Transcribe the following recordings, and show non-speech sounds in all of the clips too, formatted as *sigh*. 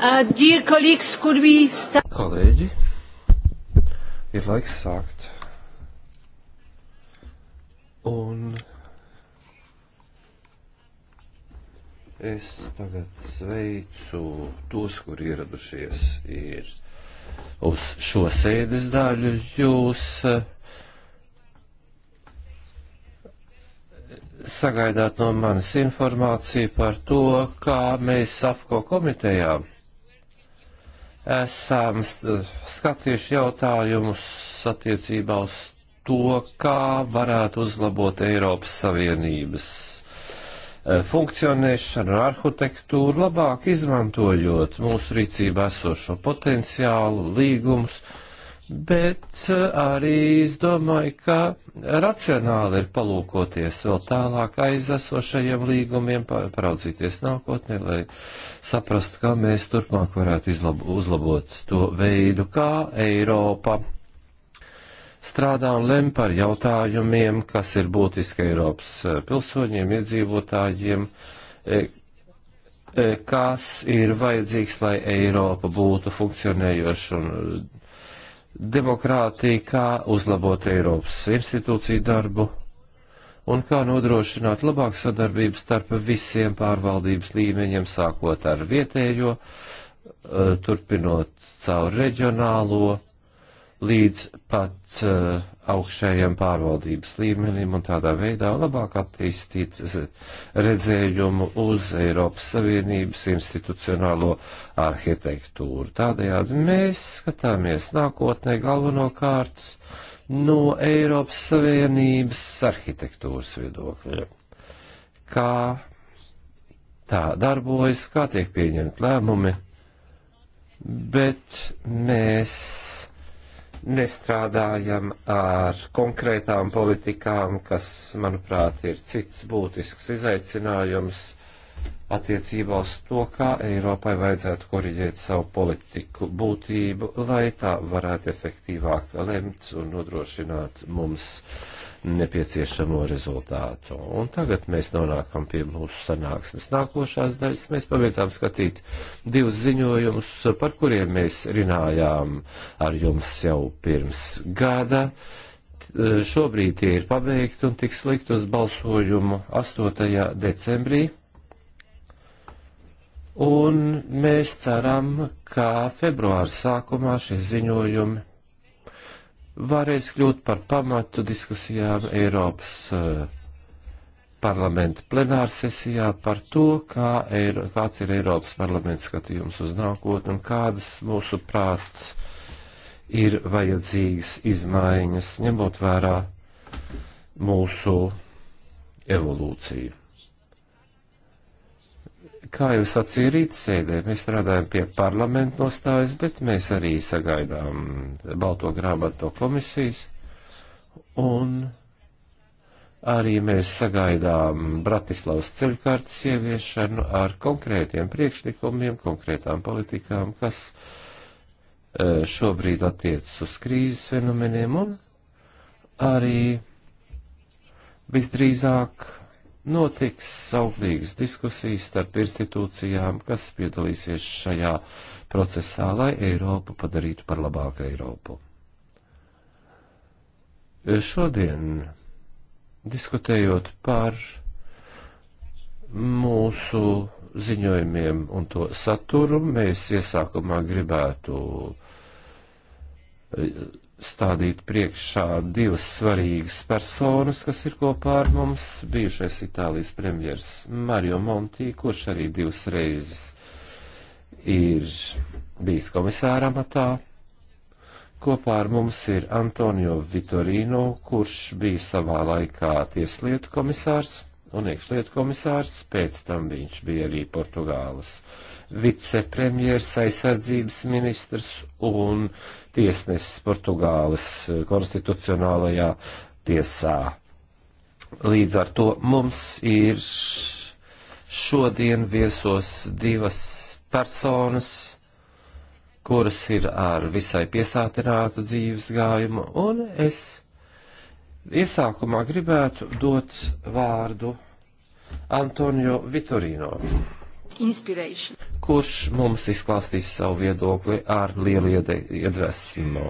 Uh, could we start? Kolēģi, ir laiks sākt. Un es tagad sveicu tos, kur ieradušies ir uz šo sēdes daļu. Jūs uh, sagaidāt no manis informāciju par to, kā mēs AFCO komitejā esam skatījuši jautājumus attiecībā uz to, kā varētu uzlabot Eiropas Savienības e, funkcionēšanu, arhitektūru, labāk izmantojot mūsu rīcībā esošo potenciālu, līgumus, uh, bet eh, arī es domāju, ka racionāli ir palūkoties vēl tālāk aiz esošajiem līgumiem, paraudzīties nākotnē, lai saprastu, kā mēs turpmāk varētu izlabo, uzlabot to veidu, kā Eiropa strādā un lem par jautājumiem, kas ir būtiski Eiropas eh, pilsoņiem, iedzīvotājiem, e, e, kas ir vajadzīgs, lai Eiropa būtu funkcionējoša un demokrātiju, kā uzlabot Eiropas institūciju darbu un kā nodrošināt labāku sadarbību starp visiem pārvaldības līmeņiem, sākot ar vietējo, eh, turpinot caur reģionālo, līdz pat uh, augšējiem pārvaldības līmenim un tādā veidā labāk attīstīt redzējumu uz Eiropas Savienības institucionālo arhitektūru. Tādējādi mēs skatāmies nākotnē galvenokārt no Eiropas Savienības arhitektūras viedokļa. Kā tā darbojas, kā tiek pieņemt lēmumi, bet mēs nestrādājam ar konkrētām politikām, kas, manuprāt, ir cits būtisks izaicinājums attiecībā uz to, kā Eiropai vajadzētu koriģēt savu politiku būtību, lai tā varētu efektīvāk lemt un nodrošināt mums uh, nepieciešamo rezultātu. Un tagad mēs nonākam pie mūsu sanāksmes nākošās daļas. Mēs pabeidzām skatīt divus ziņojumus, par kuriem mēs runājām ar jums jau pirms gada. Šobrīd tie ir pabeigti un tiks likt uz balsojumu 8. decembrī. Un mēs ceram, ka februāra sākumā šie ziņojumi varēs kļūt par pamatu diskusijām Eiropas eh, parlamenta plenārsesijā par to, kā ir, kāds ir Eiropas parlamenta skatījums uz nākotni un kādas mūsu prāts ir vajadzīgas izmaiņas, ņemot vērā mūsu evolūciju. Kā jau sacīja rīt sēdē, mēs strādājam pie parlamentu nostājas, bet mēs arī sagaidām balto grāmatu no komisijas. Un arī mēs sagaidām Bratislavas ceļkārtas ieviešanu ar konkrētiem priekšlikumiem, konkrētām politikām, kas e, šobrīd attiecas uz krīzes fenomeniem un arī visdrīzāk notiks sauglīgas diskusijas starp institūcijām, kas piedalīsies šajā procesā, lai Eiropu padarītu par labāku Eiropu. Šodien, diskutējot par mūsu ziņojumiem un to saturu, mēs iesākumā gribētu stādīt priekšā divas svarīgas personas, kas ir kopā ar mums. Bijušais Itālijas premjers Mario Monti, kurš arī divas reizes ir bijis komisāra amatā. Kopā ar mums ir Antonio Vitorino, kurš bija savā laikā tieslietu komisārs un iekšlietu komisārs, pēc tam viņš bija arī Portugāles uh, vicepremjers, aizsardzības ministrs un tiesnesis Portugāles konstitucionālajā tiesā. Līdz ar to mums ir šodien viesos divas personas, kuras ir ar visai piesātinātu dzīves gājumu, un es iesākumā gribētu dot vārdu Antonio Vitorino inspiration. Kurš mums izklāstīs savu viedokli ar lielu iedvesmu?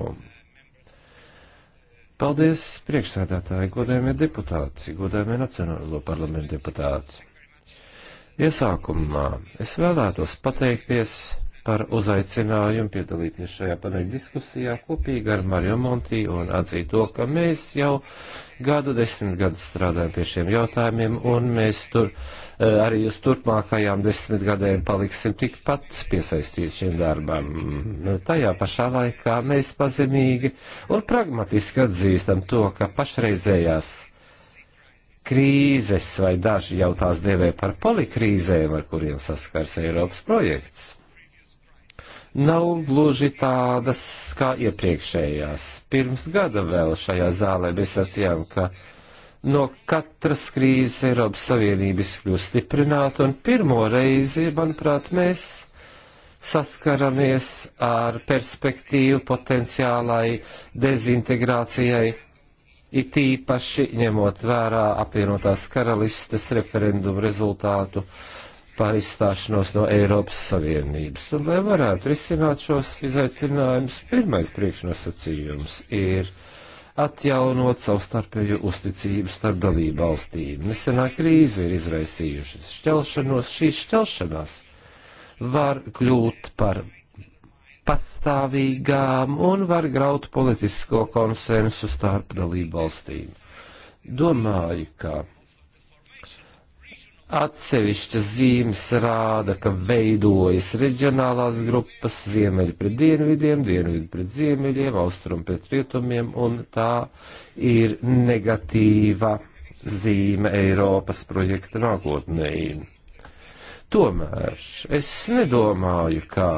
Paldies, priekšsēdētāji, godējumie deputāti, godējumie Nacionālo parlamentu deputāti. Iesākumā es vēlētos pateikties par uzaicinājumu piedalīties šajā paneļa diskusijā kopīgi ar Mario Monti un atzīt to, ka mēs jau gadu desmit gadus strādājam pie šiem jautājumiem un mēs tur eh, arī uz turpmākajām desmit gadiem paliksim tikpat piesaistīti šiem darbam. Tajā pašā laikā mēs pazemīgi un pragmatiski atzīstam to, ka pašreizējās krīzes vai daži jau tās devē par polikrīzēm, ar kuriem saskars Eiropas projekts nav gluži tādas kā iepriekšējās. Pirms gada vēl šajā zālē mēs sacījām, ka no katras krīzes Eiropas Savienības kļūst stiprināta, un pirmo reizi, manuprāt, mēs saskaramies ar perspektīvu potenciālai dezintegrācijai, it īpaši ņemot vērā apvienotās karalistes referendumu rezultātu. Uh, par izstāšanos no Eiropas Savienības. Un, lai varētu risināt šos izaicinājumus, pirmais priekšnosacījums ir atjaunot savstarpēju uzticību starp dalību valstīm. Nesenā krīze ir izraisījušas šķelšanos. Šī šķelšanās var kļūt par pastāvīgām un var graut politisko konsensu starp dalību valstīm. Domāju, ka Atsevišķas zīmes rāda, ka veidojas reģionālās grupas ziemeļi pret dienvidiem, dienvidi pret ziemeļiem, austrumi pret rietumiem, un tā ir negatīva zīme Eiropas projekta nākotnē. Tomēr es nedomāju, ka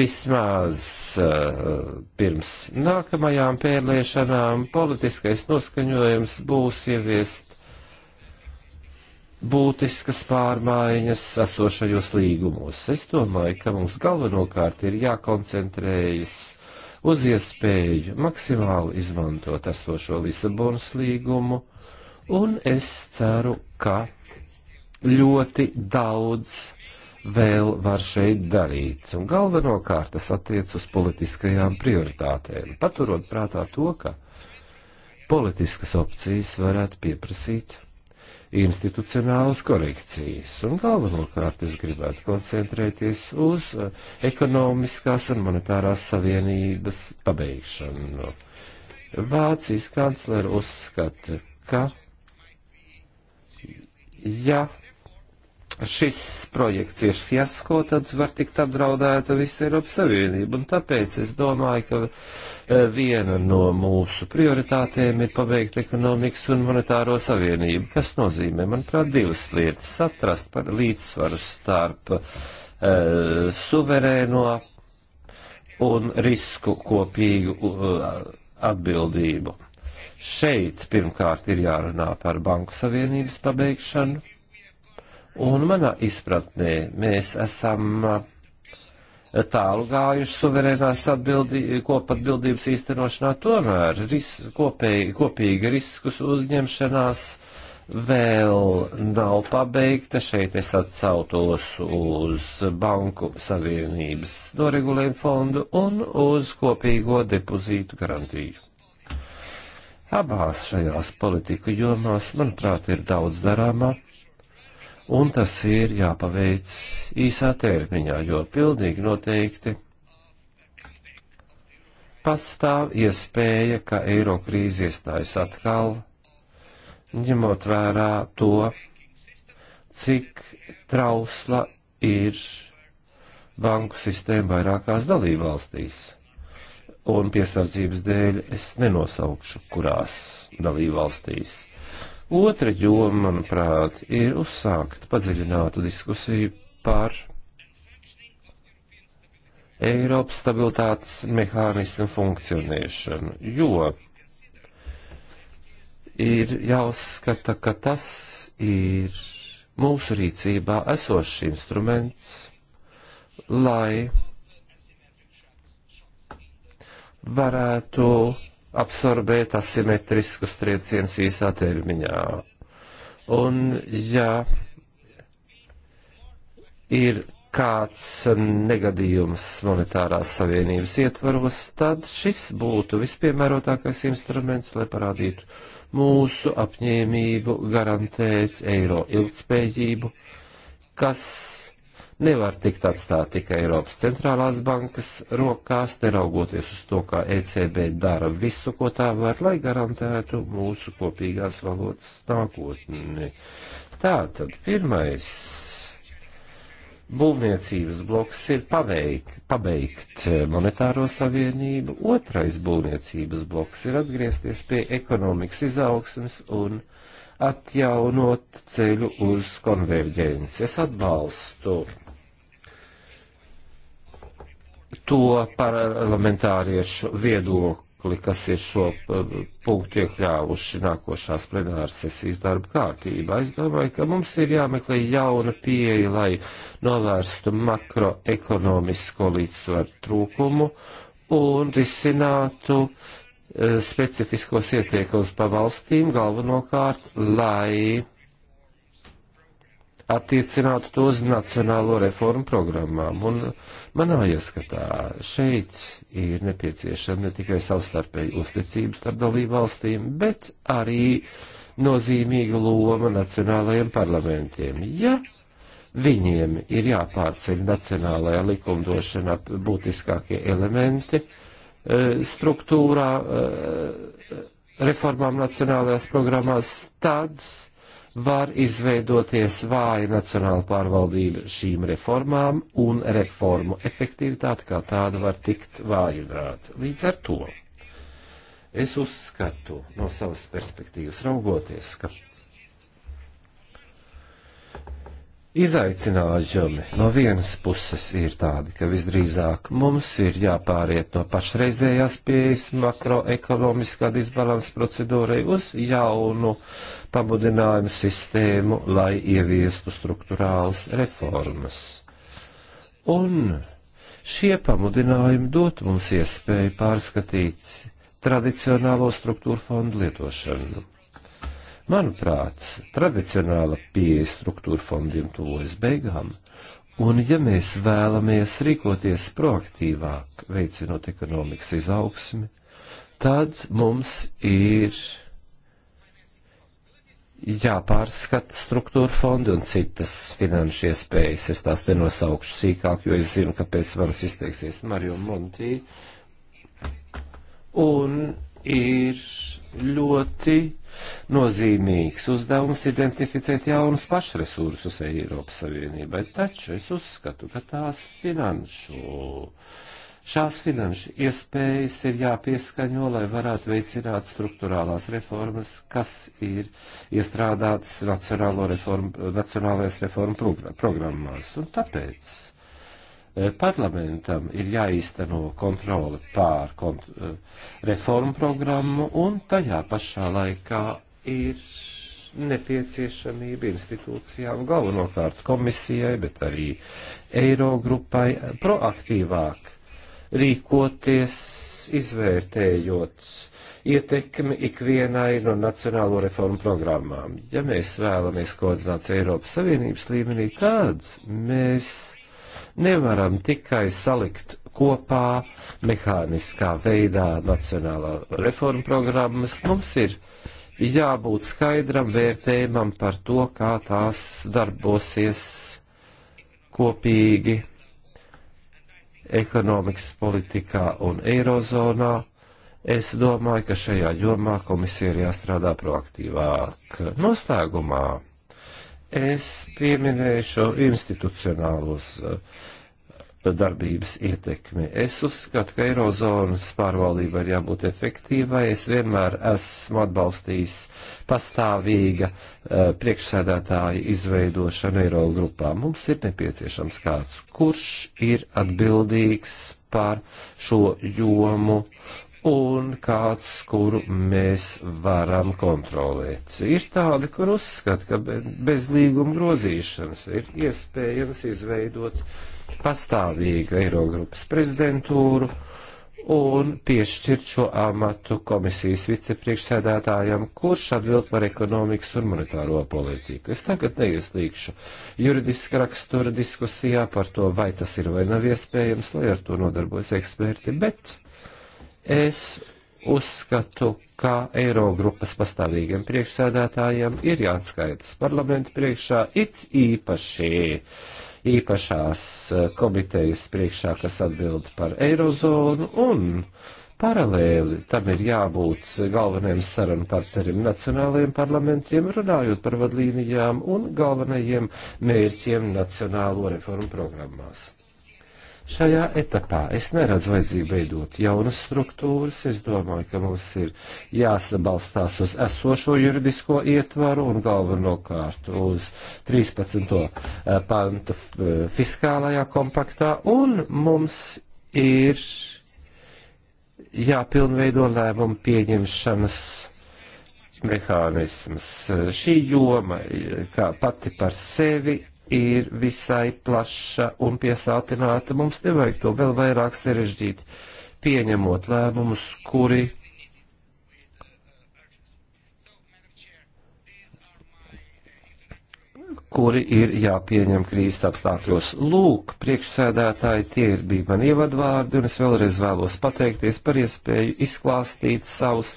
vismaz uh, pirms nākamajām pērliešanām politiskais noskaņojums būs ieviest būtiskas pārmaiņas esošajos līgumos. Es domāju, ka mums galvenokārt ir jākoncentrējas uz iespēju maksimāli izmantot esošo Lisabonas līgumu, un es ceru, ka ļoti daudz vēl var šeit darīt, un galvenokārt tas attiec uz politiskajām prioritātēm, paturot prātā to, ka politiskas opcijas varētu pieprasīt institucionālas korekcijas. Un galvenokārt es gribētu koncentrēties uz eh, ekonomiskās un monetārās savienības pabeigšanu. Vācijas kanclere uzskata, ka ja šis projekts ir fiasko, tad var tikt apdraudēta visa Eiropas Savienība. Un tāpēc es domāju, ka e, viena no mūsu prioritātēm ir pabeigt ekonomikas un monetāro savienību, kas nozīmē, manuprāt, divas lietas - atrast par līdzsvaru starp uh, suverēno un risku kopīgu uh, atbildību. Šeit pirmkārt ir jārunā par Banku Savienības pabeigšanu Un manā izpratnē mēs esam eh, tālu gājuši suverēnās atbildi, kopatbildības īstenošanā, tomēr ris, kopēji, kopīga riskus uzņemšanās vēl nav pabeigta. Šeit es atsautos uz Banku Savienības noregulējumu fondu un uz kopīgo depozītu garantiju. Abās šajās politiku jomās, manuprāt, ir daudz darāmā un tas ir jāpaveic īsā termiņā, jo pilnīgi noteikti pastāv iespēja, ka eiro krīze iestājas atkal, ņemot vērā to, cik trausla ir banku sistēma vairākās dalībvalstīs. Un piesardzības dēļ es nenosaukšu, kurās dalībvalstīs. Otra joma, manuprāt, ir uzsākt padziļinātu diskusiju par Eiropas stabilitātes mehānismu funkcionēšanu, jo ir jāuzskata, ka tas ir mūsu rīcībā esošs instruments, lai varētu absorbēt asimetriskus triecienus īsā termiņā. Un, ja ir kāds negadījums monetārās savienības ietvaros, tad šis būtu vispiemērotākais instruments, lai parādītu mūsu apņēmību garantēt eiro ilgspējību, kas nevar tikt atstāt tikai Eiropas centrālās bankas rokās, neraugoties uz to, kā ECB dara visu, ko tā var, lai garantētu mūsu kopīgās valodas nākotni. Tātad pirmais būvniecības bloks ir paveik, pabeigt monetāro savienību, otrais būvniecības bloks ir atgriezties pie ekonomikas izaugsmes un atjaunot ceļu uz konverģenci. Es atbalstu to parlamentāriešu viedokli, kas ir šo eh, punktu iekļāvuši nākošās plenāras sesijas darba kārtībā. Es domāju, ka mums ir jāmeklē jauna pieeja, lai novērstu makroekonomisko līdzsvaru trūkumu un risinātu eh, specifiskos ieteikumus pa valstīm galvenokārt, lai attiecinātu to uz nacionālo reformu programmām. Un manā ieskatā šeit ir nepieciešama ne tikai savstarpēji uzticības starp dalību valstīm, bet arī nozīmīga loma nacionālajiem parlamentiem. Ja viņiem ir jāpārceļ nacionālajā likumdošanā būtiskākie elementi eh, struktūrā eh, reformām nacionālajās programmās, tāds var izveidoties vāja nacionāla pārvaldība šīm reformām un reformu efektivitāte kā tāda var tikt vājināta. Līdz ar to es uzskatu no savas perspektīvas raugoties, ka Izaicinājumi no vienas puses ir tādi, ka visdrīzāk mums ir jāpāriet no pašreizējās pieejas makroekonomiskā disbalansa procedūrai uz jaunu pamudinājumu sistēmu, lai ieviestu struktūrāls reformas. Un šie pamudinājumi dot mums iespēju pārskatīt tradicionālo struktūru fondu lietošanu Manuprāt, tradicionāla pieeja struktūra fondiem tuvojas beigām, un ja mēs vēlamies rīkoties proaktīvāk, veicinot ekonomikas izaugsmi, tad mums ir jāpārskata struktūra fondi un citas finanšu iespējas. Es tās nenosaukšu sīkāk, jo es zinu, ka pēc manis izteiksies Mario Monti. Un ir ļoti nozīmīgs uzdevums identificēt jaunus pašresursus Eiropas Savienībai, taču es uzskatu, ka tās finanšu, šās finanšu iespējas ir jāpieskaņo, lai varētu veicināt struktūrālās reformas, kas ir iestrādātas reformu, nacionālajās reformu programmās. Un tāpēc parlamentam ir jāīsteno kontrole pār kont reformu programmu un tajā pašā laikā ir nepieciešamība institūcijām, galvenokārt komisijai, bet arī Eirogrupai proaktīvāk rīkoties, izvērtējot ietekmi ikvienai no nacionālo reformu programmām. Ja mēs vēlamies koordināciju Eiropas Savienības līmenī, kāds mēs nevaram tikai salikt kopā mehāniskā veidā nacionālā reforma programmas. Mums ir jābūt skaidram vērtējumam par to, kā tās darbosies kopīgi ekonomikas politikā un eirozonā. Es domāju, ka šajā jomā komisija ir jāstrādā proaktīvāk. Noslēgumā Es pieminēšu institucionālos eh, darbības ietekmi. Es uzskatu, ka Eirozonas pārvaldība ir jābūt efektīvai. Es vienmēr esmu atbalstījis pastāvīga uh, priekšsēdētāja izveidošanu Eirogrupā. Mums ir nepieciešams kāds, kurš ir atbildīgs par šo jomu un kāds, kuru mēs varam kontrolēt. Ir tādi, kur uzskata, ka bez līguma grozīšanas ir iespējams izveidot pastāvīgu Eirogrupas prezidentūru un piešķirt šo amatu komisijas vicepriekšsēdētājam, kurš atbild par ekonomikas un monetāro politiku. Es tagad neieslīgšu juridiska rakstura diskusijā par to, vai tas ir vai nav iespējams, lai ar to nodarbojas eksperti, bet Es uzskatu, kā Eirogrupas pastāvīgiem priekšsēdētājiem ir jāatskaitas parlamentu priekšā, it īpaši īpašās eh, komitejas priekšā, kas atbild par Eirozonu, un paralēli tam ir jābūt galvenajiem sarunu partneriem nacionālajiem parlamentiem, runājot par vadlīnijām un galvenajiem mērķiem nacionālo reformu programmās šajā etapā. Es neredzu vajadzību veidot jaunas struktūras. Es domāju, ka mums ir jāsabalstās uz esošo juridisko ietvaru un galvenokārt uz 13. Eh, pantu eh, fiskālajā kompaktā. Un mums ir jāpilnveido lēmumu pieņemšanas mehānisms. Šī joma eh, kā pati par sevi ir visai plaša un piesātināta. Mums nevajag to vēl vairāk sarežģīt, pieņemot lēmumus, kuri kuri ir jāpieņem krīzes apstākļos. Lūk, priekšsēdētāji, tie ir bija mani ievadvārdi, un es vēlreiz vēlos pateikties par iespēju izklāstīt savus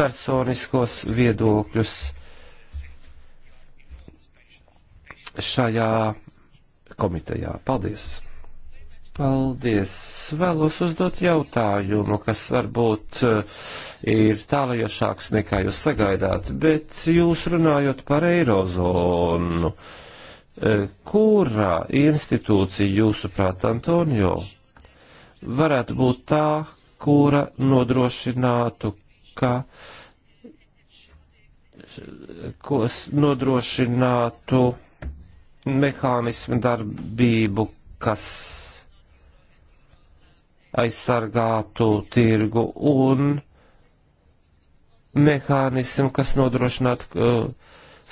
personiskos viedokļus šajā komitejā. Paldies! Paldies! Vēlos uzdot jautājumu, kas varbūt eh, ir tālajošāks nekā jūs sagaidāt, bet jūs runājot par Eirozonu, eh, kurā institūcija jūsuprāt, Antonio, varētu būt tā, kura nodrošinātu, ka eh, nodrošinātu mehānismu darbību, kas aizsargātu tirgu un mehānismu, kas nodrošinātu uh,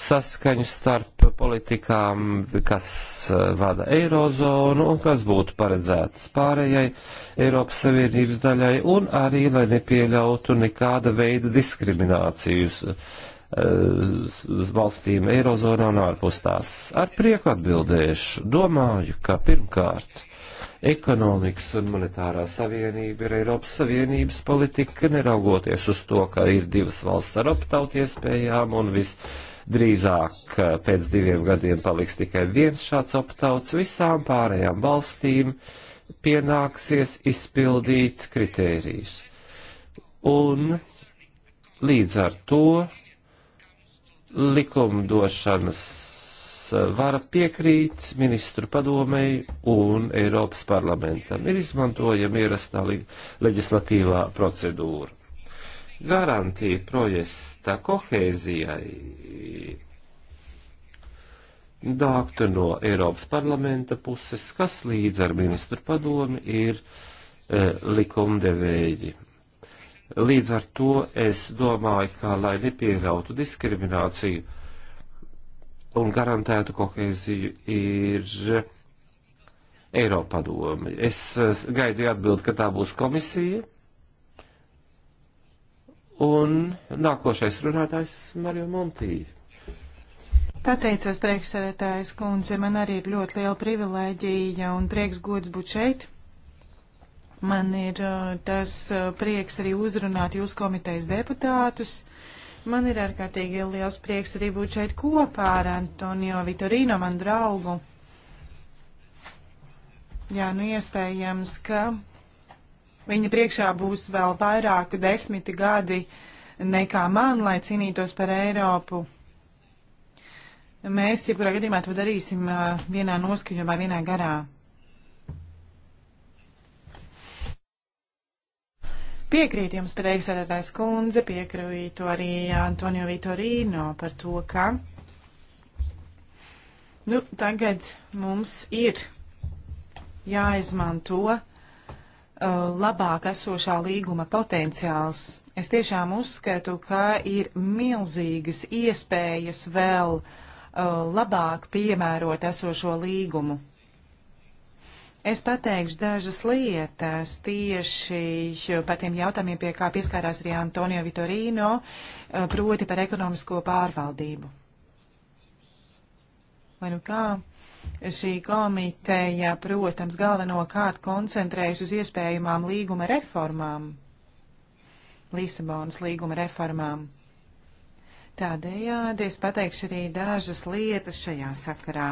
saskaņu starp politikām, kas uh, vada eirozonu un kas būtu paredzētas pārējai Eiropas Savienības daļai, un arī, lai nepieļautu nekāda veida diskriminācijas Eh, valstīm Eirozonā un ārpus tās. Ar prieku atbildēšu. Domāju, ka pirmkārt ekonomikas un monetārā savienība ir Eiropas Savienības politika, neraugoties uz to, ka ir divas valsts ar optaut iespējām un viss drīzāk eh, pēc diviem gadiem paliks tikai viens šāds optauts, visām pārējām valstīm pienāksies izpildīt kritērijus. Un līdz ar to likumdošanas vara piekrīt ministru padomei un Eiropas parlamentam. Ir izmantojama ierastā leģislatīvā procedūra. Garantija projekta kohēzijai dāktu no Eiropas parlamenta puses, kas līdz ar ministru padomi ir e, likumdevēji. Līdz ar to es domāju, ka, lai nepieļautu diskrimināciju un garantētu kohēziju, ir Eiropadome. Es gaidīju atbildi, ka tā būs komisija. Un nākošais runātājs Mario Montī. Pateicos priekšsēdētājs kundze, man arī ir ļoti liela privilēģija un prieks gods būt šeit. Man ir eh, tas eh, prieks arī uzrunāt jūs komitejas deputātus. Man ir ārkārtīgi liels prieks arī būt šeit kopā ar Antonio Vitorino, man draugu. Jā, nu iespējams, ka viņa priekšā būs vēl vairāku desmiti gadi nekā man, lai cīnītos par Eiropu. Mēs, jebkurā gadījumā, to darīsim eh, vienā noskaņojumā, vienā garā. Piekrīt jums, priekšsēdētājs kundze, piekrītu arī Antonio Vitorino par to, ka nu, tagad mums ir jāizmanto uh, labāk esošā līguma potenciāls. Es tiešām uzskatu, ka ir milzīgas iespējas vēl uh, labāk piemērot esošo līgumu. Es pateikšu dažas lietas tieši par tiem jautājumiem, pie kā pieskārās arī Antonio Vitorino, eh, proti par ekonomisko pārvaldību. Vai nu kā? Šī komiteja, protams, galvenokārt koncentrējas uz iespējamām līguma reformām, Lisabonas līguma reformām. Tādējādi es pateikšu arī dažas lietas šajā sakarā.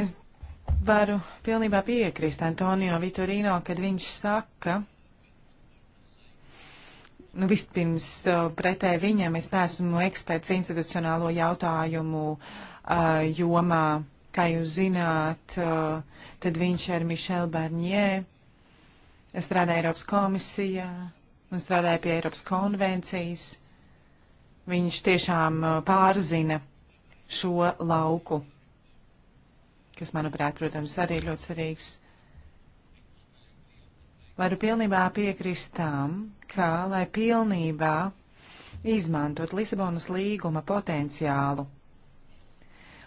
Es varu pilnībā piekrist Antonio Vitorino, kad viņš saka, nu vispirms uh, pretēji viņam es neesmu eksperts institucionālo jautājumu uh, jomā, kā jūs zināt, uh, tad viņš ar Mišelu Barņē strādāja Eiropas komisijā un strādāja pie Eiropas konvencijas. Viņš tiešām uh, pārzina šo lauku kas, manuprāt, protams, arī ir ļoti svarīgs. Varu pilnībā piekrist tam, ka, lai pilnībā izmantot Lisabonas līguma potenciālu,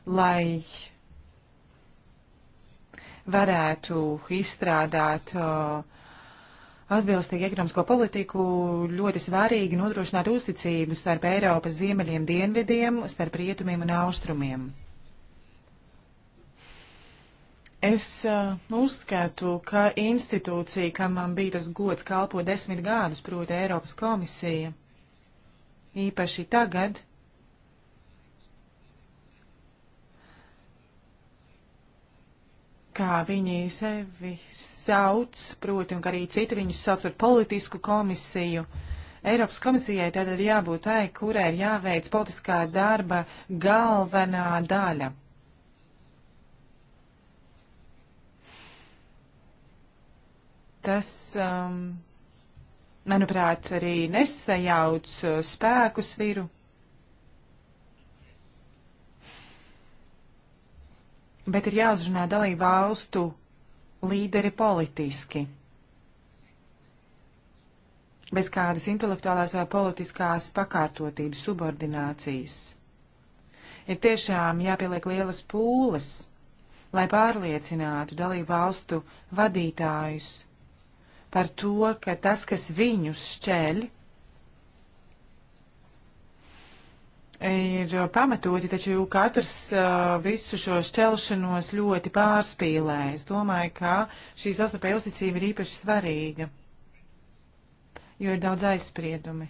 lai varētu izstrādāt uh, atbilstīgu ekonomisko politiku, ļoti svarīgi nodrošināt uzticību starp Eiropas ziemeļiem, dienvidiem, starp rietumiem un austrumiem. Es uh, uzskatu, ka institūcija, kam man bija tas gods kalpo desmit gadus, proti Eiropas komisija, īpaši tagad, kā viņi sevi sauc, proti, un arī citi viņus sauc par politisku komisiju. Eiropas komisijai tad ir jābūt tai, kurai ir jāveic politiskā darba galvenā daļa Tas, um, manuprāt, arī nesajauc uh, spēku sviru. Bet ir jāuzrunā dalību valstu līderi politiski bez kādas intelektuālās vai politiskās pakārtotības subordinācijas. Ir tiešām jāpieliek lielas pūles, lai pārliecinātu dalību valstu vadītājus par to, ka tas, kas viņus šķēļ, ir pamatoti, taču katrs uh, visu šo šķelšanos ļoti pārspīlē. Es domāju, ka šī sastarpēja uzticība ir īpaši svarīga, jo ir daudz aizspriedumi.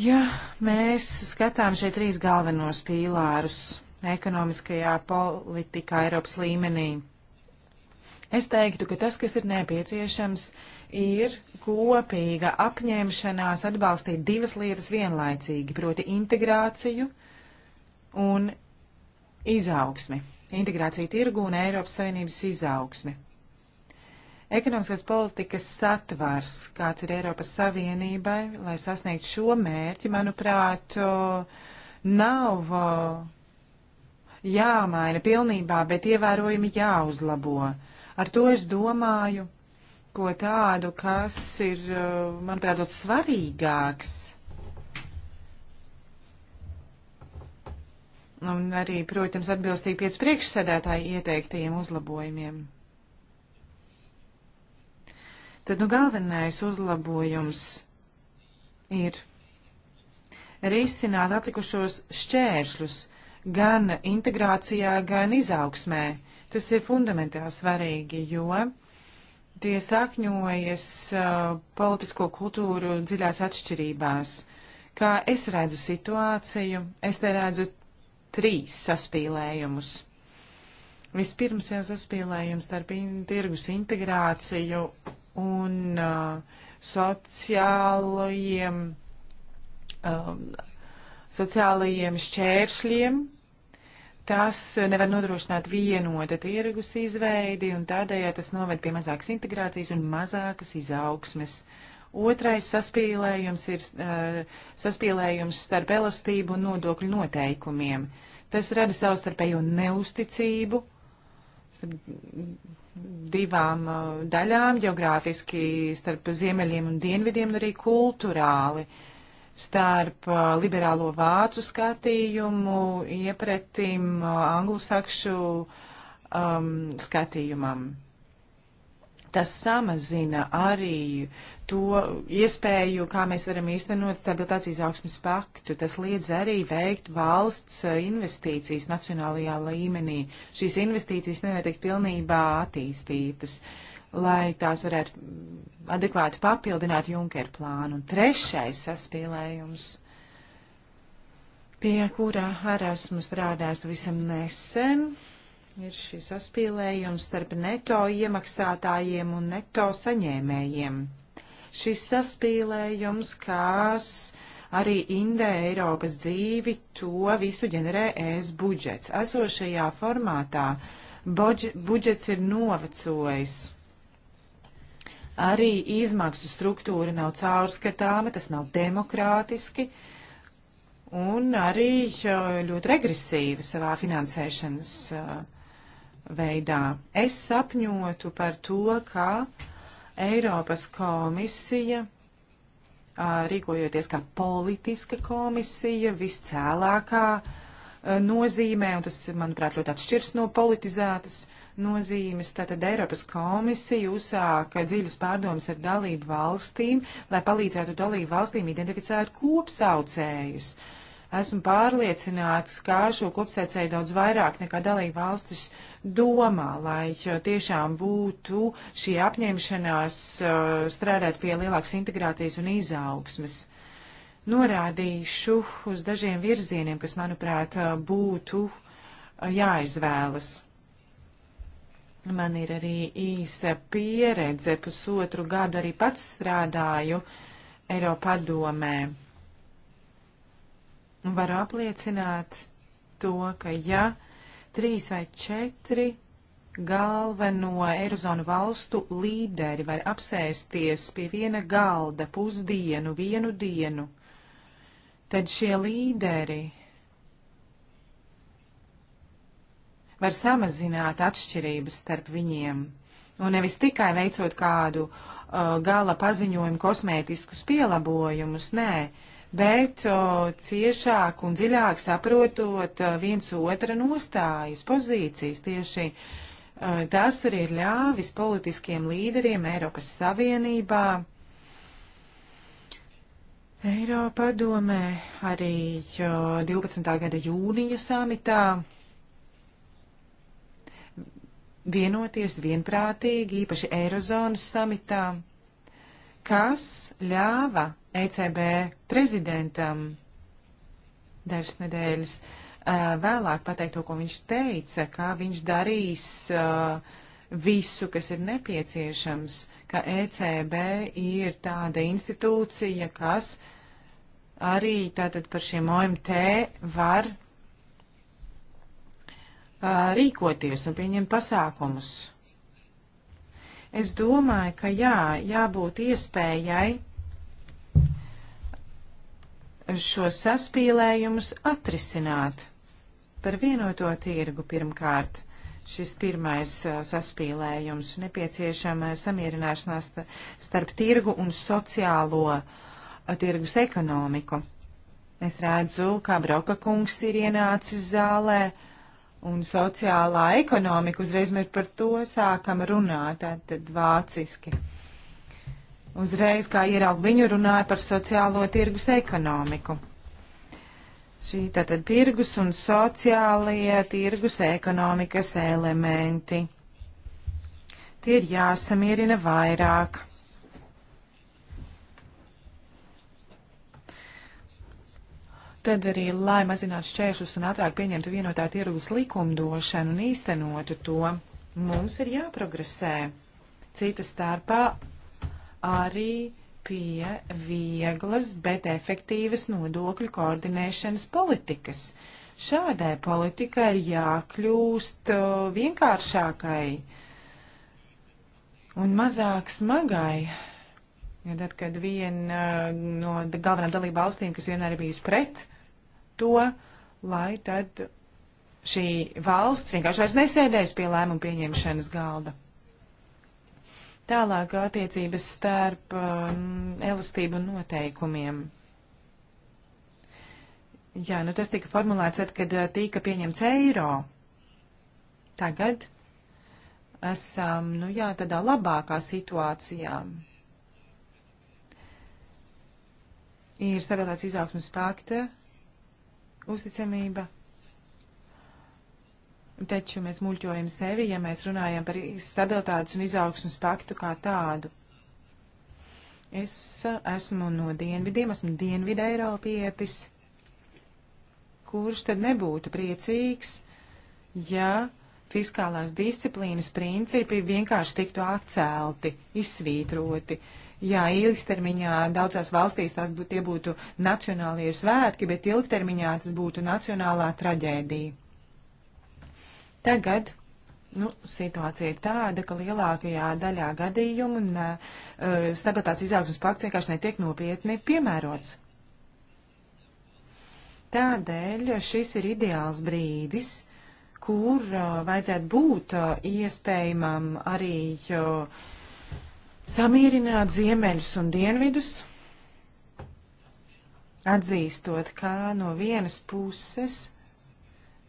Ja mēs skatām šeit trīs galvenos pīlārus ekonomiskajā politikā Eiropas līmenī. Es teiktu, ka tas, kas ir nepieciešams, ir kopīga apņemšanās atbalstīt divas lietas vienlaicīgi, proti integrāciju un izaugsmi. Integrācija tirgu un Eiropas Savienības izaugsmi. Ekonomiskās politikas satvars, kāds ir Eiropas Savienībai, lai sasniegtu šo mērķi, manuprāt, nav jāmaina pilnībā, bet ievērojami jāuzlabo. Ar to es domāju, ko tādu, kas ir, eh, manuprāt, ļoti svarīgāks. Un arī, protams, atbilstīgi pēc priekšsēdētāji ieteiktajiem uzlabojumiem. Tad, nu, galvenais uzlabojums ir risināt atlikušos šķēršļus gan integrācijā, gan izaugsmē. Tas ir fundamentāli svarīgi, jo tie sakņojas uh, politisko kultūru dziļās atšķirībās. Kā es redzu situāciju, es te redzu trīs saspīlējumus. Vispirms jau saspīlējums starp in tirgus integrāciju un uh, sociālajiem, um, sociālajiem šķēršļiem, tas nevar nodrošināt vienota tirgus izveidi, un tādējādi tas noved pie mazākas integrācijas un mazākas izaugsmes. Otrais saspīlējums ir uh, saspīlējums starp elastību un nodokļu noteikumiem. Tas rada savstarpējo neusticību starp divām uh, daļām, geogrāfiski starp ziemeļiem un dienvidiem, un arī kultūrāli. Uh, starp uh, liberālo vācu skatījumu iepretim uh, anglosakšu um, skatījumam. Tas samazina arī to iespēju, kā mēs varam īstenot stabilitātes izaugsmas paktu. Tas liedz arī veikt valsts uh, investīcijas nacionālajā līmenī. Šīs investīcijas nevar tikt pilnībā attīstītas. Uh, lai tās varētu mm, adekvāti papildināt Junker plānu. Un trešais saspīlējums, pie kura ar esmu strādājis pavisam nesen, ir šis saspīlējums starp neto iemaksātājiem un neto saņēmējiem. Šis saspīlējums, kas arī indē Eiropas dzīvi, to visu ģenerē ES budžets. Esošajā formātā budžets ir novecojis Arī izmaksu struktūra nav caurskatāma, tas nav demokrātiski un arī ļoti regresīva savā finansēšanas veidā. Es sapņotu par to, kā Eiropas komisija rīkojoties kā politiska komisija viscēlākā nozīmē, un tas, manuprāt, ļoti atšķirs no politizētas uh, nozīmes. Tātad Eiropas komisija uzsāka dziļas pārdomas ar dalību valstīm, lai palīdzētu dalību valstīm identificēt kopsaucējus. Esmu pārliecināts, ka šo kopsaucēju daudz vairāk nekā dalību valstis domā, lai tiešām būtu šī apņemšanās uh, strādāt pie lielākas integrācijas un izaugsmes. Norādīšu uz dažiem virzieniem, kas, manuprāt, uh, būtu uh, jāizvēlas. Man ir arī īsa pieredze, pusotru gadu arī pats strādāju Eiropadomē. Varu apliecināt to, ka ja trīs vai četri galveno Eirozonu valstu līderi var apsēsties pie viena galda pusdienu, vienu dienu, tad šie līderi var samazināt atšķirības starp viņiem, un nevis tikai veicot kādu uh, gala paziņojumu kosmētiskus pielabojumus, nē, bet uh, ciešāk un dziļāk saprotot uh, viens otra nostājas, pozīcijas tieši. Uh, tas arī ir ļāvis politiskiem līderiem Eiropas Savienībā Eiropadomē arī 12. Uh, gada jūnija samitā vienoties vienprātīgi, īpaši Eirozonas samitā, kas ļāva ECB prezidentam dažas nedēļas vēlāk pateikt to, ko viņš teica, kā viņš darīs visu, kas ir nepieciešams, ka ECB ir tāda institūcija, kas arī tātad par šiem OMT var rīkoties un pieņemt pasākumus. Es domāju, ka jā, jābūt iespējai šos saspīlējumus atrisināt par vienoto tirgu pirmkārt. Šis pirmais saspīlējums nepieciešama samierināšanās starp tirgu un sociālo tirgus ekonomiku. Es redzu, kā Broka kungs ir ienācis zālē. Uh, un sociālā ekonomika. Uzreiz mēs par to sākam runāt, tad vāciski. Uzreiz, kā ieraug viņu, runāja par sociālo tirgus ekonomiku. Šī tātad tirgus un sociālie tirgus ekonomikas elementi. Tie ir jāsamierina vairāk. Tad arī, lai mazinātu šķēršus un ātrāk pieņemtu vienotā tirgus likumdošanu un īstenotu to, mums ir jāprogresē. Cita starpā arī pie vieglas, bet efektīvas nodokļu koordinēšanas politikas. Šādai politikai ir jākļūst vienkāršākai un mazāk smagai. Ja tad, kad viena no galvenām dalība valstīm, kas vienmēr ir bijusi pret to, lai tad šī valsts vienkārši vairs nesēdēs pie lēmumu pieņemšanas galda. Tālāk attiecības starp um, elastību un noteikumiem. Jā, nu tas tika formulēts, tad, kad uh, tika pieņemts eiro. Tagad esam, nu jā, tādā labākā situācijā. Ir sarunāts izaugsmas pakta uzticamība. Taču mēs muļķojam sevi, ja mēs runājam par stabilitātes un izaugsmas paktu kā tādu. Es esmu no dienvidiem, esmu dienvidu Eiropietis, kurš tad nebūtu priecīgs, ja fiskālās disciplīnas principi vienkārši tiktu atcelti, izsvītroti. Uh, Jā, ilgstermiņā daudzās valstīs tās būtu, tie būtu nacionālie svētki, bet ilgtermiņā tas būtu nacionālā traģēdija. Tagad Nu, situācija ir tāda, ka lielākajā daļā gadījumu un uh, stabilitātes izaugsmas pakts vienkārši netiek nopietni piemērots. Tādēļ šis ir ideāls brīdis, kur uh, vajadzētu būt uh, iespējamam arī uh, samierināt ziemeļus un dienvidus, atzīstot, kā no vienas puses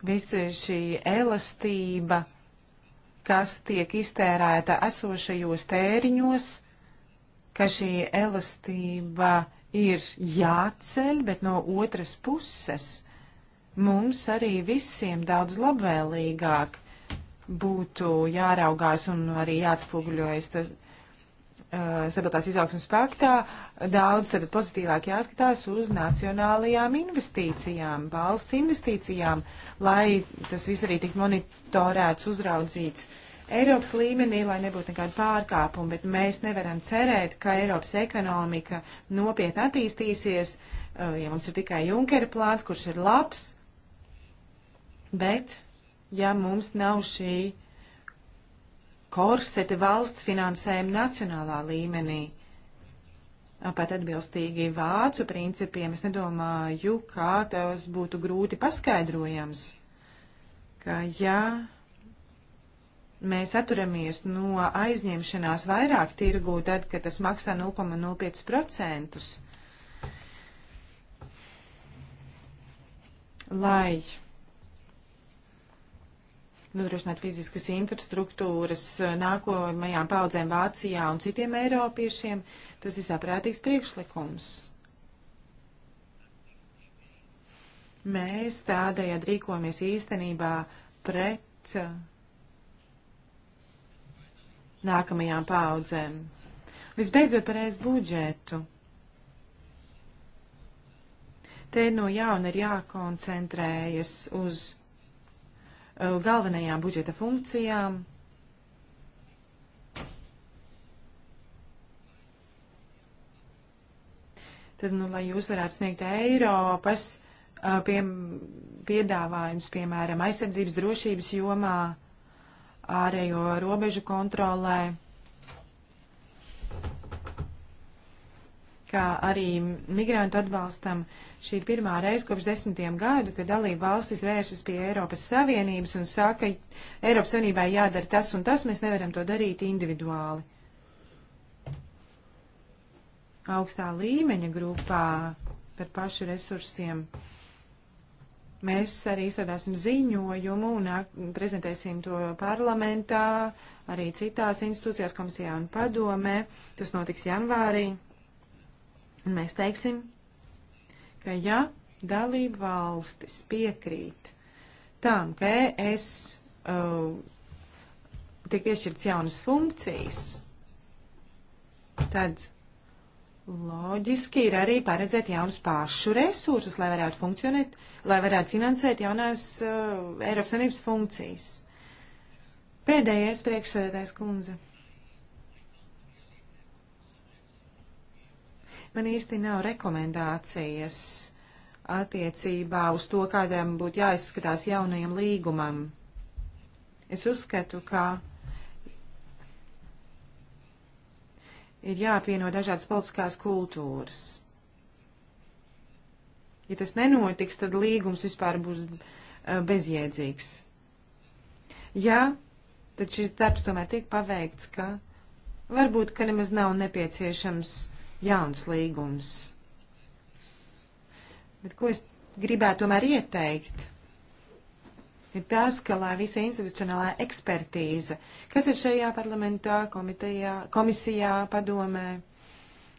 visa šī elastība, kas tiek iztērēta esošajos tēriņos, ka šī elastība ir jāceļ, bet no otras puses mums arī visiem daudz labvēlīgāk būtu jāraugās un arī jāatspoguļojas Eh, stabilitātes izaugsmas paktā daudz tad pozitīvāk jāskatās uz nacionālajām investīcijām, valsts investīcijām, lai tas viss arī tik monitorēts, uzraudzīts. Eiropas līmenī, lai nebūtu nekāda pārkāpuma, bet mēs nevaram cerēt, ka Eiropas ekonomika nopietni attīstīsies, eh, ja mums ir tikai Junkera plāns, kurš ir labs, bet ja mums nav šī korseti valsts finansējumu nacionālā līmenī. Pat atbilstīgi vācu principiem es nedomāju, kā tas būtu grūti paskaidrojams, ka ja mēs atturamies no aizņemšanās vairāk tirgū, tad, kad tas maksā 0,05%, lai nodrošināt fiziskas infrastruktūras eh, nākamajām paudzēm Vācijā un citiem eiropiešiem, tas ir saprātīgs priekšlikums. Mēs tādējādi rīkojamies īstenībā pret eh, nākamajām paudzēm. Visbeidzot par ēst budžetu. Te no jauna ir jākoncentrējas uz Uh, galvenajām budžeta funkcijām. Tad, nu, lai jūs varētu sniegt Eiropas uh, pie, piedāvājums, piemēram, aizsardzības drošības jomā, ārējo robežu kontrolē. kā arī migrantu atbalstam. Šī ir pirmā reize kopš desmitiem gadu, kad dalība valstis vēršas pie Eiropas Savienības un saka, ka Eiropas Savienībai jādara tas un tas, mēs nevaram to darīt individuāli. Augstā līmeņa grupā par pašu resursiem. Mēs arī izstrādāsim ziņojumu un prezentēsim to parlamentā, arī citās institūcijās, komisijā un padomē. Tas notiks janvārī. Un mēs teiksim, ka ja dalība valstis piekrīt tam, ka es uh, tiek piešķirts jaunas funkcijas, tad loģiski ir arī paredzēt jaunus pašu resursus, lai varētu funkcionēt, lai varētu finansēt jaunās uh, Eiropas Savienības funkcijas. Pēdējais priekšsēdētājs kundze. Man īsti nav rekomendācijas attiecībā uz to, kādam būtu jāizskatās jaunajam līgumam. Es uzskatu, ka ir jāpieno dažādas politiskās kultūras. Ja tas nenotiks, tad līgums vispār būs eh, bezjēdzīgs. Ja, tad šis darbs tomēr tiek paveikts, ka varbūt, ka nemaz nav nepieciešams jauns līgums. Bet ko es gribētu tomēr ieteikt? Ir tas, ka lai visa institucionālā ekspertīze, kas ir šajā parlamentā, komitejā, komisijā, padomē,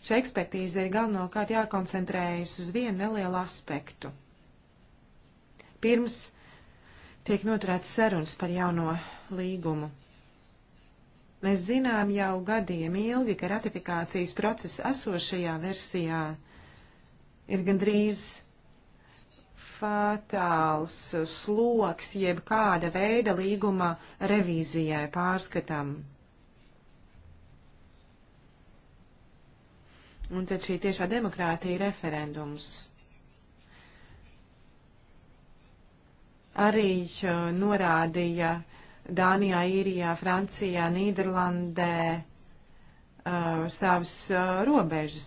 šī ekspertīze ir galvenokārt jākoncentrējas uz vienu nelielu aspektu. Pirms tiek noturēts sarunas par jauno līgumu. Mēs zinām jau gadiem ilgi, ka ratifikācijas procesa esošajā versijā ir gandrīz fatāls sloks jeb kāda veida līguma revīzijai pārskatam. Un tad šī tiešā demokrātija referendums. Arī uh, norādīja uh, Dānijā, Īrijā, Francijā, Nīderlandē uh, savas uh, robežas.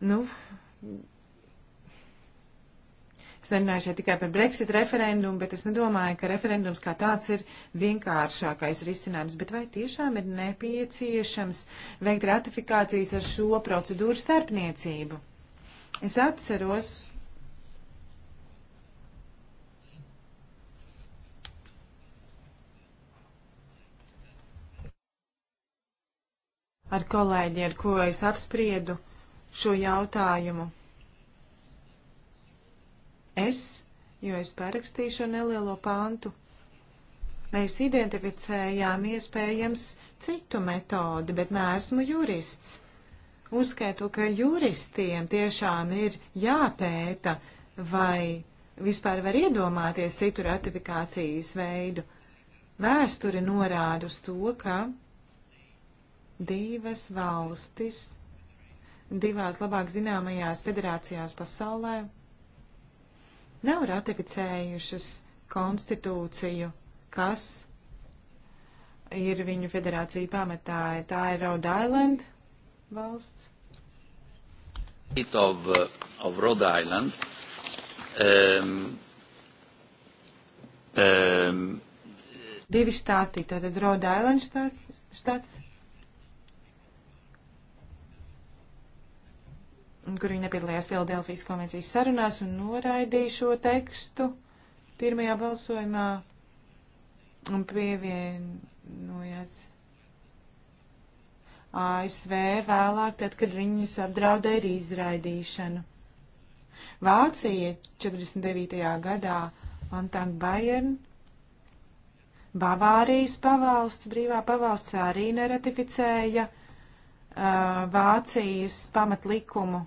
Nu, Es nerunāju šeit tikai par Brexit referendumu, bet es nedomāju, ka referendums kā tāds ir vienkāršākais risinājums. Bet vai tiešām ir nepieciešams veikt ratifikācijas ar šo procedūru starpniecību? Es atceros, ar kolēģi, ar ko es apspriedu šo jautājumu. Es, jo es parakstīju šo nelielo pāntu, mēs identificējām iespējams citu metodi, bet neesmu jurists. Uzskaitu, ka juristiem tiešām ir jāpēta, vai vispār var iedomāties citu ratifikācijas veidu. Vēsture norāda uz to, ka divas valstis divās labāk zināmajās federācijās pasaulē nav ratificējušas konstitūciju, kas ir viņu federāciju pamatā. Tā ir Rhode Island, valsts. Of, uh, of Rhode Island, um, um, Divi štāti, tātad Rhode Island štāts, štāts kur viņi nepiedalījās Filadelfijas konvencijas sarunās un noraidīja šo tekstu pirmajā balsojumā un pievienojās ASV vēlāk, tad, kad viņus apdraudēja ar izraidīšanu. Vācija 49. gadā Antang Bayern, Bavārijas pavalsts, brīvā pavalsts arī neratificēja uh, Vācijas pamatlikumu,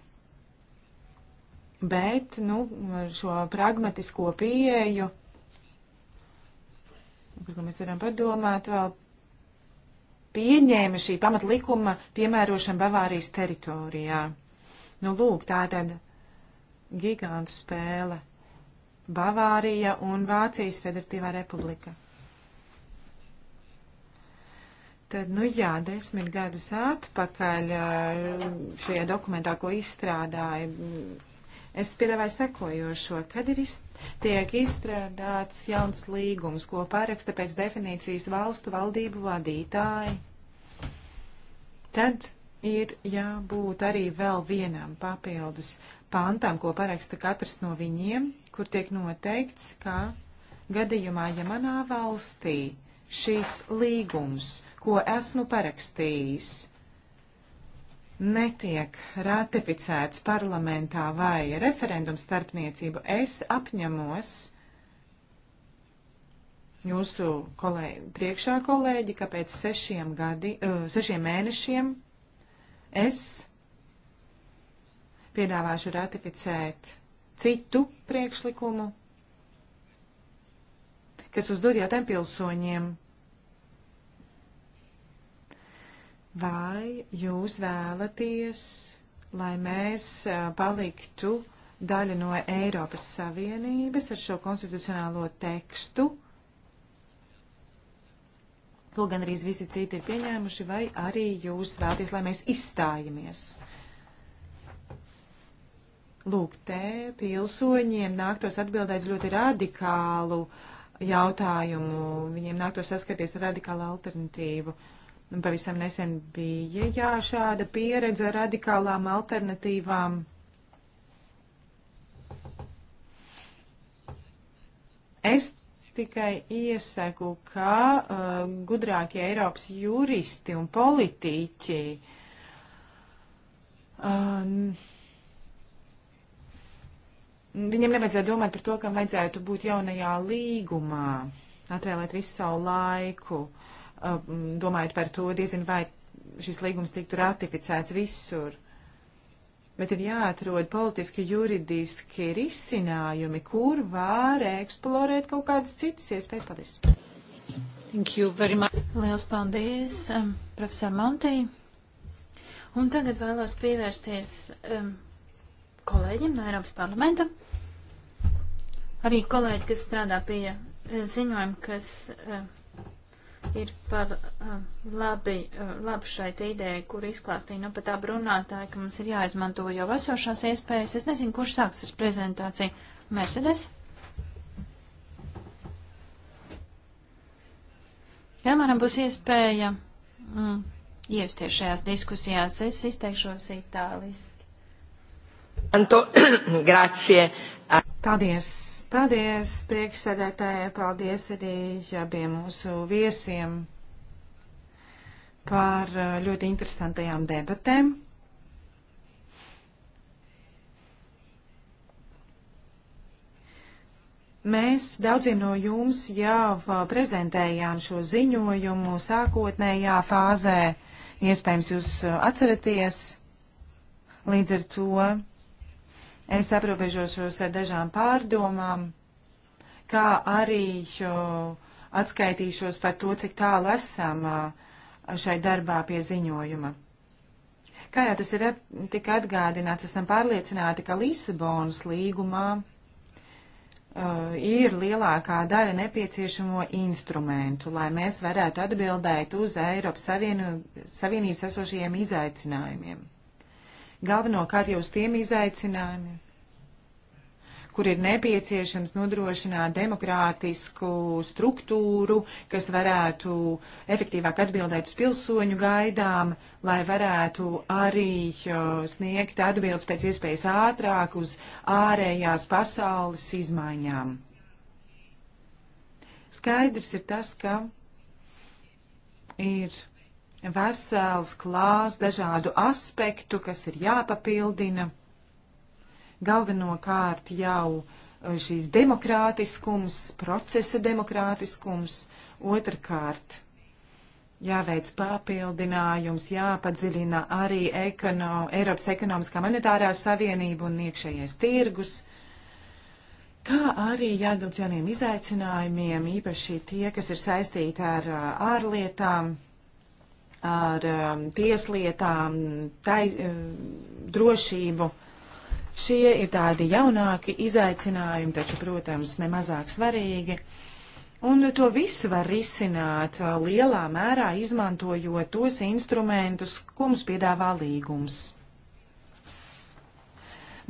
bet, nu, ar šo pragmatisko pieeju, par ko mēs varam padomāt vēl pieņēma šī pamatlikuma piemērošanu Bavārijas teritorijā. Nu, lūk, tā tad gigantu spēle - Bavārija un Vācijas Federatīvā republika. Tad, nu jā, desmit gadus atpakaļ šajā dokumentā, ko izstrādāja, es piedāvāju sekojošo, kad ir izstrādājis tiek izstrādāts jauns līgums, ko paraksta pēc definīcijas valstu valdību vadītāji. Tad ir jābūt arī vēl vienam papildus pāntām, ko paraksta katrs no viņiem, kur tiek noteikts, ka gadījumā, ja manā valstī šīs līgums, ko esmu parakstījis, netiek ratificēts parlamentā vai referendums starpniecību, es apņemos jūsu kolēģi, priekšā kolēģi, ka pēc sešiem, gadi, sešiem mēnešiem es piedāvāšu ratificēt citu priekšlikumu, kas uzdod jautājumu pilsoņiem Vai jūs vēlaties, lai mēs paliktu daļa no Eiropas Savienības ar šo konstitucionālo tekstu, ko gan arī visi citi ir pieņēmuši, vai arī jūs vēlaties, lai mēs izstājamies? Lūk, te pilsoņiem nāktos atbildēt ļoti radikālu jautājumu, viņiem nāktos saskarties ar radikālu alternatīvu. Uh, Pavisam nesen bija jā, šāda pieredze ar radikālām alternatīvām. Es tikai iesaku, ka uh, gudrākie Eiropas juristi un politiķi uh, viņiem nevajadzētu domāt par to, kam vajadzētu būt jaunajā līgumā, atvēlēt visu savu laiku. Uh, domājot par to, diezin vai šis līgums tiktu ratificēts visur. Bet ir jāatrod politiski, juridiski risinājumi, kur var eksplorēt kaut kādas citas iespējas. Paldies! Thank you very much. Liels paldies, um, profesor Montī. Un tagad vēlos pievērsties um, kolēģim no Eiropas parlamenta. Arī kolēģi, kas strādā pie uh, ziņojuma, kas. Uh, ir par uh, labi, uh, eh, labi šeit ideja, kur izklāstīja, nu pat tā brunātāja, ka mums ir jāizmanto jau esošās iespējas. Es nezinu, kurš sāks ar prezentāciju. Mercedes? Piemēram, būs iespēja mm, ievsties šajās diskusijās. Es izteikšos itāliski. Anto, *coughs* grazie. Paldies. Paldies, priekšsēdētāji, paldies arī abiem mūsu viesiem par uh, ļoti interesantajām debatēm. Mēs daudziem no jums jau uh, prezentējām šo ziņojumu sākotnējā fāzē. Iespējams, jūs uh, atceraties. Līdz ar to Es aprobežošos ar dažām pārdomām, kā arī atskaitīšos par to, cik tālu esam šai darbā pie ziņojuma. Kā jau tas ir at, tika atgādināts, esam pārliecināti, ka Lisabonas līgumā uh, ir lielākā daļa nepieciešamo instrumentu, lai mēs varētu atbildēt uz Eiropas Savienu, Savienības esošajiem izaicinājumiem galvenokārt jau uz tiem izaicinājumiem, kur ir nepieciešams nodrošināt demokrātisku struktūru, kas varētu efektīvāk atbildēt uz pilsoņu gaidām, lai varētu arī uh, sniegt atbildes pēc iespējas ātrāk uz ārējās pasaules izmaiņām. Skaidrs ir tas, ka ir vesels klās dažādu aspektu, kas ir jāpapildina. Galvenokārt jau eh, šīs demokrātiskums, procesa demokrātiskums, otrkārt jāveic papildinājums, jāpadziļina arī ekono, Eiropas ekonomiskā monetārā savienība un iekšējais tirgus, kā arī jāatbild jauniem izaicinājumiem, īpaši tie, kas ir saistīti ar eh, ārlietām. Ar ar um, tieslietām, tai, um, drošību. Šie ir tādi jaunāki izaicinājumi, taču, protams, nemazāk svarīgi. Un to visu var risināt uh, lielā mērā izmantojot tos instrumentus, ko mums piedāvā līgums.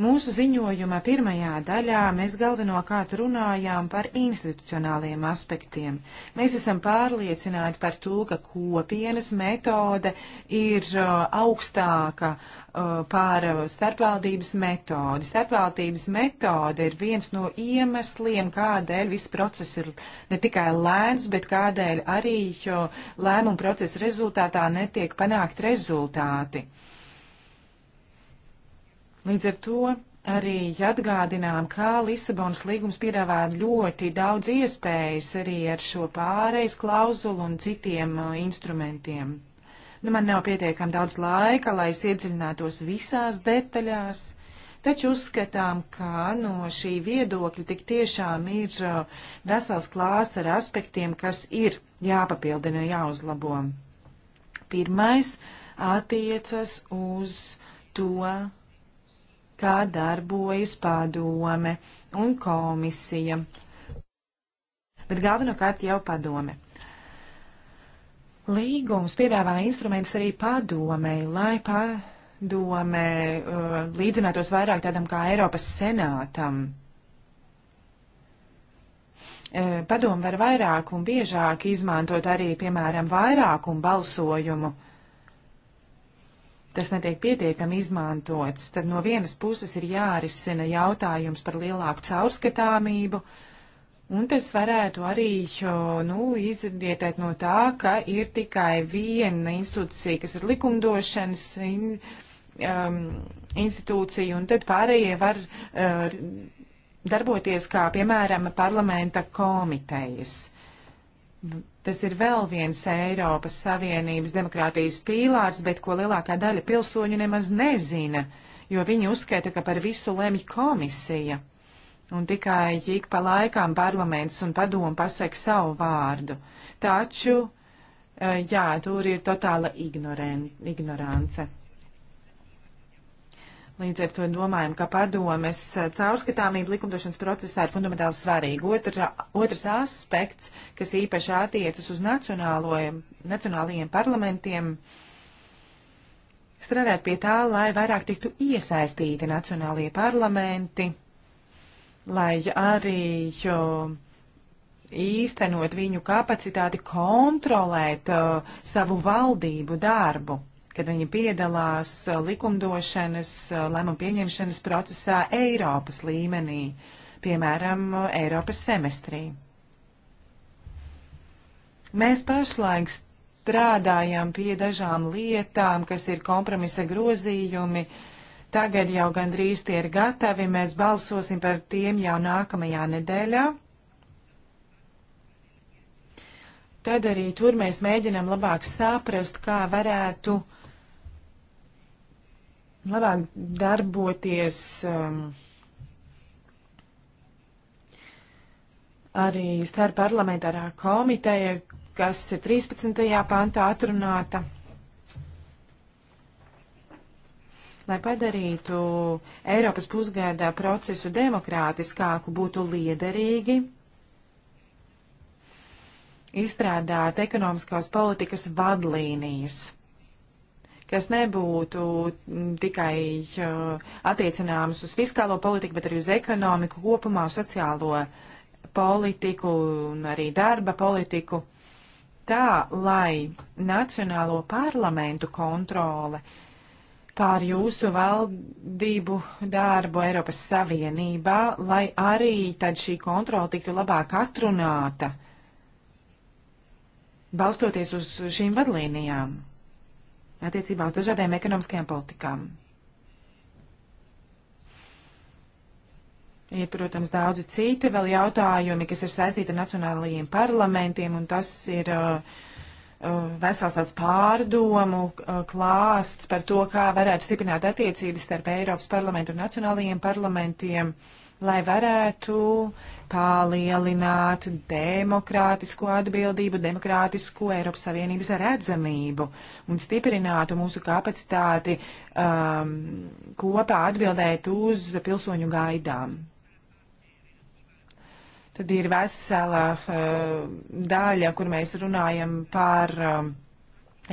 Mūsu ziņojuma pirmajā daļā mēs galvenokārt runājām par institucionāliem aspektiem. Mēs esam pārliecināti par to, ka kopienas metode ir uh, augstāka uh, pār uh, starpvaldības metodi. Starpvaldības metode ir viens no iemesliem, kādēļ viss process ir ne tikai lēns, bet kādēļ arī lēmumu procesa rezultātā netiek panākt rezultāti. Uh, Līdz ar to arī atgādinām, ka Lisabonas līgums piedāvā ļoti daudz iespējas arī ar šo pārejas klauzulu un citiem uh, instrumentiem. Nu, man nav pietiekami daudz laika, lai es iedziļinātos visās detaļās, taču uzskatām, ka no nu, šī viedokļa tik tiešām ir uh, vesels klāsts ar aspektiem, kas ir jāpapildina, jāuzlabo. Pirmais attiecas uz to, kā darbojas padome un komisija. Bet galvenokārt jau padome. Līgums piedāvā instrumentus arī padomei, lai padome uh, līdzinātos vairāk tādam kā Eiropas senātam. Uh, Padomu var vairāk un biežāk izmantot arī, piemēram, vairākumu balsojumu tas netiek pietiekami izmantots, tad no vienas puses ir jārisina jautājums par lielāku caurskatāmību, un tas varētu arī nu, izrietēt no tā, ka ir tikai viena institūcija, kas ir likumdošanas. In, um, institūcija, un tad pārējie var uh, darboties kā, piemēram, parlamenta komitejas. Tas ir vēl viens Eiropas Savienības demokrātijas pīlārs, bet ko lielākā daļa pilsoņu nemaz nezina, jo viņi uzskata, ka par visu lemj komisija. Un tikai ik pa laikām parlaments un padomu pasaka savu vārdu. Taču, eh, jā, tur ir totāla ignorance. Līdz ar to domājam, ka padomes eh, caurskatāmība likumdošanas procesā ir fundamentāli svarīga. Otra, otrs aspekts, kas īpaši attiecas uz nacionālajiem parlamentiem, strādāt pie tā, lai vairāk tiktu iesaistīti nacionālajie parlamenti, lai arī īstenot viņu kapacitāti kontrolēt uh, savu valdību darbu kad viņi piedalās uh, likumdošanas uh, lēmumu pieņemšanas procesā Eiropas līmenī, piemēram, uh, Eiropas semestrī. Mēs pašlaik strādājam pie dažām lietām, kas ir kompromisa grozījumi. Tagad jau gandrīz tie ir gatavi, mēs balsosim par tiem jau nākamajā nedēļā. Tad arī tur mēs mēģinām labāk saprast, kā varētu uh, labāk darboties um, arī starp parlamentārā komiteja, kas ir 13. pantā atrunāta. lai padarītu Eiropas pusgadā procesu demokrātiskāku, būtu liederīgi izstrādāt ekonomiskās politikas vadlīnijas kas nebūtu mm, tikai attiecināms uz fiskālo politiku, bet arī uz ekonomiku kopumā, sociālo politiku un arī darba politiku. Tā, lai Nacionālo parlamentu kontrole pār jūsu valdību darbu Eiropas Savienībā, lai arī tad šī kontrola tiktu labāk atrunāta, balstoties uz šīm vadlīnijām attiecībā uz dažādiem ekonomiskajām politikām. Ir, protams, daudzi citi vēl jautājumi, kas ir saistīti ar nacionālajiem parlamentiem, un tas ir uh, uh, vesels tāds pārdomu uh, klāsts par to, kā varētu stiprināt attiecības starp Eiropas parlamentu un nacionālajiem parlamentiem, lai varētu uh, palielināt demokrātisko atbildību, demokrātisko Eiropas Savienības redzamību un stiprinātu mūsu kapacitāti um, kopā atbildēt uz pilsoņu gaidām. Tad ir vesela uh, daļa, kur mēs runājam par uh,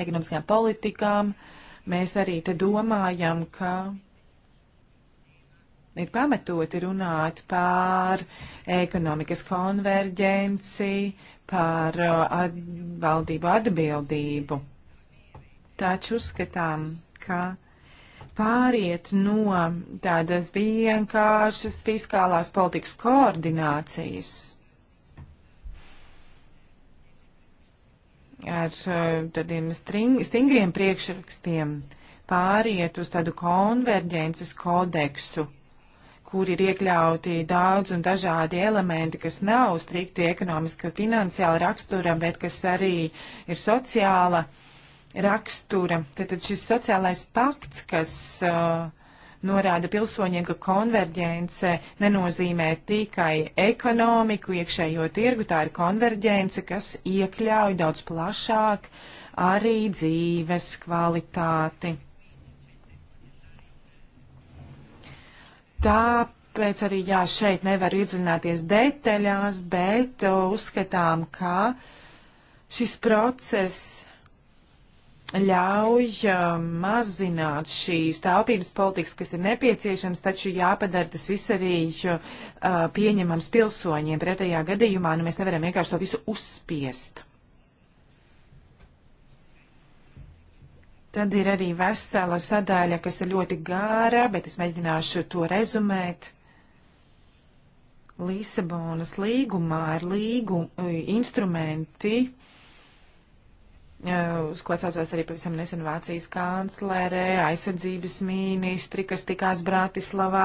ekonomiskajām politikām. Mēs arī te domājam, ka ir pamatoti runāt par ekonomikas konverģenci, par uh, at valdību atbildību. Taču uzskatām, ka pāriet no tādas vienkāršas fiskālās politikas koordinācijas ar uh, tādiem string, stingriem priekšrakstiem pāriet uz tādu konverģences kodeksu, kur ir iekļauti daudz un dažādi elementi, kas nav strikti ekonomiski finansiāli rakstura, bet kas arī ir sociāla rakstura. Tad šis sociālais pakts, kas uh, norāda pilsoņiem, ka konverģence nenozīmē tikai ekonomiku, iekšējo tirgu, tā ir konverģence, kas iekļauj daudz plašāk arī dzīves kvalitāti. Tāpēc arī jā, šeit nevar iedzināties detaļās, bet uzskatām, ka šis process ļauj mazināt šīs taupības politikas, kas ir nepieciešams, taču jāpadara tas viss arī uh, pieņemams pilsoņiem. Pretējā gadījumā nu, mēs nevaram vienkārši to visu uzspiest. Tad ir arī vesela sadaļa, kas ir ļoti gāra, bet es mēģināšu to rezumēt. Lisabonas līgumā ir līgu e, instrumenti, e, uz ko atsaucās arī pavisam nesen Vācijas kanclere, aizsardzības ministri, kas tikās Bratislavā.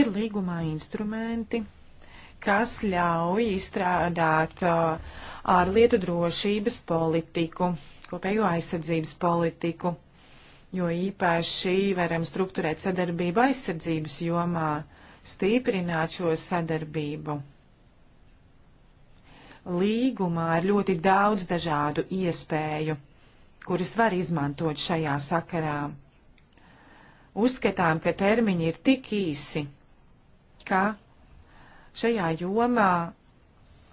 Ir līgumā instrumenti, kas ļauj izstrādāt e, ārlietu drošības politiku kopējo aizsardzības politiku, jo īpaši varam struktūrēt sadarbību aizsardzības jomā, stiprināt šo sadarbību. Līgumā ir ļoti daudz dažādu iespēju, kuras var izmantot šajā sakarā. Uzskatām, ka termiņi ir tik īsi, ka šajā jomā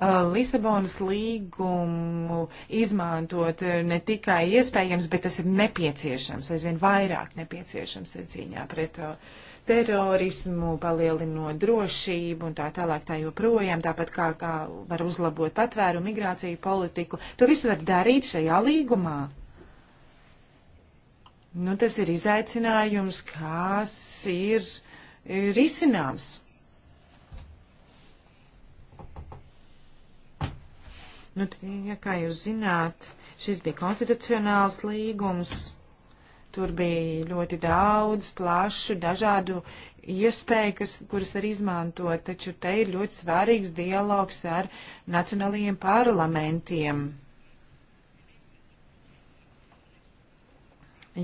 Uh, Lisabonas līgumu izmantot uh, ne tikai iespējams, bet tas ir nepieciešams, aizvien vairāk nepieciešams cīņā pret uh, terorismu, palielinot drošību un tā tālāk tā joprojām, tāpat kā, kā var uzlabot patvēru migrāciju politiku. To visu var darīt šajā līgumā. Nu, tas ir izaicinājums, kas ir risināms. Nu, ja kā jūs zināt, šis bija konstitucionāls līgums. Tur bija ļoti daudz plašu, dažādu iespēju, kas, kuras var izmantot, taču te ir ļoti svarīgs dialogs ar nacionālajiem parlamentiem.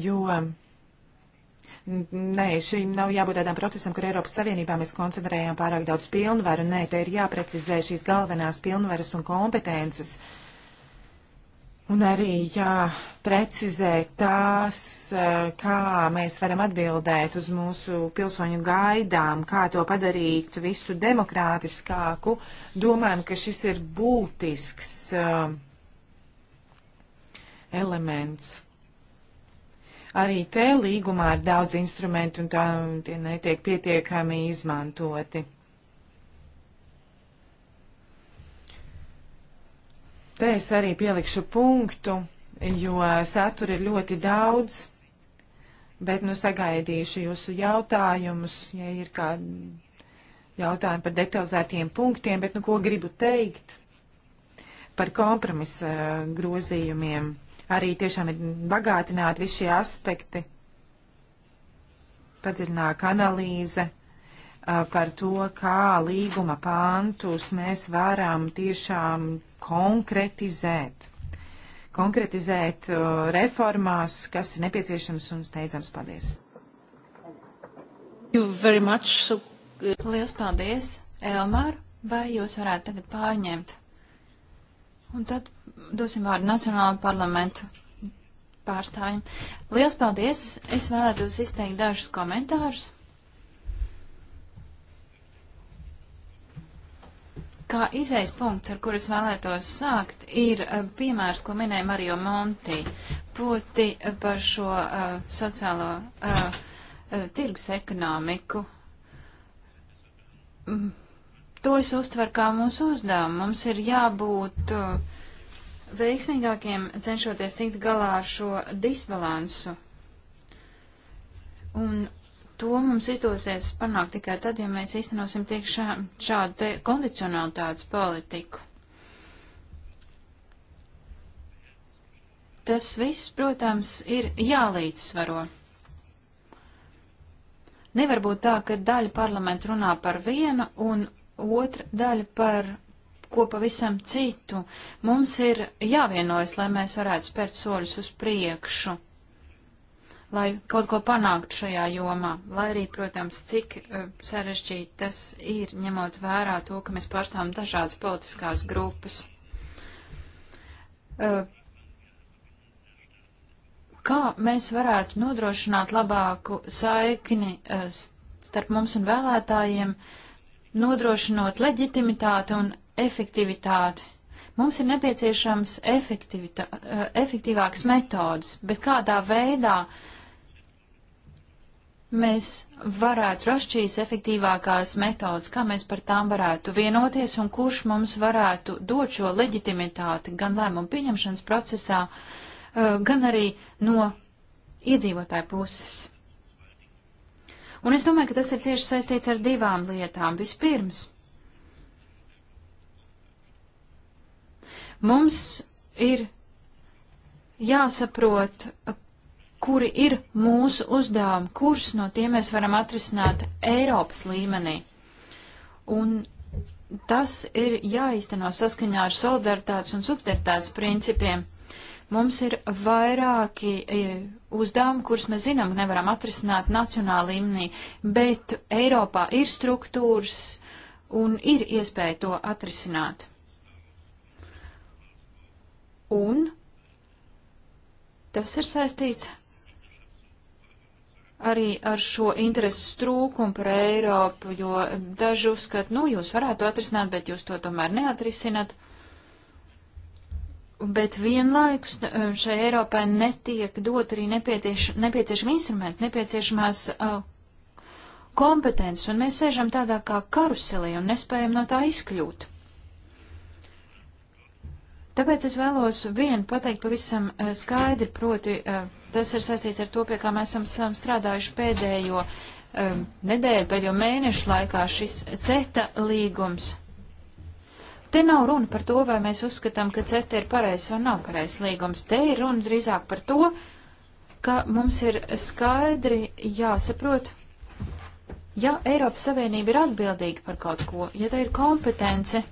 Jo Nē, šīm nav jābūt tādām procesam, kur Eiropas Savienībā mēs koncentrējām pārāk daudz pilnvaru. Nē, te ir jāprecizē šīs galvenās pilnvaras un kompetences. Un arī jāprecizē tās, kā mēs varam atbildēt uz mūsu pilsoņu gaidām, kā to padarīt visu demokrātiskāku. Domājam, ka šis ir būtisks um, elements. Arī te līgumā ir daudz instrumentu un tā, tie netiek pietiekami izmantoti. Te es arī pielikšu punktu, jo satura ir ļoti daudz, bet nu sagaidīšu jūsu jautājumus, ja ir kādi jautājumi par detalizētiem punktiem, bet nu ko gribu teikt par kompromisa eh, grozījumiem arī tiešām ir bagātināti visi šie aspekti. Padziļināta analīze par to, kā līguma pāntus mēs varam tiešām konkretizēt. Konkretizēt reformās, kas ir nepieciešams un steidzams. Paldies! So... Uh, Lielas paldies, Elmār! Vai jūs varētu tagad pārņemt? Un tad dosim vārdu Nacionālajiem parlamentu pārstāvjiem. Lielas paldies! Es vēlētos izteikt dažus komentārus. Kā izējas punkts, ar kuras vēlētos sākt, ir eh, piemērs, ko minēja Mario Monti, proti eh, par šo uh, sociālo uh, uh, tirgus ekonomiku. Mm. To es uztveru kā mūsu uzdevumu. Mums ir jābūt uh, veiksmīgākiem cenšoties tikt galā ar šo disbalansu. Un to mums izdosies panākt tikai tad, ja mēs īstenosim tiek šā, šādu te kondicionalitātes politiku. Tas viss, protams, ir jālīdzsvaro. Nevar būt tā, ka daļa parlamenta runā par vienu un otra daļa par ko pavisam citu. Mums ir jāvienojas, lai mēs varētu spērt soļus uz priekšu, lai kaut ko panāktu šajā jomā, lai arī, protams, cik uh, sarežģīti tas ir, ņemot vērā to, ka mēs pārstāvam dažādas politiskās grupas. Uh, kā mēs varētu nodrošināt labāku saikni eh, starp mums un vēlētājiem, nodrošinot leģitimitāti un efektivitāti. Mums ir nepieciešams eh, efektīvāks metodas, bet kādā veidā mēs varētu rast šīs efektīvākās metodas, kā mēs par tām varētu vienoties un kurš mums varētu dot šo leģitimitāti gan lēmumu pieņemšanas procesā, eh, gan arī no iedzīvotāju puses. Un es domāju, ka tas ir cieši saistīts ar divām lietām. Vispirms Mums ir jāsaprot, kuri ir mūsu uzdevumi, kurus no tiem mēs varam atrisināt Eiropas līmenī. Un tas ir jāizteno saskaņā ar solidaritātes un subsidiaritātes principiem. Mums ir vairāki e, uzdevumi, kurus mēs zinām, nevaram atrisināt nacionāla līmenī, bet Eiropā ir struktūras un ir iespēja to atrisināt un tas ir saistīts arī ar šo interesu trūkumu par Eiropu, jo daži uzskat, nu, jūs varētu atrisināt, bet jūs to tomēr neatrisināt. Bet vienlaikus eh, šai Eiropai netiek dot arī nepieciešami instrumenti, nepieciešamās uh, kompetences, un mēs sēžam tādā kā karuselī un nespējam no tā izkļūt. Tāpēc es vēlos vienu pateikt pavisam eh, skaidri, proti eh, tas ir saistīts ar to, pie kā mēs esam strādājuši pēdējo um, nedēļu, pēdējo mēnešu laikā šis CETA līgums. Te nav runa par to, vai mēs uzskatām, ka CETA ir pareizs vai nav pareizs līgums. Te ir runa drīzāk par to, ka mums ir skaidri jāsaprot, ja Eiropas Savienība ir atbildīga par kaut ko, ja tai ir kompetence,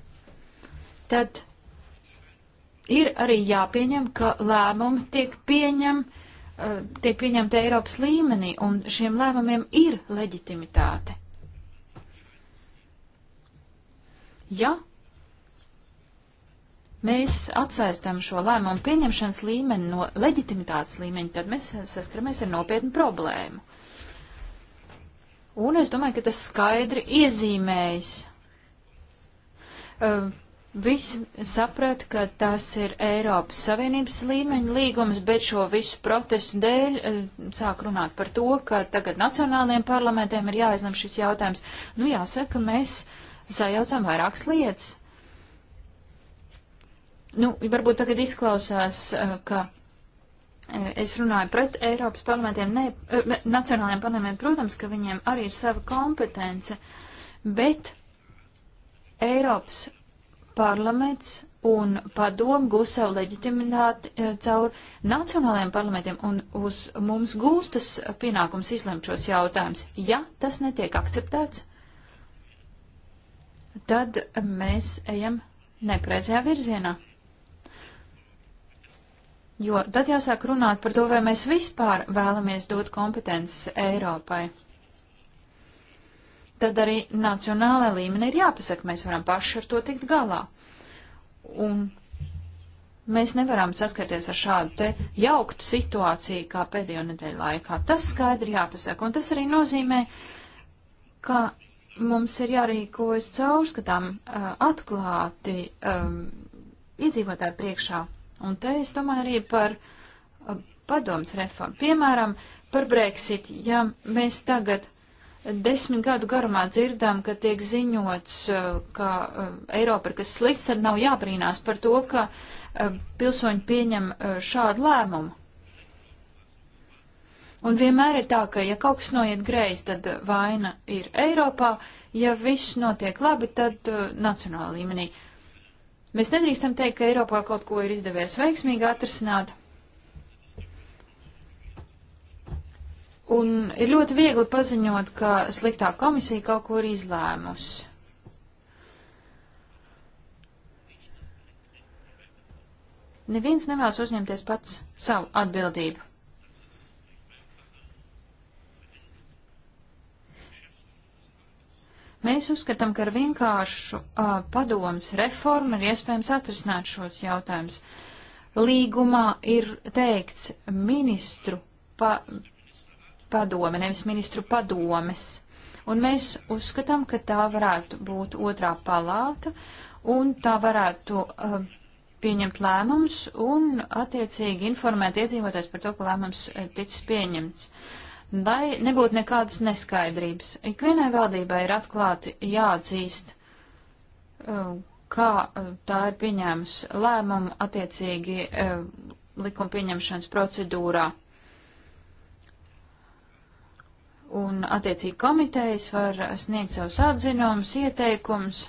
tad ir arī jāpieņem, ka lēmumi tiek pieņem, eh, tiek pieņemti Eiropas līmenī, un šiem lēmumiem ir leģitimitāte. Ja mēs atsaistām šo lēmumu pieņemšanas līmeni no leģitimitātes līmeņa, tad mēs saskaramies ar nopietnu problēmu. Un es domāju, ka tas skaidri iezīmējas. Uh, Visi saprata, ka tas ir Eiropas Savienības līmeņa līgums, bet šo visu protestu dēļ eh, sāk runāt par to, ka tagad nacionālajiem parlamentiem ir jāizlem šis jautājums. Nu, jāsaka, mēs sajaucam vairākas lietas. Nu, varbūt tagad izklausās, eh, ka eh, es runāju pret Eiropas parlamentiem, ne, nacionālajiem parlamentiem, protams, ka viņiem arī ir sava kompetence, bet Eiropas parlaments un padomu gūs savu leģitimitāti eh, caur nacionālajiem parlamentiem un uz mums gūstas pienākums izlemt šos jautājumus. Ja tas netiek akceptēts, tad mēs ejam nepreizajā virzienā. Jo tad jāsāk runāt par to, vai mēs vispār vēlamies dot kompetences Eiropai tad arī nacionālā līmenī ir jāpasaka, mēs varam paši ar to tikt galā. Un mēs nevaram saskarties ar šādu te jauktu situāciju kā pēdējo nedēļu laikā. Tas skaidri jāpasaka, un tas arī nozīmē, ka mums ir jārīkojas caurskatām uh, atklāti um, iedzīvotāju priekšā. Un te es domāju arī par uh, padomas reformu. Piemēram, par Brexit. Ja mēs tagad desmit gadu garumā dzirdām, ka tiek ziņots, uh, ka uh, Eiropa ir kas slikts, tad nav jābrīnās par to, ka uh, pilsoņi pieņem šādu lēmumu. Un vienmēr ir tā, ka ja kaut kas noiet greizi, tad vaina ir Eiropā, ja viss notiek labi, tad nacionāla līmenī. Mēs nedrīkstam teikt, ka Eiropā kaut ko ir izdevies veiksmīgi atrisināt. Un ir ļoti viegli paziņot, ka sliktā komisija kaut ko ir izlēmusi. Neviens nevēlas uzņemties pats savu atbildību. Mēs uzskatām, ka ar vienkāršu uh, padomas reformu ir iespējams atrisināt šos jautājumus. Līgumā ir teikts ministru pa, padome, nevis ministru padomes. Un mēs uzskatām, ka tā varētu būt otrā palāta, un tā varētu uh, pieņemt lēmums un attiecīgi informēt iedzīvotājs par to, ka lēmums uh, ticis pieņemts. Lai nebūtu nekādas neskaidrības, ikvienai valdībai ir atklāti jāatzīst, uh, kā uh, tā ir pieņēmusi lēmumu attiecīgi likuma pieņemšanas procedūrā. un attiecīgi komitejas var sniegt savus atzinumus, ieteikumus.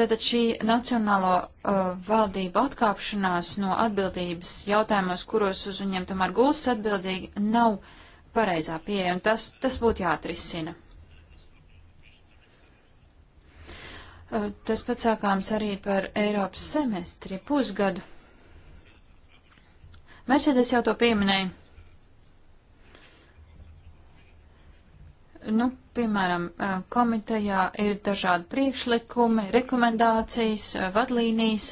Tātad šī nacionālo uh, valdību atkāpšanās no atbildības jautājumos, kuros uz viņiem tomēr gulstas atbildīgi, nav pareizā pieeja, un tas, tas būtu jāatrisina. Uh, tas pats sākāms arī par Eiropas semestri pusgadu. Mercedes jau to pieminēja. Nu, piemēram, komitejā ir dažādi priekšlikumi, rekomendācijas, vadlīnijas,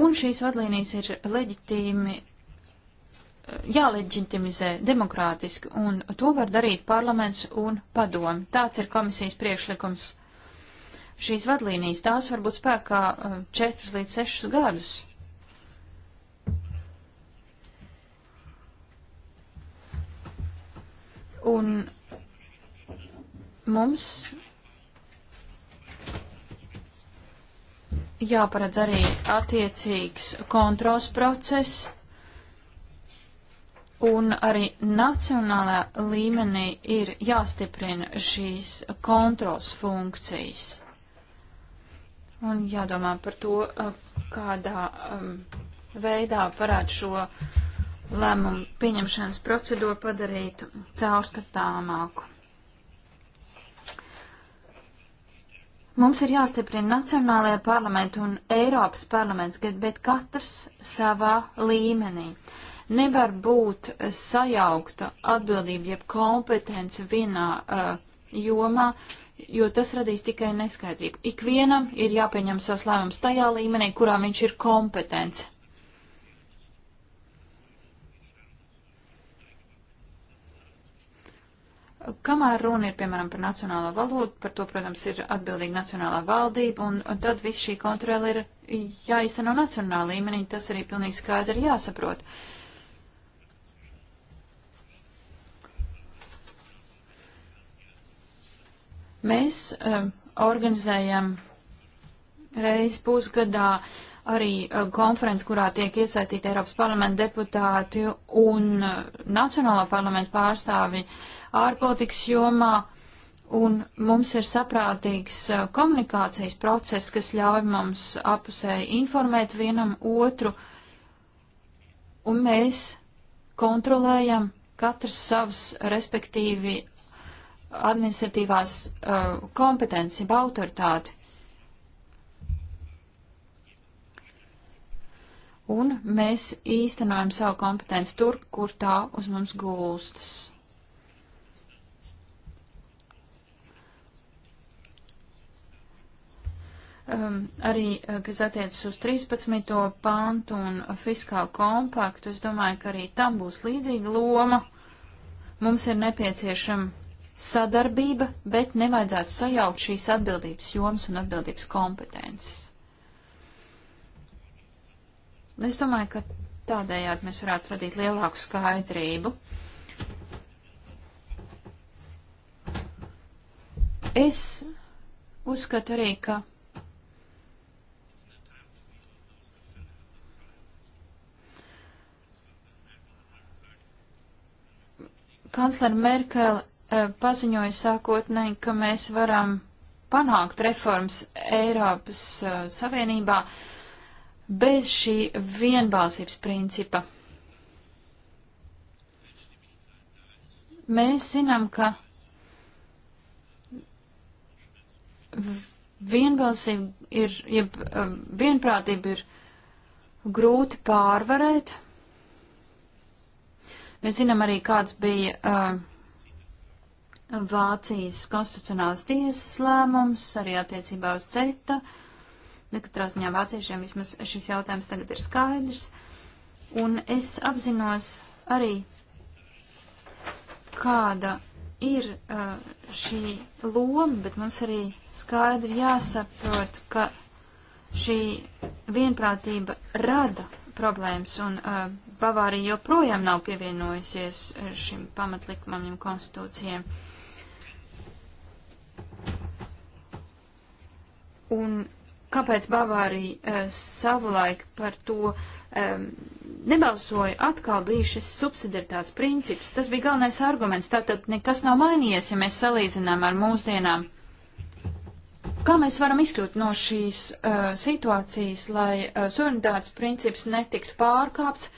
un šīs vadlīnijas ir leģitīmi, jāleģitimizē demokrātiski, un to var darīt parlaments un padomi. Tāds ir komisijas priekšlikums. Šīs vadlīnijas tās var būt spēkā 4 līdz 6 gadus. Un Mums jāparedz arī attiecīgs kontrols process, un arī nacionālā līmenī ir jāstiprina šīs kontrols funkcijas. Un jādomā par to, kādā um, veidā varētu šo lēmumu pieņemšanas procedūru padarīt caurskatāmāku. Mums ir jāstiprina nacionālajie parlamenti un Eiropas parlaments, bet katrs savā līmenī. Nevar būt sajaukta atbildība jeb kompetence vienā uh, jomā, jo tas radīs tikai neskaidrību. Ikvienam ir jāpieņem savs lēmums tajā līmenī, kurā viņš ir kompetents. Kamēr runa ir, piemēram, par nacionālo valodu, par to, protams, ir atbildīga nacionālā valdība, un, un tad viss šī kontrola ir jāizteno nacionālā līmenī, tas arī pilnīgi skaidri jāsaprot. Mēs um, organizējam reizi pusgadā arī uh, konferenci, kurā tiek iesaistīti Eiropas parlamenta deputāti un uh, Nacionālā parlamenta pārstāvi. Uh, ārpolitikas jomā. Un mums ir saprātīgs uh, komunikācijas process, kas ļauj mums apusēji informēt vienam otru, un mēs kontrolējam katrs savas respektīvi administratīvās uh, kompetenci, autoritāti. Un mēs īstenojam savu kompetenci tur, kur tā uz mums gulstas. um, arī, uh, kas attiecas uz 13. pantu un fiskālu kompaktu, es domāju, ka arī tam būs līdzīga loma. Mums ir nepieciešama sadarbība, bet nevajadzētu sajaukt šīs atbildības jomas un atbildības kompetences. Es domāju, ka tādējādi mēs varētu radīt lielāku skaidrību. Es uzskatu arī, ka kanclere Merkele eh, paziņoja sākotnēji, ka mēs varam panākt reformas Eiropas eh, Savienībā bez šī vienbalsības principa. Mēs zinām, ka vienbalsība ir, jeb eh, vienprātība ir grūti pārvarēt, Mēs zinām arī, kāds bija uh, Vācijas konstitucionālas tiesas lēmums, arī attiecībā uz CETA. Nekatrā ziņā vāciešiem vismaz šis jautājums tagad ir skaidrs. Un es apzinos arī, kāda ir uh, šī loma, bet mums arī skaidri jāsaprot, ka šī vienprātība rada problēmas, un uh, Bavārija joprojām nav pievienojusies uh, šim pamatlikumam konstitūcijiem. Un kāpēc Bavārija uh, savulaik par to um, nebalsoja, atkal bija šis subsidiaritātes princips. Tas bija galvenais arguments. Tātad nekas nav mainījies, ja mēs salīdzinām ar mūsdienām. Kā mēs varam izkļūt no šīs uh, situācijas, lai uh, suverenitātes princips netiktu pārkāpts,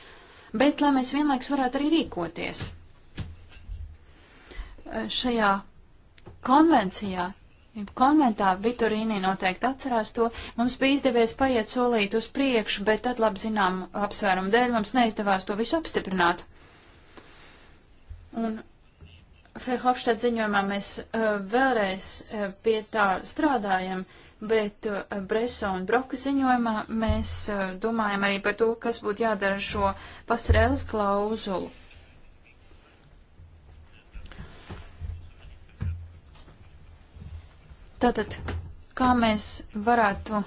bet lai mēs vienlaiks varētu arī rīkoties? Uh, šajā konvencijā, konventā Vitorīnī noteikti atcerās to, mums bija izdevies paiet solīt uz priekšu, bet tad, labi zinām, apsvērumu dēļ mums neizdevās to visu apstiprināt. Un Ferhofštēt ziņojumā mēs eh, vēlreiz eh, pie tā strādājam, bet eh, Breso un Broka ziņojumā mēs domājam arī par to, kas būtu jādara šo pasarēles klauzulu. Tātad, kā mēs varētu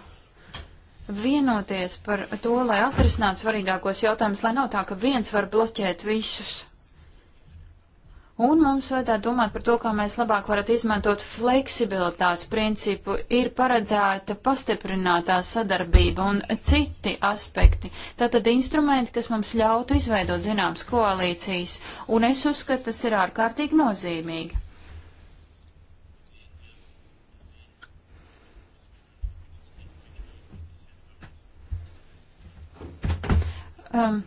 vienoties par to, lai atrisinātu svarīgākos jautājumus, lai nav tā, ka viens var bloķēt visus? Un mums vajadzētu domāt par to, kā mēs labāk varētu izmantot fleksibilitātes principu, ir paredzēta pastiprinātā sadarbība un citi aspekti. Tātad instrumenti, kas mums ļautu izveidot zināmas koalīcijas, un es uzskatu, tas ir ārkārtīgi nozīmīgi. Um,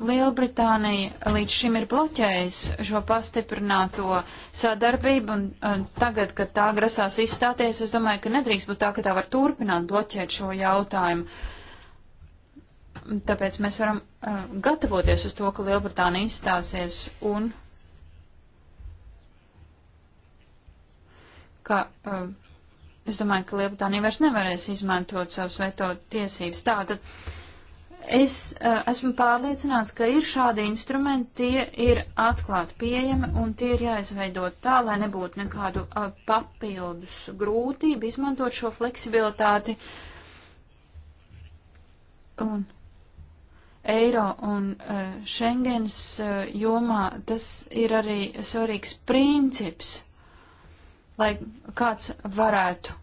Lielbritānija līdz šim ir bloķējusi šo pastiprināto sadarbību, un, un tagad, kad tā grasās izstāties, es domāju, ka nedrīkst būt tā, ka tā var turpināt bloķēt šo jautājumu. Tāpēc mēs varam uh, gatavoties uz to, ka Lielbritānija izstāsies un ka uh, es domāju, ka Lielbritānija vairs nevarēs izmantot savus veto tiesības. Tātad. Uh, Es uh, esmu pārliecināts, ka ir šādi instrumenti, tie ir atklāti pieejami un tie ir jāizveido tā, lai nebūtu nekādu uh, papildus grūtību izmantot šo fleksibilitāti. Un eiro un uh, Schengens uh, jomā tas ir arī svarīgs princips, lai kāds varētu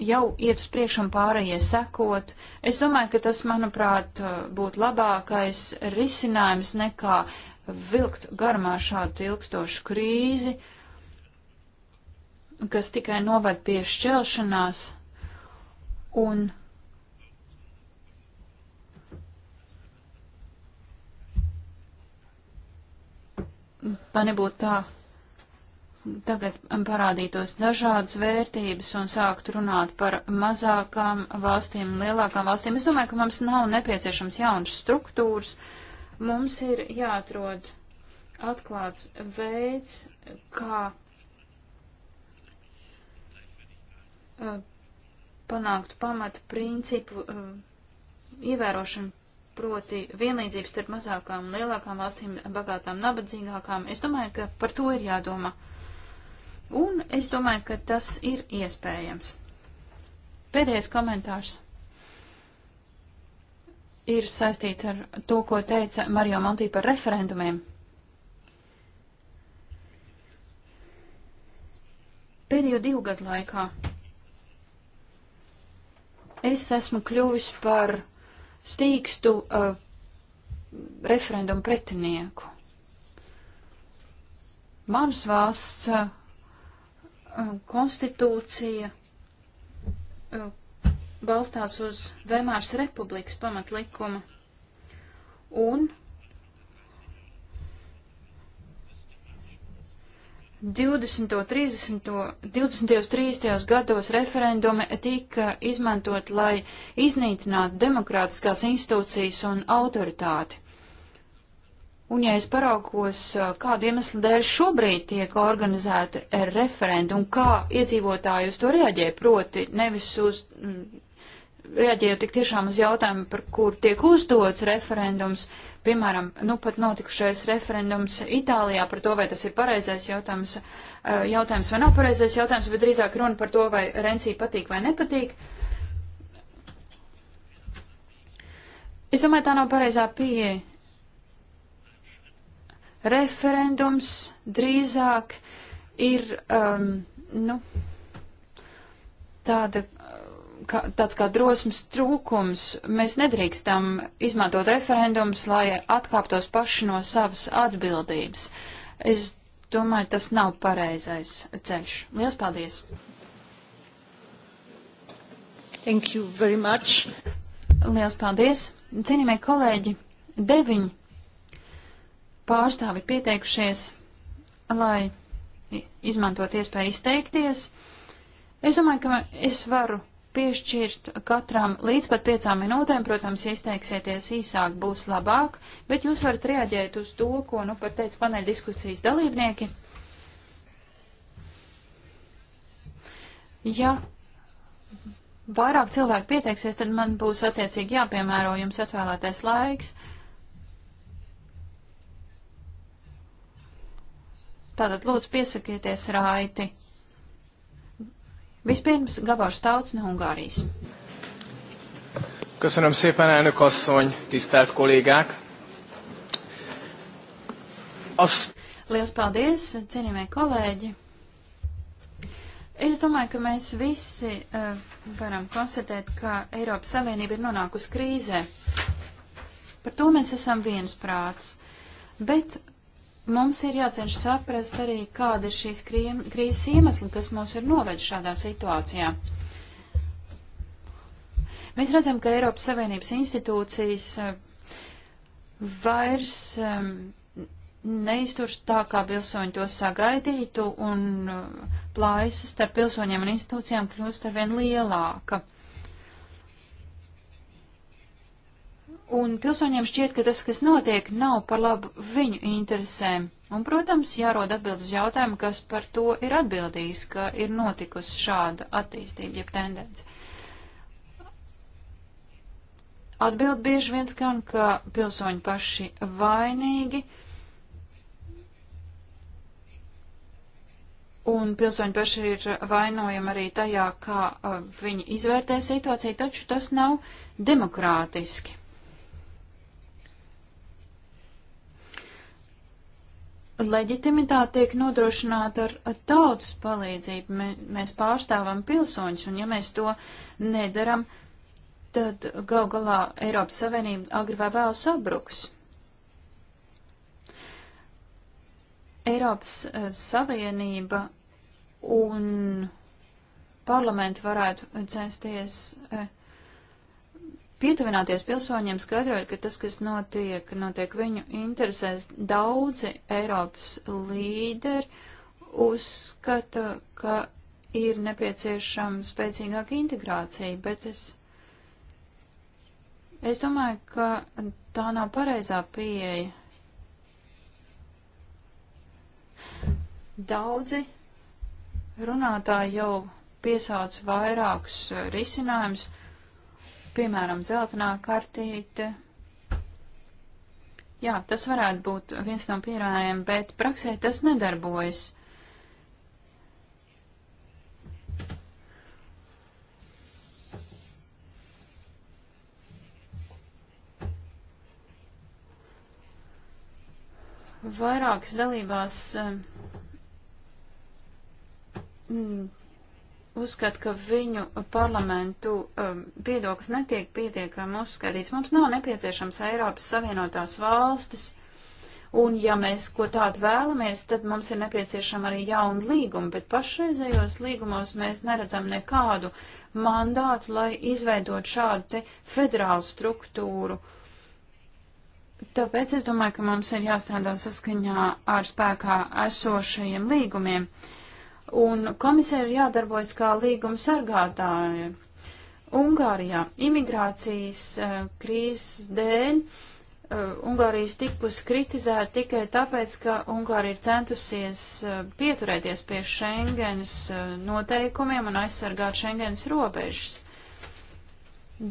jau iet uz priekšu un pārējie sekot. Es domāju, ka tas, manuprāt, būtu labākais risinājums nekā vilkt garumā šādu ilgstošu krīzi, kas tikai noved pie šķelšanās un tā nebūtu tā, tagad parādītos dažādas vērtības un sāktu runāt par mazākām valstīm, lielākām valstīm. Es domāju, ka mums nav nepieciešams jaunas struktūras. Mums ir jāatrod atklāts veids, kā uh, panākt pamatu principu uh, ievērošanu, proti vienlīdzības starp mazākām un lielākām valstīm, bagātām, nabadzīgākām. Es domāju, ka par to ir jādomā. Un es domāju, ka tas ir iespējams. Pēdējais komentārs ir saistīts ar to, ko teica Mario Monti par referendumiem. Pēdējo divu gadu laikā es esmu kļuvis par stīkstu uh, referendumu pretinieku. Mans valsts uh, konstitūcija balstās uz Vēmāras republikas pamatlikumu un 20. 30. 20. 30. gados referendumi tika izmantot, lai iznīcinātu demokrātiskās institūcijas un autoritāti. Un ja es paraugos, kādu iemeslu dēļ šobrīd tiek organizēta referenda un kā iedzīvotāji uz to reaģē, proti nevis uz, reaģējot tik tiešām uz jautājumu, par kur tiek uzdots referendums, piemēram, nu pat notikušais referendums Itālijā par to, vai tas ir pareizais jautājums, jautājums vai nav pareizais jautājums, bet drīzāk runa par to, vai Rencija patīk vai nepatīk. Es domāju, tā nav pareizā pieeja referendums drīzāk ir um, nu, tāda, kā, tāds kā drosmes trūkums. Mēs nedrīkstam izmantot referendumus, lai atkāptos paši no savas atbildības. Es domāju, tas nav pareizais ceļš. Lielas paldies! Thank you very much. Lielas paldies! Cienījamie kolēģi, deviņi pārstāvi pieteikušies, lai izmantot iespēju izteikties. Es domāju, ka es varu piešķirt katram līdz pat piecām minūtēm, protams, izteiksieties īsāk, būs labāk, bet jūs varat reaģēt uz to, ko, nu, pat teica paneļa diskusijas dalībnieki. Ja vairāk cilvēku pieteiksies, tad man būs attiecīgi jāpiemēro jums atvēlētais laiks. Uh, Tātad lūdzu piesakieties raiti. Vispirms Gabors Tauts no Hungārijas. Köszönöm szépen, elnök asszony, tisztelt kollégák! Azt... Liels paldies, cienījamie kolēģi! Es domāju, ka mēs visi uh, varam konstatēt, ka Eiropas Savienība ir nonākusi krīzē. Par to mēs esam viensprāts. Bet Mums ir jācenš saprast arī, kāda ir šīs krīzes iemesli, kas mūs ir novedis šādā situācijā. Mēs redzam, ka Eiropas Savienības institūcijas eh, vairs eh, neizturš tā, kā pilsoņi to sagaidītu, un eh, plājas starp pilsoņiem un institūcijām kļūst arvien lielāka. Un pilsoņiem šķiet, ka tas, kas notiek, nav par labu viņu interesēm. Un, protams, jārod atbild uz jautājumu, kas par to ir atbildījis, ka ir notikusi šāda attīstība, jeb tendence. Atbild bieži viens gan, ka pilsoņi paši vainīgi, un pilsoņi paši ir vainojami arī tajā, kā uh, viņi izvērtē situāciju, taču tas nav demokrātiski. leģitimitāte tiek nodrošināta ar, ar tautas palīdzību. Mē, mēs pārstāvam pilsoņus, un ja mēs to nedaram, tad gal galā Eiropas Savienība agri vai vēl sabruks. Eiropas eh, Savienība un parlamenti varētu censties. Eh, pietuvināties pilsoņiem, skaidrojot, ka tas, kas notiek, notiek viņu interesēs. Daudzi Eiropas līderi uzskata, ka ir nepieciešama spēcīgāka integrācija, bet es, es domāju, ka tā nav pareizā pieeja. Daudzi runātāji jau piesauc vairākus risinājumus piemēram, dzeltenā kartīte. Jā, tas varētu būt viens no pierājiem, bet praksē tas nedarbojas. Vairākas dalībās eh, mm, uzskata, ka viņu parlamentu um, viedoklis netiek pietiekami uzskatīts. Mums nav nepieciešams Eiropas Savienotās valstis, un ja mēs ko tādu vēlamies, tad mums ir nepieciešama arī jauna līguma, bet pašreizējos līgumos mēs neredzam nekādu mandātu, lai izveidot šādu te federālu struktūru. Tāpēc es domāju, ka mums ir jāstrādā saskaņā ar spēkā esošajiem līgumiem. Uh, un komisija ir jādarbojas kā līguma sargātāja. Ungārijā imigrācijas uh, krīzes dēļ uh, eh, Ungārijas tikus kritizēta tikai tāpēc, ka Ungārija ir centusies uh, pieturēties pie Schengenas noteikumiem un aizsargāt Schengenas robežas.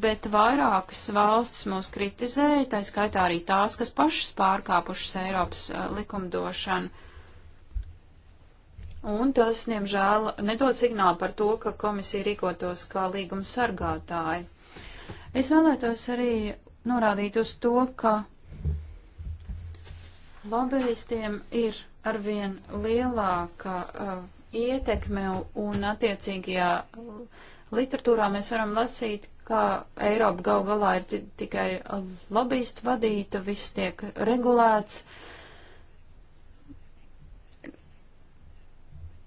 Bet vairākas valstis mūs kritizēja, tā skaitā arī tās, kas pašas pārkāpušas Eiropas likumdošanu. Un tas, diemžēl, nedod signālu par to, ka komisija rīkotos kā līguma sargātāji. Es vēlētos arī norādīt uz to, ka lobbyistiem ir arvien lielāka uh, ietekme un attiecīgajā literatūrā mēs varam lasīt, ka Eiropa gal galā ir tikai lobbyistu vadīta, viss tiek regulēts. Uh,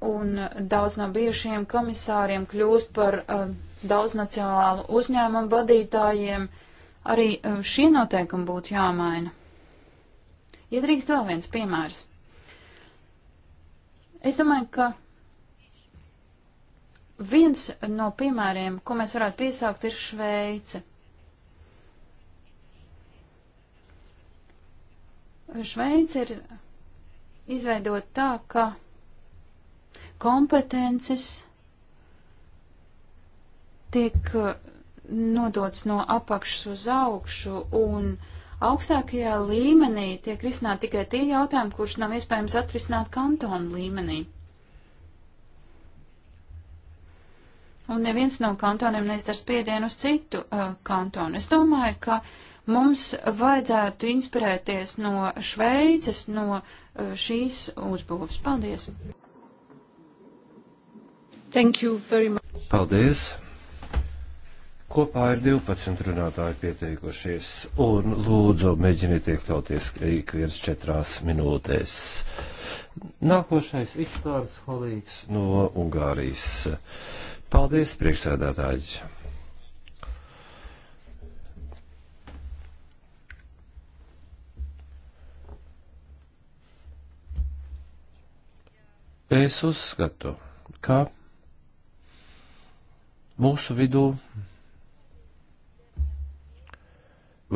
un daudz no bijušiem komisāriem kļūst par uh, daudznacionālu uzņēmumu vadītājiem, arī uh, šie noteikumi būtu jāmaina. Iedrīkst ja vēl viens piemērs. Es domāju, ka viens no piemēriem, ko mēs varētu piesaukt, ir Šveice. Šveice ir izveidota tā, ka kompetences tiek uh, nodots no apakšas uz augšu, un augstākajā līmenī tiek risināt tikai tie jautājumi, kurus nav iespējams atrisināt kantonu līmenī. Un neviens no kantoniem neizdara spiedienu uz citu uh, kantonu. Es domāju, ka mums vajadzētu inspirēties no Šveices, no uh, šīs uzbūves. Paldies! Thank you very much. Paldies. Kopā ir 12 runātāji pieteikušies, un lūdzu mēģiniet iekļauties ik viens četrās minūtēs. Nākošais Ihtārs Holīgs no Ungārijas. Paldies, priekšsēdētāji! Es uzskatu, ka. Kā... Mūsu vidū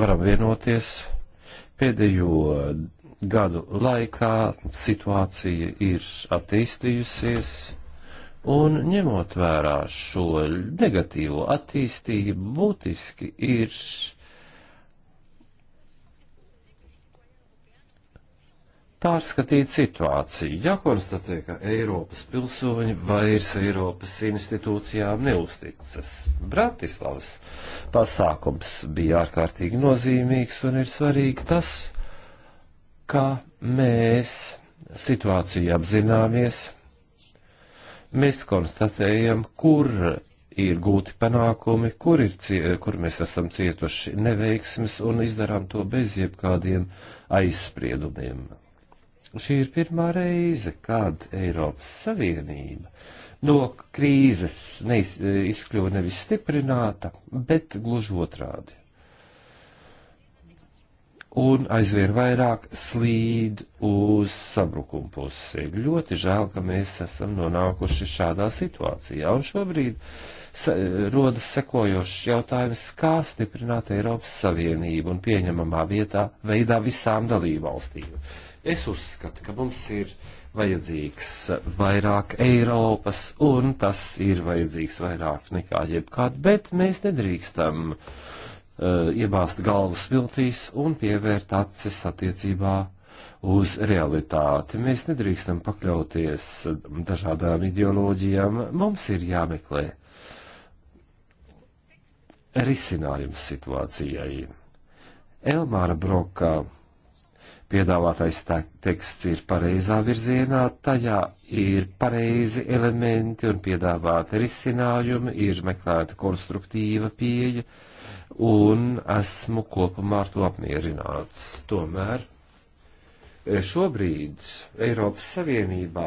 varam vienoties pēdējo gadu laikā situācija ir attīstījusies, un ņemot vērā šo negatīvo attīstību, būtiski ir pārskatīt situāciju. Jākonstatē, ka Eiropas pilsoņi vairs Eiropas institūcijām neusticas. Bratislavas pasākums bija ārkārtīgi nozīmīgs un ir svarīgi tas, ka mēs situāciju apzināmies, mēs konstatējam, kur ir gūti panākumi, kur, ir, kur mēs esam cietuši neveiksmes un izdarām to bez jebkādiem aizspriedumiem. Šī ir pirmā reize, kad Eiropas Savienība no krīzes neiz, e, izkļuva nevis stiprināta, bet gluži otrādi. Un aizvien vairāk slīd uz sabrukuma pusi. Ļoti žēl, ka mēs esam nonākuši šādā situācijā. Un šobrīd se, rodas sekojošs jautājums, kā stiprināt Eiropas Savienību un pieņemamā vietā veidā visām dalībvalstīm Es uzskatu, ka mums ir vajadzīgs vairāk Eiropas, un tas ir vajadzīgs vairāk nekā jebkād, bet mēs nedrīkstam uh, iebāzt galvu smiltīs un pievērt acis attiecībā uz realitāti. Mēs nedrīkstam pakļauties dažādām ideoloģijām, mums ir jāmeklē risinājums situācijai. Elmāra Broka piedāvātais teksts ir pareizā virzienā, tajā ir pareizi elementi un piedāvāti risinājumi, ir meklēta konstruktīva pieeja, un esmu kopumā ar to apmierināts. Tomēr e, šobrīd Eiropas Savienībā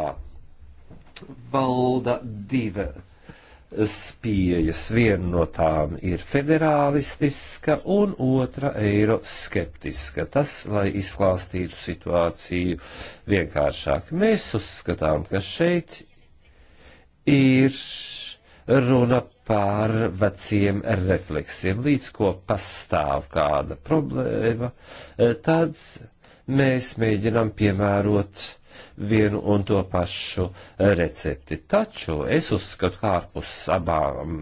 valda divi pieejas. Viena no tām ir federālistiska un otra eiroskeptiska. Tas, lai izklāstītu situāciju vienkāršāk. Mēs uzskatām, ka šeit ir runa par veciem refleksiem, līdz ko pastāv kāda problēma, tad mēs mēģinam piemērot vienu un to pašu recepti. Taču es uzskatu, ka ārpus abām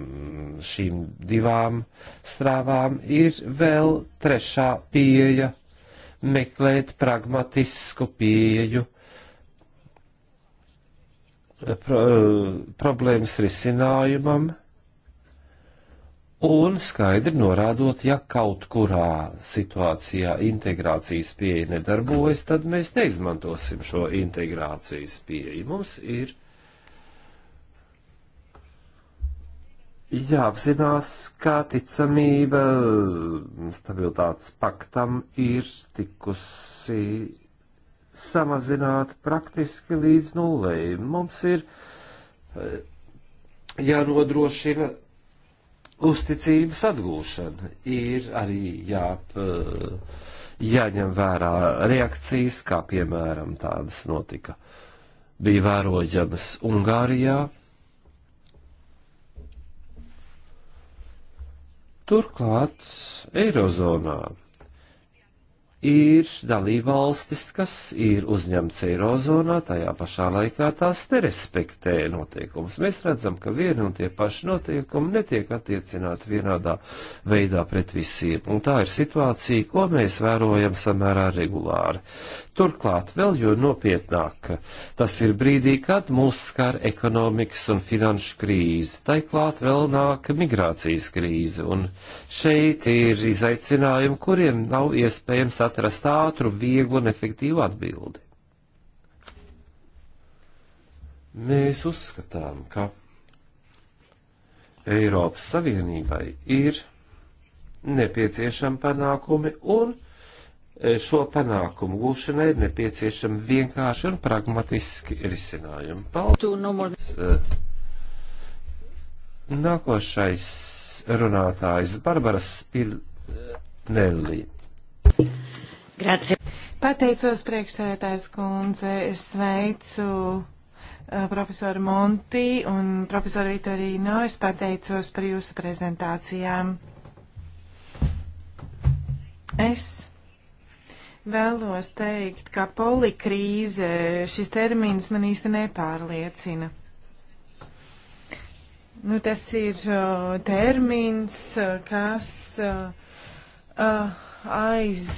šīm divām strāvām ir vēl trešā pieeja meklēt pragmatisku pieeju pro, eh, problēmas risinājumam un skaidri norādot, ja kaut kurā situācijā integrācijas pieeja nedarbojas, tad mēs neizmantosim šo integrācijas pieeju. Mums ir jāapzinās, kā ticamība stabilitātes paktam ir tikusi samazināta praktiski līdz nulei. Mums ir eh, jānodrošina. Ja uzticības atgūšana ir arī jāp, jāņem vērā reakcijas, kā piemēram tādas notika. Bija vērojamas Ungārijā. Turklāt Eirozonā ir dalībvalstis, kas ir uzņemts eirozonā, tajā pašā laikā tās nerespektē noteikumus. Mēs redzam, ka vieni un tie paši noteikumi netiek attiecināti vienādā veidā pret visiem, un tā ir situācija, ko mēs vērojam samērā regulāri. Turklāt vēl jo nopietnāk, tas ir brīdī, kad mūs skar ekonomikas un finanšu krīze, taiklāt vēl nāk migrācijas krīze, un šeit ir izaicinājumi, kuriem nav iespējams atrast ātru, vieglu un efektīvu atbildi. Mēs uzskatām, ka Eiropas Savienībai ir nepieciešami panākumi un Eh, šo panākumu gūšanai ir nepieciešama vienkārši un pragmatiski risinājumi. Paldies! Eh, nākošais runātājs Barbara Spirnelli. Grazie. Pateicos priekšsēdētājs kundze, es sveicu eh, profesoru Monti un profesoru Vitorino, es pateicos par jūsu prezentācijām. Es Vēlos teikt, ka polikrīze šis termins man īsti nepārliecina. Nu, tas ir uh, termins, kas uh, uh, aiz,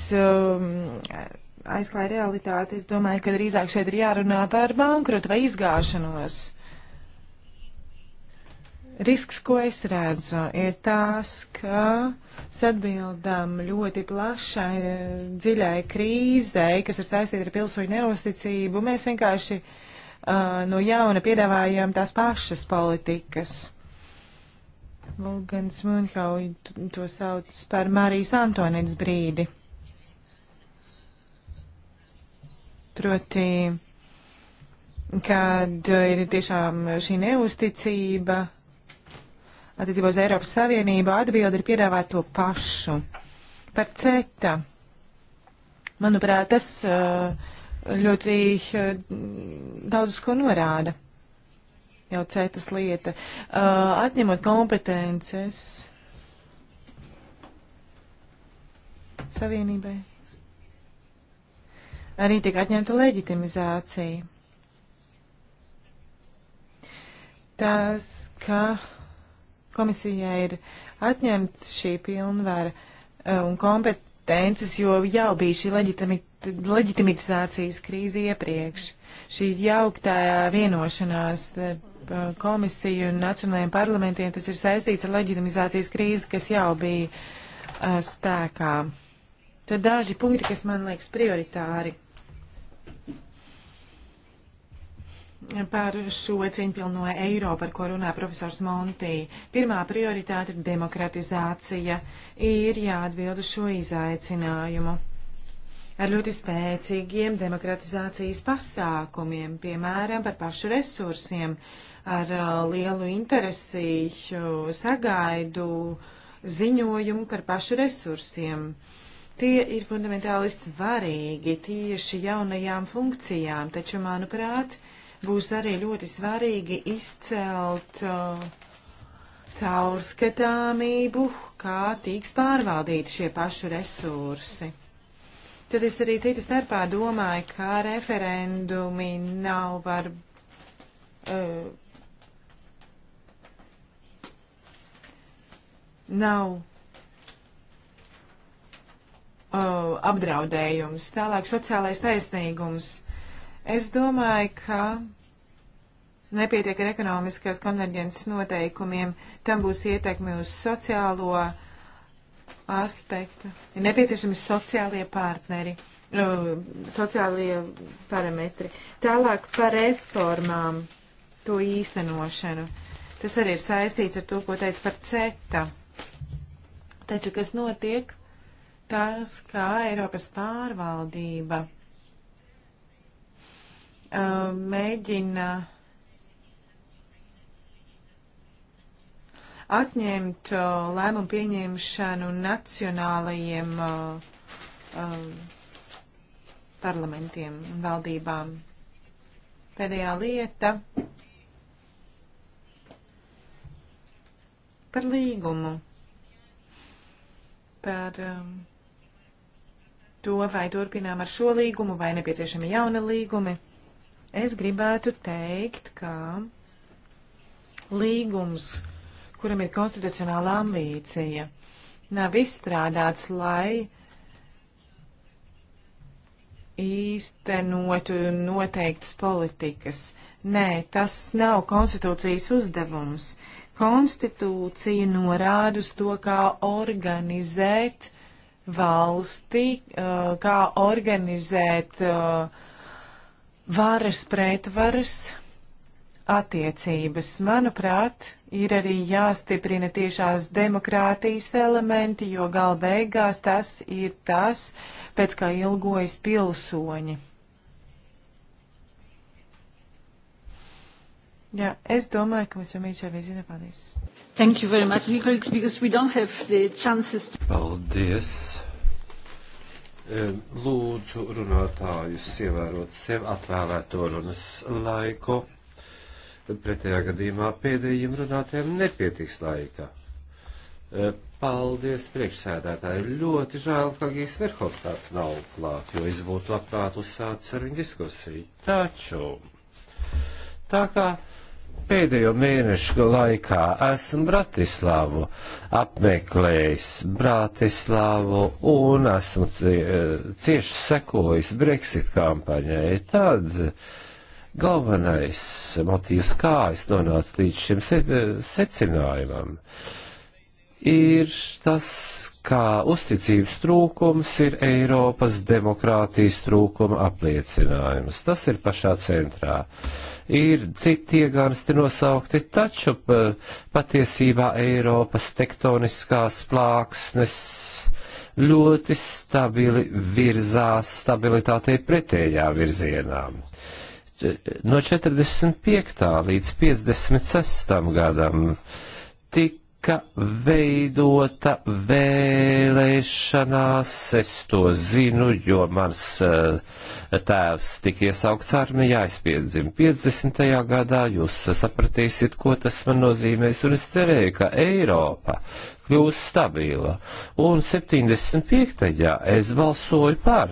aizklāja realitāti. Es domāju, ka drīzāk šeit ir jārunā par bankrotu vai izgāšanos. Risks, ko es redzu, ir tās, ka atbildam ļoti plašai, eh, dziļai krīzei, kas ir saistīta ar pilsoņu neusticību. Mēs vienkārši uh, no jauna piedāvājam tās pašas politikas. Vulgans Munhau to sauc par Marijas Antonētas brīdi. Proti, kad ir tiešām šī neusticība, attiecībā uz Eiropas Savienību atbildi ir piedāvāt to pašu. Par CETA. Manuprāt, tas uh, ļoti uh, daudz ko norāda. Jau CETAS lieta. Uh, atņemot kompetences Savienībai. Arī tika atņemta leģitimizācija. Tas, ka Komisijai ir atņemts šī pilnvara uh, un kompetences, jo jau bija šī leģitimit, leģitimitizācijas krīze iepriekš. Šī jauktā vienošanās starp uh, komisiju un nacionālajiem parlamentiem, tas ir saistīts ar leģitimizācijas krīzi, kas jau bija uh, spēkā. Tad daži punkti, kas man liekas prioritāri. par šo cieņpilno eiro, par ko runā profesors Montī. Pirmā prioritāte ir demokratizācija. Ir jāatbild uz šo izaicinājumu. Ar ļoti spēcīgiem demokratizācijas pasākumiem, piemēram, par pašu resursiem, ar uh, lielu interesi uh, sagaidu ziņojumu par pašu resursiem. Tie ir fundamentāli svarīgi tieši jaunajām funkcijām, taču, manuprāt, būs arī ļoti svarīgi izcelt uh, caurskatāmību, kā tiks pārvaldīti šie paši resursi. Tad es arī citas starpā domāju, ka referendumi nav var. Uh, nav uh, apdraudējums. Tālāk sociālais taisnīgums. Es domāju, ka nepietiek ar ekonomiskās konverģences noteikumiem. Tam būs ietekme uz sociālo aspektu. Ir nepieciešami sociālie partneri, nu, sociālie parametri. Tālāk par reformām, to īstenošanu. Tas arī ir saistīts ar to, ko teica par CETA. Taču, kas notiek? Tas, kā Eiropas pārvaldība mēģina atņemt lēmumu pieņemšanu nacionālajiem parlamentiem un valdībām. Pēdējā lieta par līgumu, par to, vai turpinām ar šo līgumu, vai nepieciešami jauni līgumi. Es gribētu teikt, ka līgums, kuram ir konstitucionāla ambīcija, nav izstrādāts, lai īstenotu noteiktas politikas. Nē, tas nav konstitūcijas uzdevums. Konstitūcija norāda uz to, kā organizēt valsti, uh, kā organizēt uh, varas pretvaras attiecības. Manuprāt, ir arī jāstiprina tiešās demokrātijas elementi, jo gal beigās tas ir tas, pēc kā ilgojas pilsoņi. Jā, es domāju, ka mums jau mīļšā vīzina. Paldies. Thank you very much, colleagues, because we don't have the chances to... Paldies. Eh, lūdzu runātājus ievērot sev atvēlēto runas laiku. Pretējā gadījumā pēdējiem runātājiem nepietiks laika. Eh, paldies, priekšsēdētāji. Ļoti žēl, ka Gīs Verhofstāds nav klāt, jo es būtu labprāt uzsācis ar viņu diskusiju. Taču, tā kā pēdējo mēnešu laikā esmu Bratislavu apmeklējis, Bratislavu, un esmu cieši sekojis Brexit kampaņai. Tad galvenais motīvs, kā es nonācu līdz šim secinājumam. Se ir tas, kā uzticības trūkums ir Eiropas demokrātijas trūkuma apliecinājums. Tas ir pašā centrā. Ir citi iegansti nosaukti, taču patiesībā Eiropas tektoniskās plāksnes ļoti stabili virzās stabilitātei pretējā virzienā. No 45. līdz 56. gadam tik tika veidota vēlēšanās, es to zinu, jo mans eh, tēvs tika iesaukts armijā, es piedzimu 50. gadā, jūs sapratīsiet, ko tas man nozīmēs, un es cerēju, ka Eiropa kļūs stabila. Un 75. es balsoju par.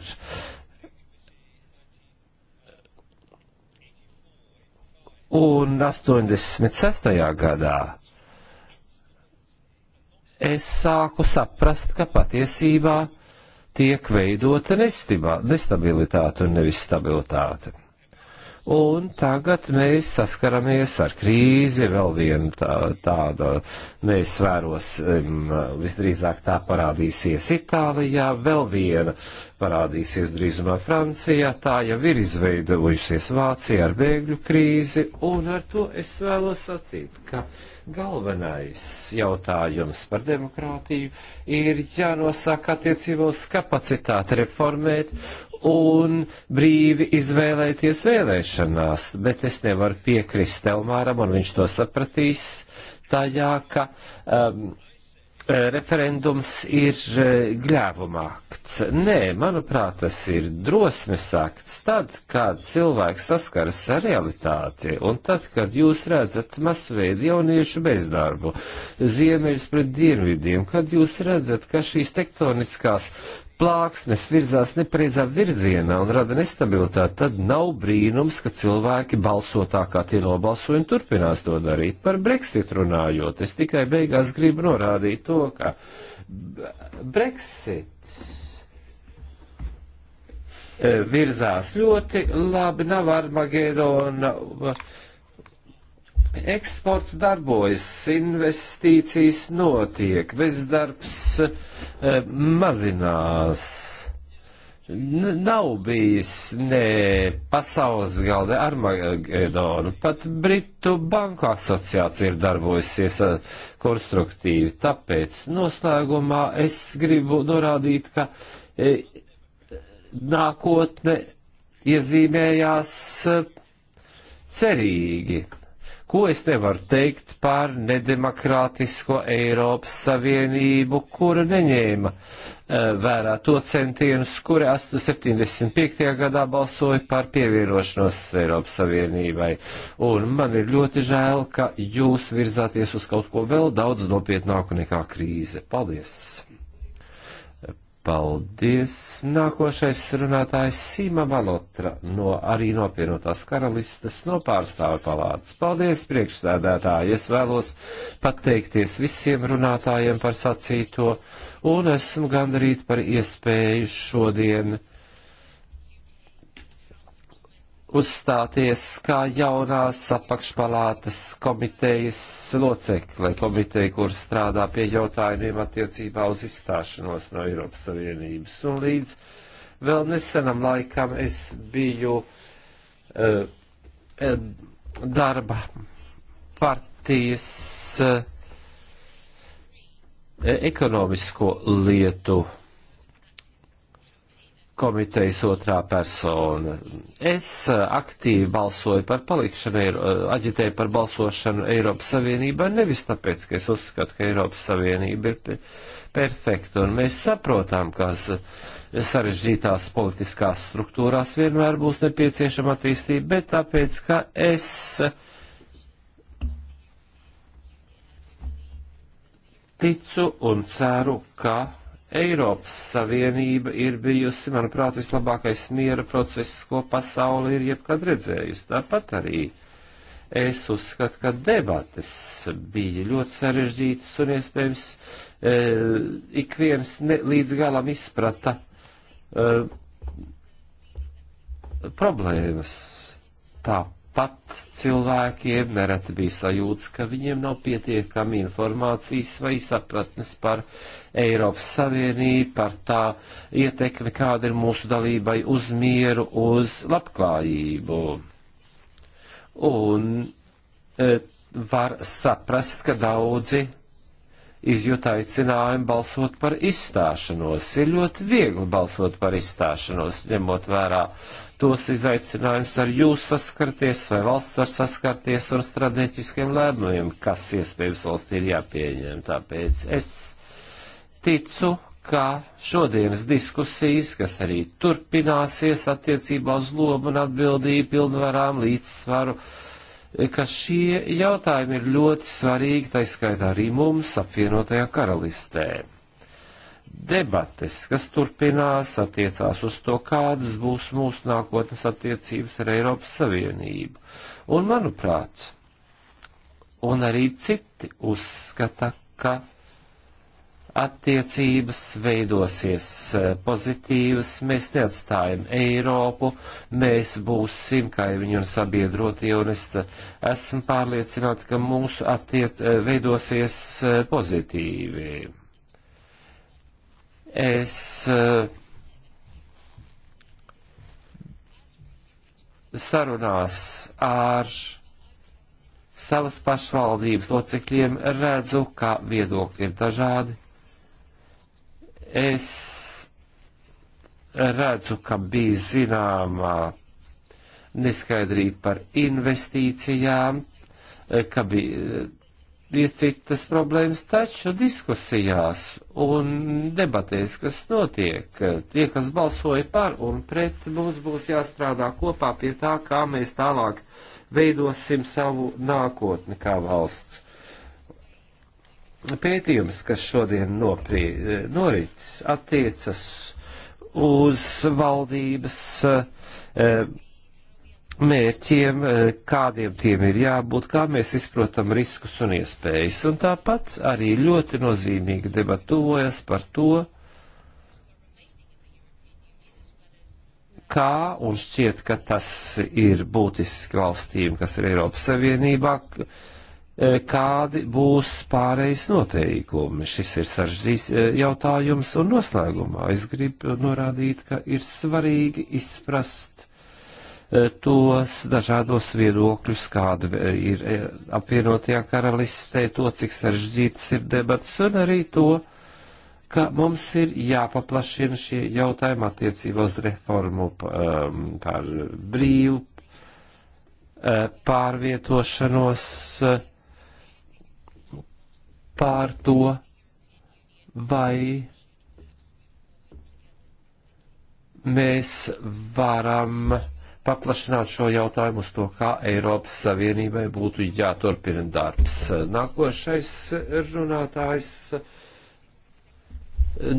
Un 86. gadā es sāku saprast, ka patiesībā tiek veidota nestibā, nestabilitāte un nevis stabilitāte. Un tagad mēs saskaramies ar krīzi, vēl viena tā, tāda mēs vēros, um, visdrīzāk tā parādīsies Itālijā, vēl viena parādīsies drīzumā Francijā, tā jau ir izveidojusies Vācija ar bēgļu krīzi, un ar to es vēlos sacīt, ka uh, Galvenais jautājums par demokrātiju ir jānosaka attiecībā uz kapacitāti reformēt un brīvi izvēlēties vēlēšanās, bet es nevaru piekrist Elmāram, un viņš to sapratīs tajā, ka um, Eh, referendums ir eh, gļēvuma akts. Nē, manuprāt, tas ir drosmes akts tad, kad cilvēks saskaras ar realitāti un tad, kad jūs redzat masveidu jauniešu bezdarbu, ziemeļus pret dienvidiem, kad jūs redzat, ka šīs tektoniskās plāksnes virzās nepareizā virzienā un rada nestabilitāti, tad nav brīnums, ka cilvēki balso tā, kā tie nobalsoja un turpinās to darīt. Par Brexit runājot, es tikai beigās gribu norādīt to, ka Brexits eh, virzās ļoti labi, nav Armagedona Eksports darbojas, investīcijas notiek, bezdarbs eh, mazinās. Nav bijis ne pasaules galda Armagedonu, pat Britu banku asociācija ir darbojusies eh, konstruktīvi. Tāpēc noslēgumā es gribu norādīt, ka eh, nākotne iezīmējās cerīgi Ko es nevaru teikt par nedemokrātisko Eiropas Savienību, kura neņēma eh, vērā to centienus, kuri 75. gadā balsoja par pievienošanos Eiropas Savienībai. Un man ir ļoti žēl, ka jūs virzāties uz kaut ko vēl daudz nopietnāku nekā krīze. Paldies! Paldies! Nākošais runātājs Sīma Valotra no arī nopienotās karalistas no pārstāvu palātas. Paldies, priekšstādētāji! Es vēlos pateikties visiem runātājiem par sacīto un esmu gandarīt par iespēju šodien uzstāties kā jaunās apakšpalātas komitejas locekle, komiteja, kur strādā pie jautājumiem attiecībā uz izstāšanos no Eiropas Savienības. Un līdz vēl nesenam laikam es biju uh, darba partijas uh, ekonomisko lietu komitejas otrā persona. Es eh, aktīvi balsoju par palikšanu, eh, aģitēju par balsošanu Eiropas Savienībā, nevis tāpēc, ka es uzskatu, ka Eiropas Savienība ir perfekta, un mēs saprotam, ka sarežģītās politiskās struktūrās vienmēr būs nepieciešama attīstība, bet tāpēc, ka es. Eh, ticu un ceru, ka Eiropas Savienība ir bijusi, manuprāt, vislabākais miera process, ko pasauli ir jebkad redzējusi. Tāpat arī es uzskatu, ka debates bija ļoti sarežģītas un iespējams e, ik viens ne, līdz galam izprata e, problēmas tā pat cilvēkiem nereti bija sajūts, ka viņiem nav pietiekami informācijas vai sapratnes par Eiropas Savienību, par tā ietekmi, kāda ir mūsu dalībai uz mieru, uz labklājību. Un e, var saprast, ka daudzi izjūta aicinājumu balsot par izstāšanos. Ir ļoti viegli balsot par izstāšanos, ņemot vērā uh, tos izaicinājumus ar jūs saskarties vai valsts var saskarties un strateģiskiem lēmumiem, kas iespējams valstī ir jāpieņem. Tāpēc es ticu, ka šodienas diskusijas, kas arī turpināsies attiecībā uz lomu un atbildību pilnvarām līdzsvaru, ka šie jautājumi ir ļoti svarīgi, taiskaitā arī mums apvienotajā karalistē debates, kas turpinās, attiecās uz to, kādas būs mūsu nākotnes attiecības ar Eiropas Savienību. Un, manuprāt, un arī citi uzskata, ka attiecības veidosies eh, pozitīvas, mēs neatstājam Eiropu, mēs būsim kaimiņi un sabiedrotie, un es eh, esmu pārliecināta, ka mūsu attiec eh, veidosies pozitīvi. Es eh, sarunās ar savas pašvaldības locekļiem redzu, ka viedokļi ir dažādi. Es redzu, ka bija zināmā neskaidrība par investīcijām, eh, ka bija ir citas problēmas, taču diskusijās un debatēs, kas notiek, tie, kas balsoja par un pret, mums būs jāstrādā kopā pie tā, kā mēs tālāk veidosim savu nākotni kā valsts. Pētījums, kas šodien noprie, noritis, attiecas uz valdības eh, mērķiem, eh, kādiem tiem ir jābūt, kā mēs izprotam riskus un iespējas. Un tāpat arī ļoti nozīmīgi debatuojas par to, kā un šķiet, ka tas ir būtiski valstīm, kas ir Eiropas Savienībā, eh, kādi būs pārējais noteikumi. Šis ir saržģīs eh, jautājums un noslēgumā es gribu norādīt, ka ir svarīgi izprast, E, tos dažādos viedokļus, kāda ir e, apvienotajā karalistē, to, cik sarežģītas ir debats, un arī to, ka mums ir jāpaplašina šie jautājumi attiecībā uz reformu par brīvu e, pārvietošanos, pār to, vai mēs varam paplašināt šo jautājumu uz to, kā Eiropas Savienībai būtu jāturpina darbs. Nākošais runātājs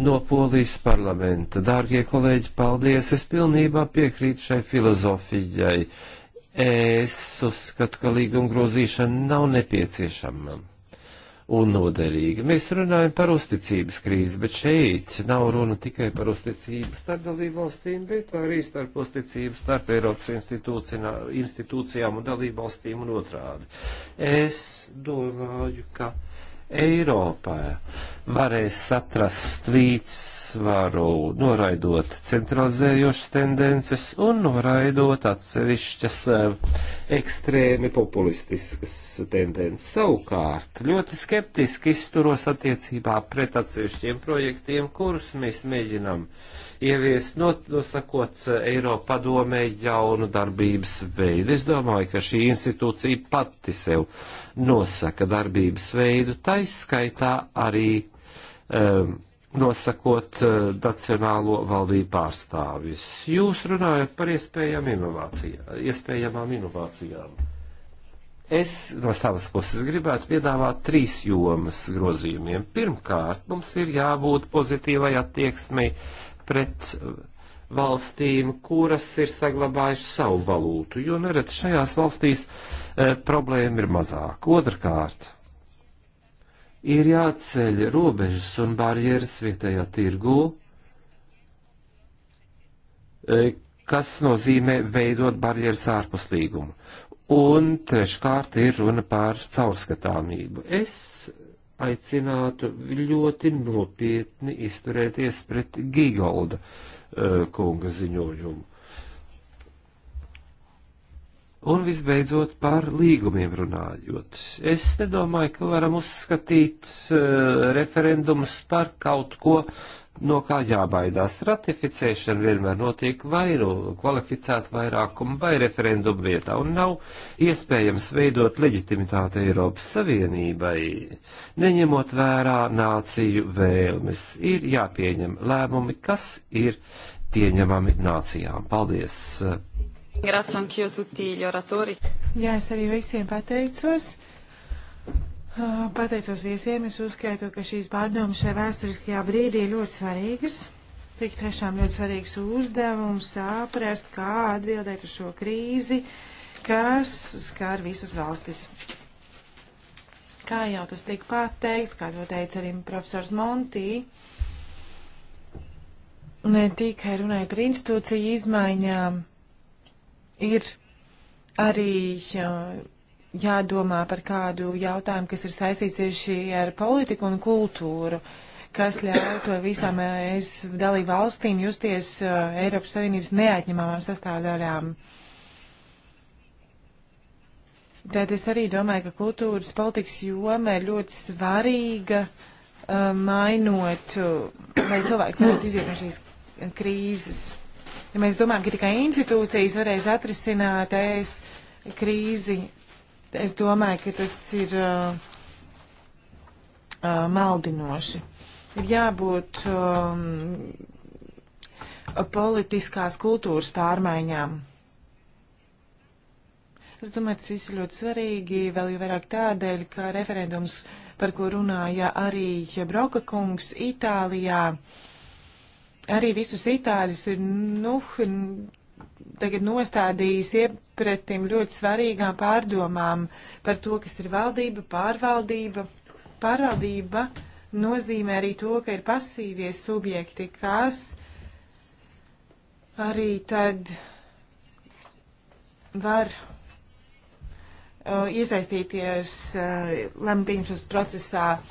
no Polijas parlamenta. Dārgie kolēģi, paldies! Es pilnībā piekrītu šai filozofijai. Es uzskatu, ka līguma grozīšana nav nepieciešama un noderīga. Mēs runājam par uzticības krīzi, bet šeit nav runa tikai par uzticību starp dalību valstīm, bet arī starp uzticību starp Eiropas institūcijām un dalību valstīm un otrādi. Es domāju, ka Eiropā varēs atrast līdz uzsvaru, noraidot centralizējošas tendences un noraidot atsevišķas eh, ekstrēmi populistiskas tendences. Savukārt, ļoti skeptiski izturos attiecībā pret atsevišķiem projektiem, kurus mēs mēģinam ieviest, nosakot eh, Eiropa padomē jaunu darbības veidu. Es domāju, ka šī institūcija pati sev nosaka darbības veidu, taiskaitā arī um, nosakot eh, nacionālo valdību pārstāvis. Jūs runājat par iespējām inovācijā, iespējamām inovācijām. Es no savas puses gribētu piedāvāt trīs jomas grozījumiem. Pirmkārt, mums ir jābūt pozitīvai attieksmei pret eh, valstīm, kuras ir saglabājušas savu valūtu, jo nereti nu, šajās valstīs e, problēma ir mazāka. Otrkārt, ir jāceļ robežas un barjeras vietējā tirgū, e, kas nozīmē veidot barjeras ārpus līgumu. Un treškārt ir runa par caurskatāmību. Es aicinātu ļoti nopietni izturēties pret Gigolda e, kunga ziņojumu Un visbeidzot par līgumiem runājot. Es nedomāju, ka varam uzskatīt uh, referendumus par kaut ko, no kā jābaidās. Ratificēšana vienmēr notiek vai nu kvalificētu vairākumu vai referendumu vietā, un nav iespējams veidot leģitimitāti Eiropas Savienībai, neņemot vērā nāciju vēlmes. Ir jāpieņem lēmumi, kas ir pieņemami nācijām. Paldies! Grazie anch'io tutti gli oratori. Jā, es arī visiem pateicos. Ah, pateicos viesiem, es uzskaitu, ka šīs pārdomas šajā vēsturiskajā brīdī ļoti svarīgas. Tik tiešām ļoti svarīgs uzdevums saprast, kā atbildēt uz šo krīzi, kas skar visas valstis. Kā jau tas tika pateikts, kā to teica arī profesors Monti, ne tikai runāja par institūciju izmaiņām ir arī jādomā par kādu jautājumu, kas ir saistīts tieši ar politiku un kultūru, kas ļautu visām es dalību valstīm justies Eiropas Savienības neatņemamām sastāvdaļām. Tad es arī domāju, ka kultūras politikas joma ir ļoti svarīga, mainot, lai cilvēki varētu iziet no šīs krīzes. Ja mēs domājam, ka tikai institūcijas varēs atrisināt ēs krīzi, es domāju, ka tas ir uh, uh, maldinoši. Ir jābūt um, politiskās kultūras pārmaiņām. Es domāju, tas viss ir ļoti svarīgi, vēl jau vairāk tādēļ, ka referendums, par ko runāja arī Broka kungs Itālijā, uh, arī visus itāļus ir, nu, tagad nostādījis iepretim ļoti svarīgām pārdomām par to, kas ir valdība, pārvaldība. Pārvaldība nozīmē arī to, ka ir pasīvie subjekti, kas arī tad var uh, iesaistīties uh, lēmumu pieņemšanas procesā uh,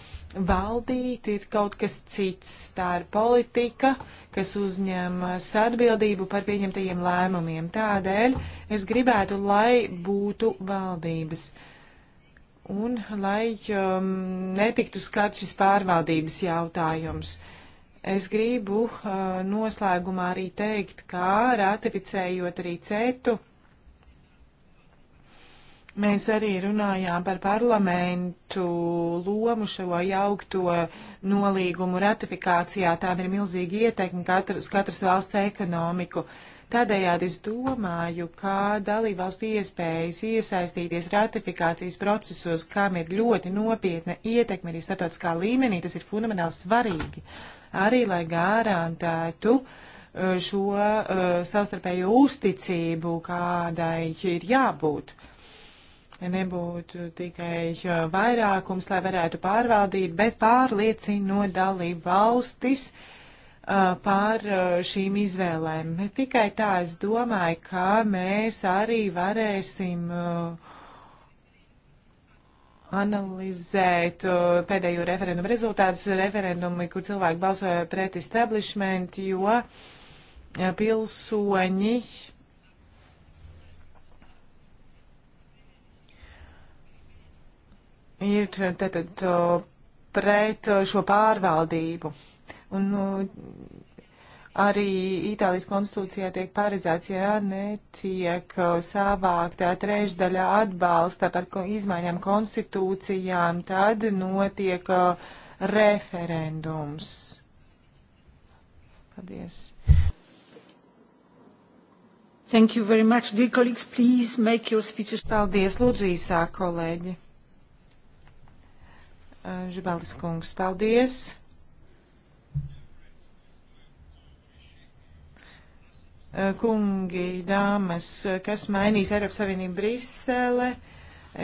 Valdīt ir kaut kas cits. Tā ir politika, kas uzņemas atbildību par pieņemtajiem lēmumiem. Tādēļ es gribētu, lai būtu valdības un lai um, netiktu skat šis pārvaldības jautājums. Es gribu uh, noslēgumā arī teikt, kā ratificējot arī CETU, uh, Mēs arī runājām par parlamentu lomu šo jaukto nolīgumu ratifikācijā. Tām ir milzīga ietekme katras, katras valsts ekonomiku. Tādējādi es domāju, ka dalībvalstu iespējas iesaistīties ratifikācijas procesos, kam ir ļoti nopietna ietekme arī starptautiskā līmenī, tas ir fundamentāli svarīgi. Arī, lai garantētu uh, šo uh, savstarpējo uzticību, kādai ir jābūt. Uh, nebūtu tikai vairākums, lai varētu pārvaldīt, bet pārliecino dalību valstis pār šīm izvēlēm. Tikai tā es domāju, ka mēs arī varēsim analizēt pēdējo referendumu rezultātus, referendumi, kur cilvēki balsoja pret establishment, jo pilsoņi ir tātad pret šo pārvaldību. Un nu, arī Itālijas konstitūcijā tiek paredzēts, ja netiek savāktā trešdaļā atbalsta par izmaiņām konstitūcijām, tad notiek referendums. Paldies. Thank you very much. Dear colleagues, please make your speeches. Paldies, lūdzu, īsāk, kolēģi. Eh, Žibalis kungs, paldies! Eh, kungi, dāmas, kas mainīs Eiropas Savienību Brisele?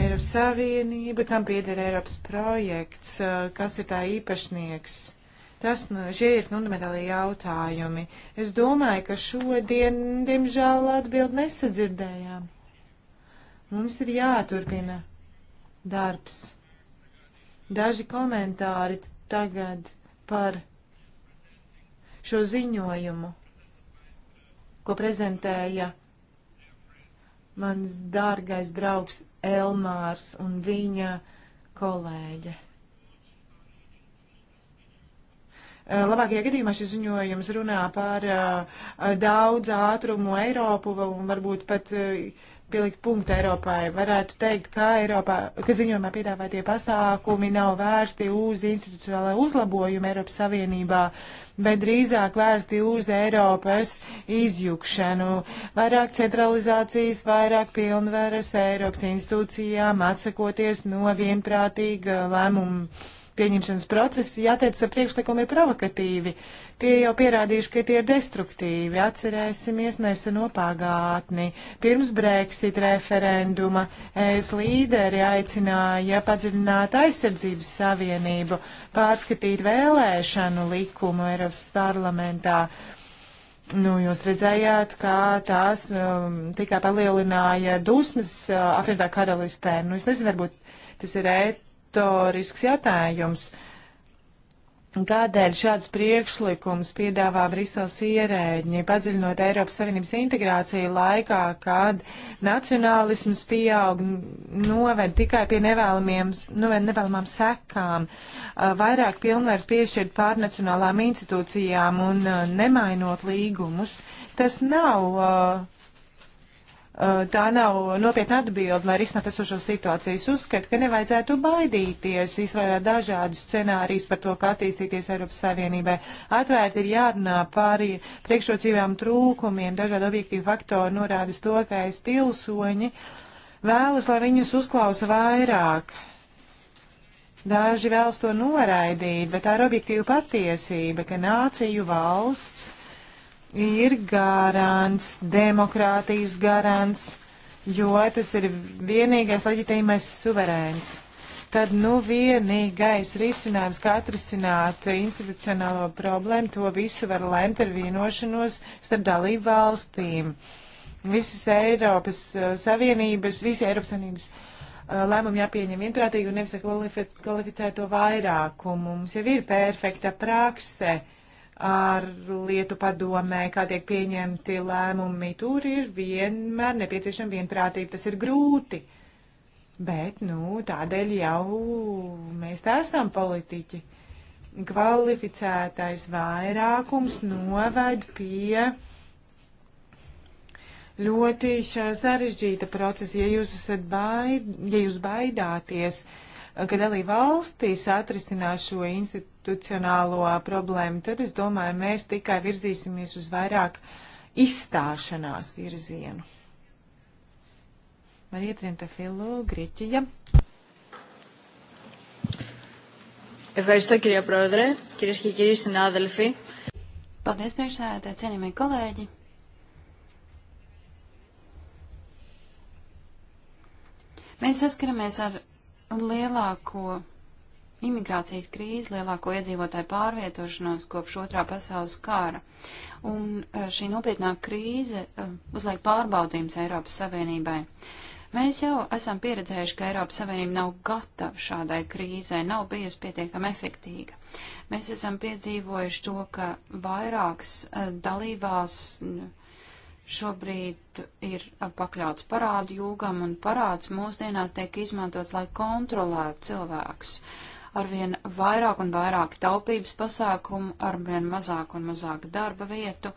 Eiropas Savienība, kam pieder Eiropas projekts, eh, kas ir tā īpašnieks. Tas, nu, šie ir fundamentāli jautājumi. Es domāju, ka šodien, diemžēl, atbild nesadzirdējām. Mums ir jāturpina darbs. Daži komentāri tagad par šo ziņojumu, ko prezentēja mans dārgais draugs Elmārs un viņa kolēģe. Labākajā gadījumā šis ziņojums runā par daudz ātrumu Eiropu un varbūt pat uh, pielikt punktu Eiropai. Varētu teikt, ka Eiropā, ka ziņojumā piedāvātie pasākumi nav vērsti uz institucionālā uzlabojuma Eiropas Savienībā, bet drīzāk vērsti uz Eiropas izjukšanu. Vairāk centralizācijas, vairāk pilnvaras Eiropas institūcijām, atsakoties no vienprātīga lēmuma pieņemšanas process, jāteic, ka priekšlikumi ir provokatīvi. Tie jau pierādījuši, ka tie ir destruktīvi. Atcerēsimies neseno pagātni. Pirms Brexit referenduma es līderi aicināja padziļināt aizsardzības savienību, pārskatīt vēlēšanu likumu Eiropas parlamentā. Nu, jūs redzējāt, kā tās um, tikai palielināja dusmas uh, apvienotā karalistē. Nu, es nezinu, varbūt tas ir ēt novatorisks jautājums. Kādēļ šādus priekšlikumus piedāvā Briseles ierēģi, padziļinot Eiropas Savienības integrāciju laikā, kad nacionālisms pieaug, noved tikai pie noved nevēlamām sekām, vairāk pilnvērs piešķirt pārnacionālām institūcijām un nemainot līgumus? Tas nav uh, tā nav nopietna atbilde, lai risinātu esošo situāciju. Es uzskatu, ka nevajadzētu baidīties, izrādāt dažādus scenārijus par to, kā attīstīties Eiropas Savienībai. Atvērti ir jārunā par priekšrocībām trūkumiem, dažādi objektīvi faktori norādas to, ka es pilsoņi vēlas, lai viņus uzklausa vairāk. Daži vēlas to noraidīt, bet tā ir objektīva patiesība, ka nāciju valsts ir garants, demokrātijas garants, jo tas ir vienīgais leģitīmais suverēns. Tad nu vienīgais risinājums, kā atrisināt institucionālo problēmu, to visu var lemt ar vienošanos starp dalību valstīm. Visas Eiropas uh, Savienības, visi Eiropas Savienības uh, lēmumi jāpieņem vienprātīgi un nevis ar kvalificēto vairākumu. Mums jau ir perfekta prakse. Uh, ar lietu padomē, kā tiek pieņemti lēmumi, tur ir vienmēr nepieciešama vienprātība. Tas ir grūti. Bet, nu, tādēļ jau mēs tā esam politiķi. Kvalificētais vairākums noved pie ļoti sarežģīta procesa. Ja jūs esat baid, ja jūs baidāties, uh, ka dalība valstīs atrisinās šo institucionālo problēmu, tad es domāju, mēs tikai virzīsimies uz vairāk izstāšanās virzienu. Marija Trentafilu, Grieķija. Ευχαριστώ κύριε Πρόεδρε, κυρίες και κύριοι συνάδελφοι. Paldies, priekšsēdētāji, cienījamie kolēģi. Mēs saskaramies ar lielāko imigrācijas krīzi, lielāko iedzīvotāju pārvietošanos kopš otrā pasaules kara. Un e, šī nopietnā krīze e, uzliek pārbaudījums Eiropas Savienībai. Mēs jau esam pieredzējuši, ka Eiropas Savienība nav gatava šādai krīzē, nav bijusi pietiekami efektīga. Mēs esam piedzīvojuši to, ka vairākas e, dalībās. Uh, šobrīd ir uh, pakļauts parādu jūgam, un parāds mūsdienās tiek izmantots, lai kontrolētu cilvēkus. Arvien vairāk un vairāk taupības pasākumu, arvien mazāk un mazāk darba vietu.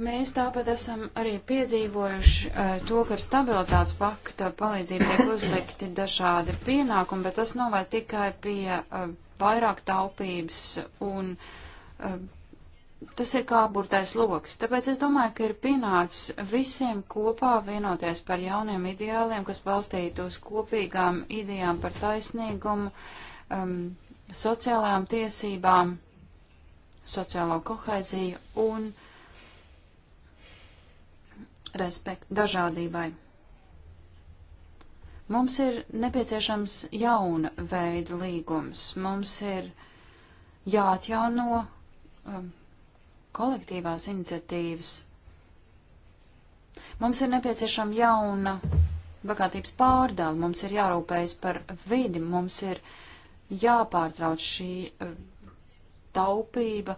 Mēs tāpat esam arī piedzīvojuši uh, to, ka ar stabilitātes pakta palīdzību tiek uzlikti dažādi pienākumi, bet tas novērt tikai pie uh, vairāk taupības un uh, tas ir kā burtais loks. Tāpēc es domāju, ka ir pienācis visiem kopā vienoties par jauniem ideāliem, kas balstītu uz kopīgām idejām par taisnīgumu, um, sociālajām tiesībām, sociālo koheiziju un respektu dažādībai. Mums ir nepieciešams jauna veida līgums. Mums ir jāatjauno um, kolektīvās iniciatīvas. Mums ir nepieciešama jauna bagātības pārdala, mums ir jārūpējas par vidi, mums ir jāpārtrauc šī eh, taupība,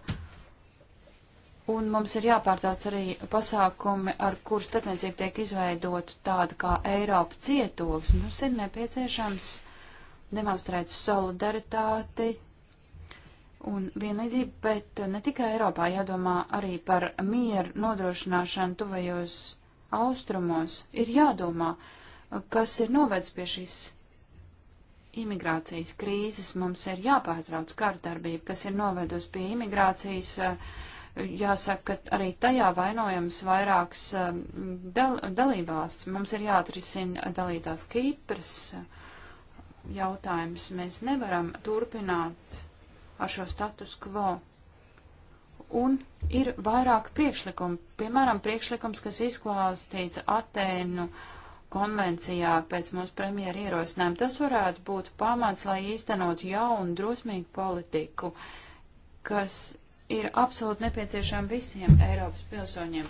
un mums ir jāpārtrauc arī pasākumi, ar kur starpniecība tiek izveidota tāda kā Eiropa cietoks. Mums ir nepieciešams demonstrēt solidaritāti, un vienlīdzību, bet ne tikai Eiropā jādomā arī par mieru nodrošināšanu tuvajos austrumos. Ir jādomā, kas ir novedis pie šīs imigrācijas krīzes. Mums ir jāpārtrauc kārdarbība, kas ir novedusi pie imigrācijas. Jāsaka, ka arī tajā vainojams vairākas um, dal dalībvalsts. Mums ir jāatrisina dalītās Kīpras jautājums. Mēs nevaram turpināt ar šo status quo. Un ir vairāk priekšlikumu, piemēram, priekšlikums, kas izklāstīts Atēnu konvencijā pēc mūsu premjera ierosinājuma. Tas varētu būt pamats, lai īstenot jaunu, drosmīgu politiku, kas ir absolūti nepieciešama visiem Eiropas pilsoņiem.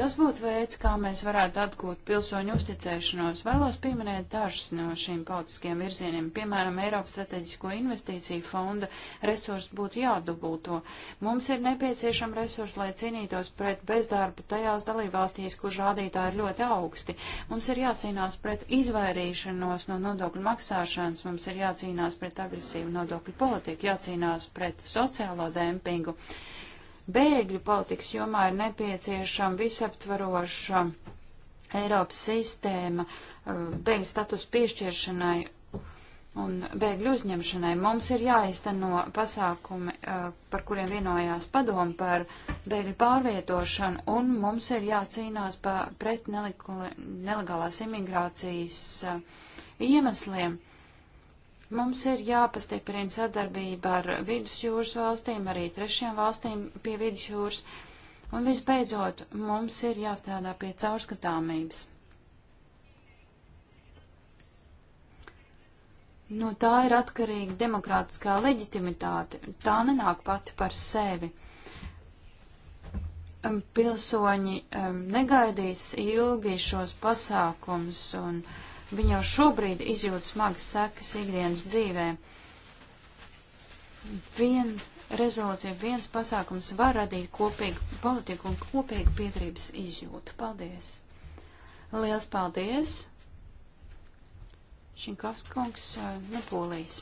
Tas būtu veids, kā mēs varētu atgūt pilsoņu uzticēšanos. Vēlos pieminēt dažus no šīm politiskajiem virzieniem. Piemēram, Eiropas strateģisko investīciju fonda resursi būtu jādubulto. Mums ir nepieciešama resursi, lai cīnītos pret bezdarbu tajās dalībvalstīs, kur rādītāji ir ļoti augsti. Mums ir jācīnās pret izvairīšanos no nodokļu maksāšanas, mums ir jācīnās pret agresīvu nodokļu politiku, jācīnās pret sociālo dempingu. Bēgļu politikas jomā ir nepieciešama visaptvaroša Eiropas sistēma uh, bēgļu status piešķiršanai un bēgļu uzņemšanai. Mums ir jāizteno pasākumi, uh, par kuriem vienojās padomu par bēgļu pārvietošanu, un mums ir jācīnās pa, pret nelegālās imigrācijas uh, iemesliem. Mums ir jāpastiprina sadarbība ar vidusjūras valstīm, arī trešajām valstīm pie vidusjūras. Un visbeidzot, mums ir jāstrādā pie caurskatāmības. No nu, tā ir atkarīga demokrātiskā leģitimitāte. Tā nenāk pati par sevi. Um, pilsoņi um, negaidīs ilgi šos pasākums un. Viņi jau šobrīd izjūt smagas sekas ikdienas dzīvē. Vien rezolūcija, viens pasākums var radīt kopīgu politiku un kopīgu piedarības izjūtu. Paldies! Liels paldies! Šinkovs kungs no nu, Polijas.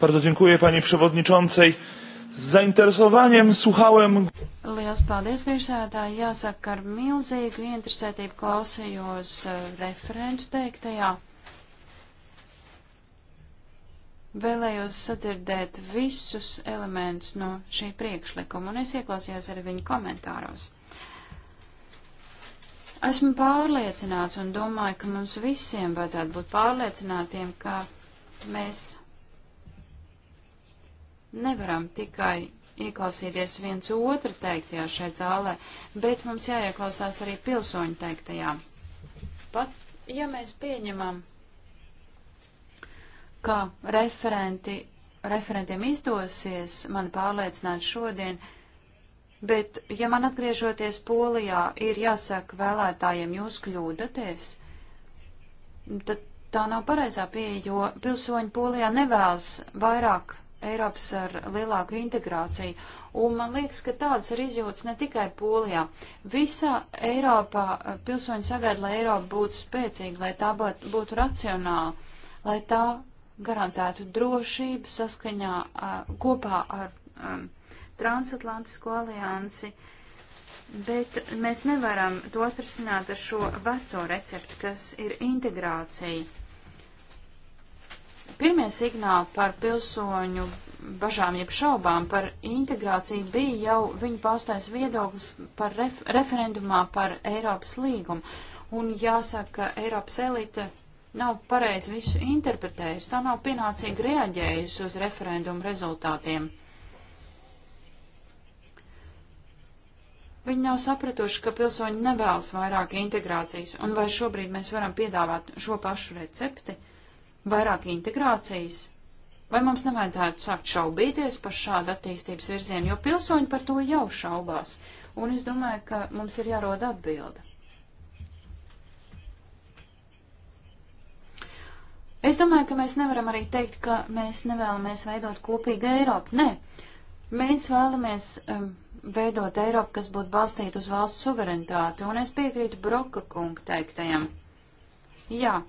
Bardzo dziękuję pani przewodniczącej zainteresovaniem słuchałem. Liels paldies, priekšsēdētāji. Jāsaka, ar milzīgu interesētību klausījos eh, referentu teiktajā. Vēlējos sadzirdēt visus elementus no šī priekšlikuma, un es ieklausījos arī viņu komentāros. Esmu pārliecināts un domāju, ka mums visiem vajadzētu būt pārliecinātiem, ka mēs nevaram tikai ieklausīties viens otru teiktajā šeit zālē, bet mums jāieklausās arī pilsoņu teiktajā. Pat, ja mēs pieņemam, ka referenti, referentiem izdosies mani pārliecināt šodien, bet, ja man atgriežoties Polijā ir jāsaka vēlētājiem jūs kļūdaties, tad tā nav pareizā pieeja, jo pilsoņi Polijā nevēlas vairāk Eiropas ar lielāku integrāciju. Un man liekas, ka tādas ir izjūtas ne tikai Polijā. Visā Eiropā eh, pilsoņi sagaida, lai Eiropa būtu spēcīga, lai tā būtu racionāla, lai tā garantētu drošību saskaņā eh, kopā ar um, transatlantisko aliansi. Bet mēs nevaram to atrisināt ar šo veco recepti, kas ir integrācija. Pirmie signāli par pilsoņu bažām jeb šaubām par integrāciju bija jau viņa paustais viedoklis par ref referendumā par Eiropas līgumu. Un jāsaka, ka Eiropas elite nav pareizi visu interpretējusi, tā nav pienācīgi reaģējusi uz referendumu rezultātiem. Viņi nav sapratuši, ka pilsoņi nevēlas vairāk integrācijas, un vai šobrīd mēs varam piedāvāt šo pašu recepti? Uh, vairāk integrācijas? Vai mums nevajadzētu sākt šaubīties par šādu attīstības virzienu, jo pilsoņi par to jau šaubās? Un es domāju, ka mums ir jārod atbilde. Es domāju, ka mēs nevaram arī teikt, ka mēs nevēlamies veidot kopīgu Eiropu. Nē, mēs vēlamies um, veidot Eiropu, kas būtu balstīta uz valsts suverenitāti, un es piekrītu Broka kunga teiktajam. Jā,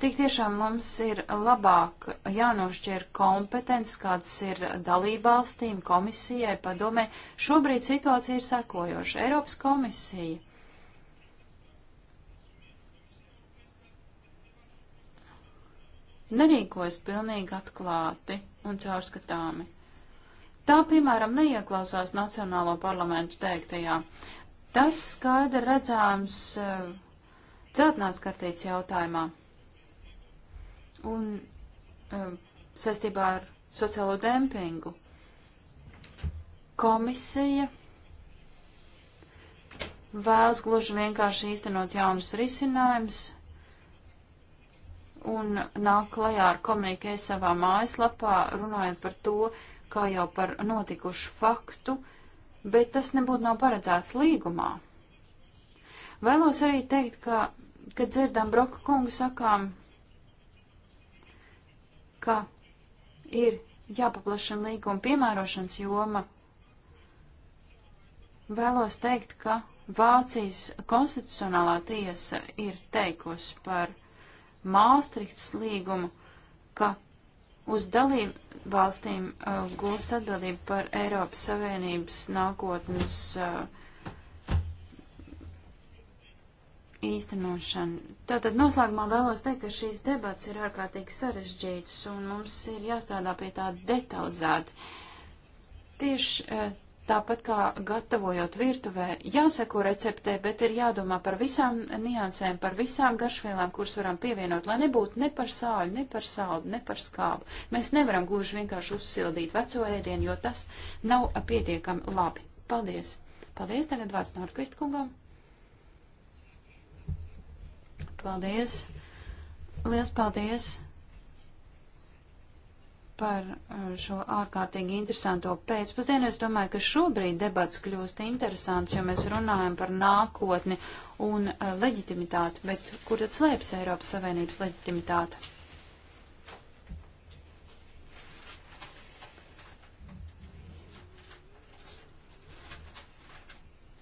Tik tiešām mums ir labāk jānošķir kompetences, kādas ir dalībvalstīm, komisijai, padomē. Šobrīd situācija ir sekojoša. Eiropas komisija nerīkojas pilnīgi atklāti un caurskatāmi. Tā, piemēram, neieklausās Nacionālo parlamentu teiktajā. Tas skaidri redzams uh, celtnās kartīts jautājumā un um, saistībā ar sociālo dempingu. Komisija vēlas gluži vienkārši īstenot jaunus risinājumus un nāk klajā ar komunikē savā mājaslapā, runājot par to, kā jau par notikušu faktu, bet tas nebūtu nav paredzēts līgumā. Vēlos arī teikt, ka, kad dzirdam Broka kungu sakām, ka ir jāpaplašina līguma piemērošanas joma. Vēlos teikt, ka Vācijas konstitucionālā tiesa ir teikusi par Māstrihts līgumu, ka uz dalību valstīm uh, gūst atbildību par Eiropas Savienības nākotnes uh, īstenošanu. Tātad noslēgumā vēlos teikt, ka šīs debats ir ārkārtīgi sarežģītas un mums ir jāstrādā pie tā detalizēti. Tieši eh, tāpat kā gatavojot virtuvē, jāseko receptē, bet ir jādomā par visām niansēm, par visām garšvielām, kuras varam pievienot, lai nebūtu ne par sāļu, ne par saldu, ne par skābu. Mēs nevaram gluži vienkārši uzsildīt veco ēdienu, jo tas nav pietiekami labi. Paldies! Paldies tagad vārds Norkvist kungam! Paldies! Liels paldies par uh, šo ārkārtīgi interesanto pēcpusdienu. Es domāju, ka šobrīd debats kļūst interesants, jo mēs runājam par nākotni un uh, leģitimitāti, bet kur tad slēpjas Eiropas Savienības leģitimitāte?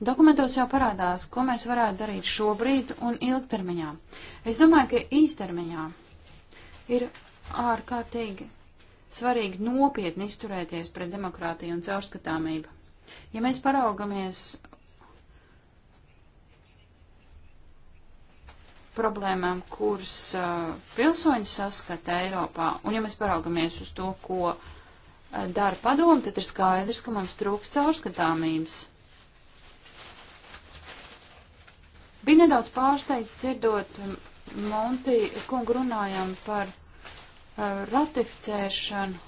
Dokumentos jau parādās, ko mēs varētu darīt šobrīd un ilgtermiņā. Es domāju, ka īstermiņā ir ārkārtīgi svarīgi nopietni izturēties pret demokrātiju un caurskatāmību. Ja mēs paraugamies problēmām, kuras uh, pilsoņi saskata Eiropā, un ja mēs paraugamies uz to, ko uh, dara padomu, tad ir skaidrs, ka mums trūks caurskatāmības. Bija nedaudz pārsteigts dzirdot Monti kungu runājam par uh, ratificēšanu.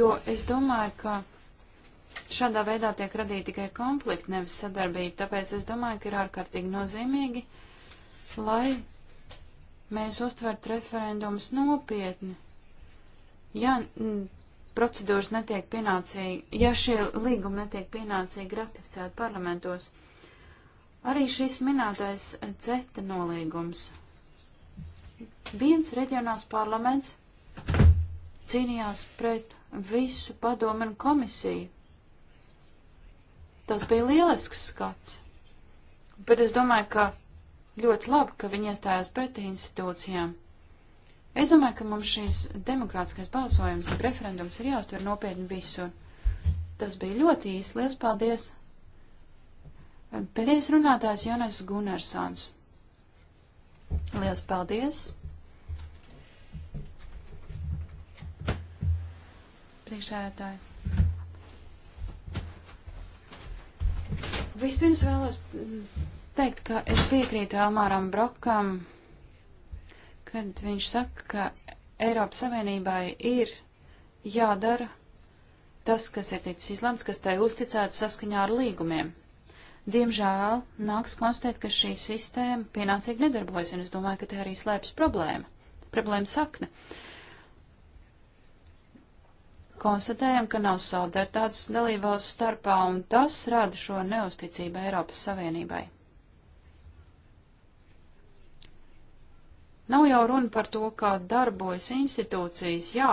Jo es domāju, ka šādā veidā tiek radīta tikai konflikti, nevis sadarbība. Tāpēc es domāju, ka ir ārkārtīgi nozīmīgi, lai mēs uztvertu referendumus nopietni. Ja mm, procedūras netiek pienācīgi, ja šie līgumi netiek pienācīgi ratificēti parlamentos, arī šis minētais CETA nolīgums. Viens reģionāls parlaments cīnījās pret visu padomu un komisiju. Tas bija lielisks skats, bet es domāju, ka ļoti labi, ka viņi iestājās pret institūcijām. Es domāju, ka mums šīs demokrātiskais balsojums, ja referendums ir jāuztver nopietni visur. Tas bija ļoti īsti. Lielas paldies! Pēdējais runātājs Jonas Gunarsons. Lielas paldies! Priekšsēdētāji. Vispirms vēlos teikt, ka es piekrītu Elmāram Brokam kad viņš saka, ka Eiropas Savienībai ir jādara tas, kas ir ticis izlemts, kas tai uzticēts saskaņā ar līgumiem. Diemžēl nāks konstatēt, ka šī sistēma pienācīgi nedarbojas, un es domāju, ka te arī slēpjas problēma, problēma sakne. Konstatējam, ka nav solidaritātes dalībvalstu starpā, un tas rada šo neusticību Eiropas Savienībai. Nav jau runa par to, kā darbojas institūcijas. Jā,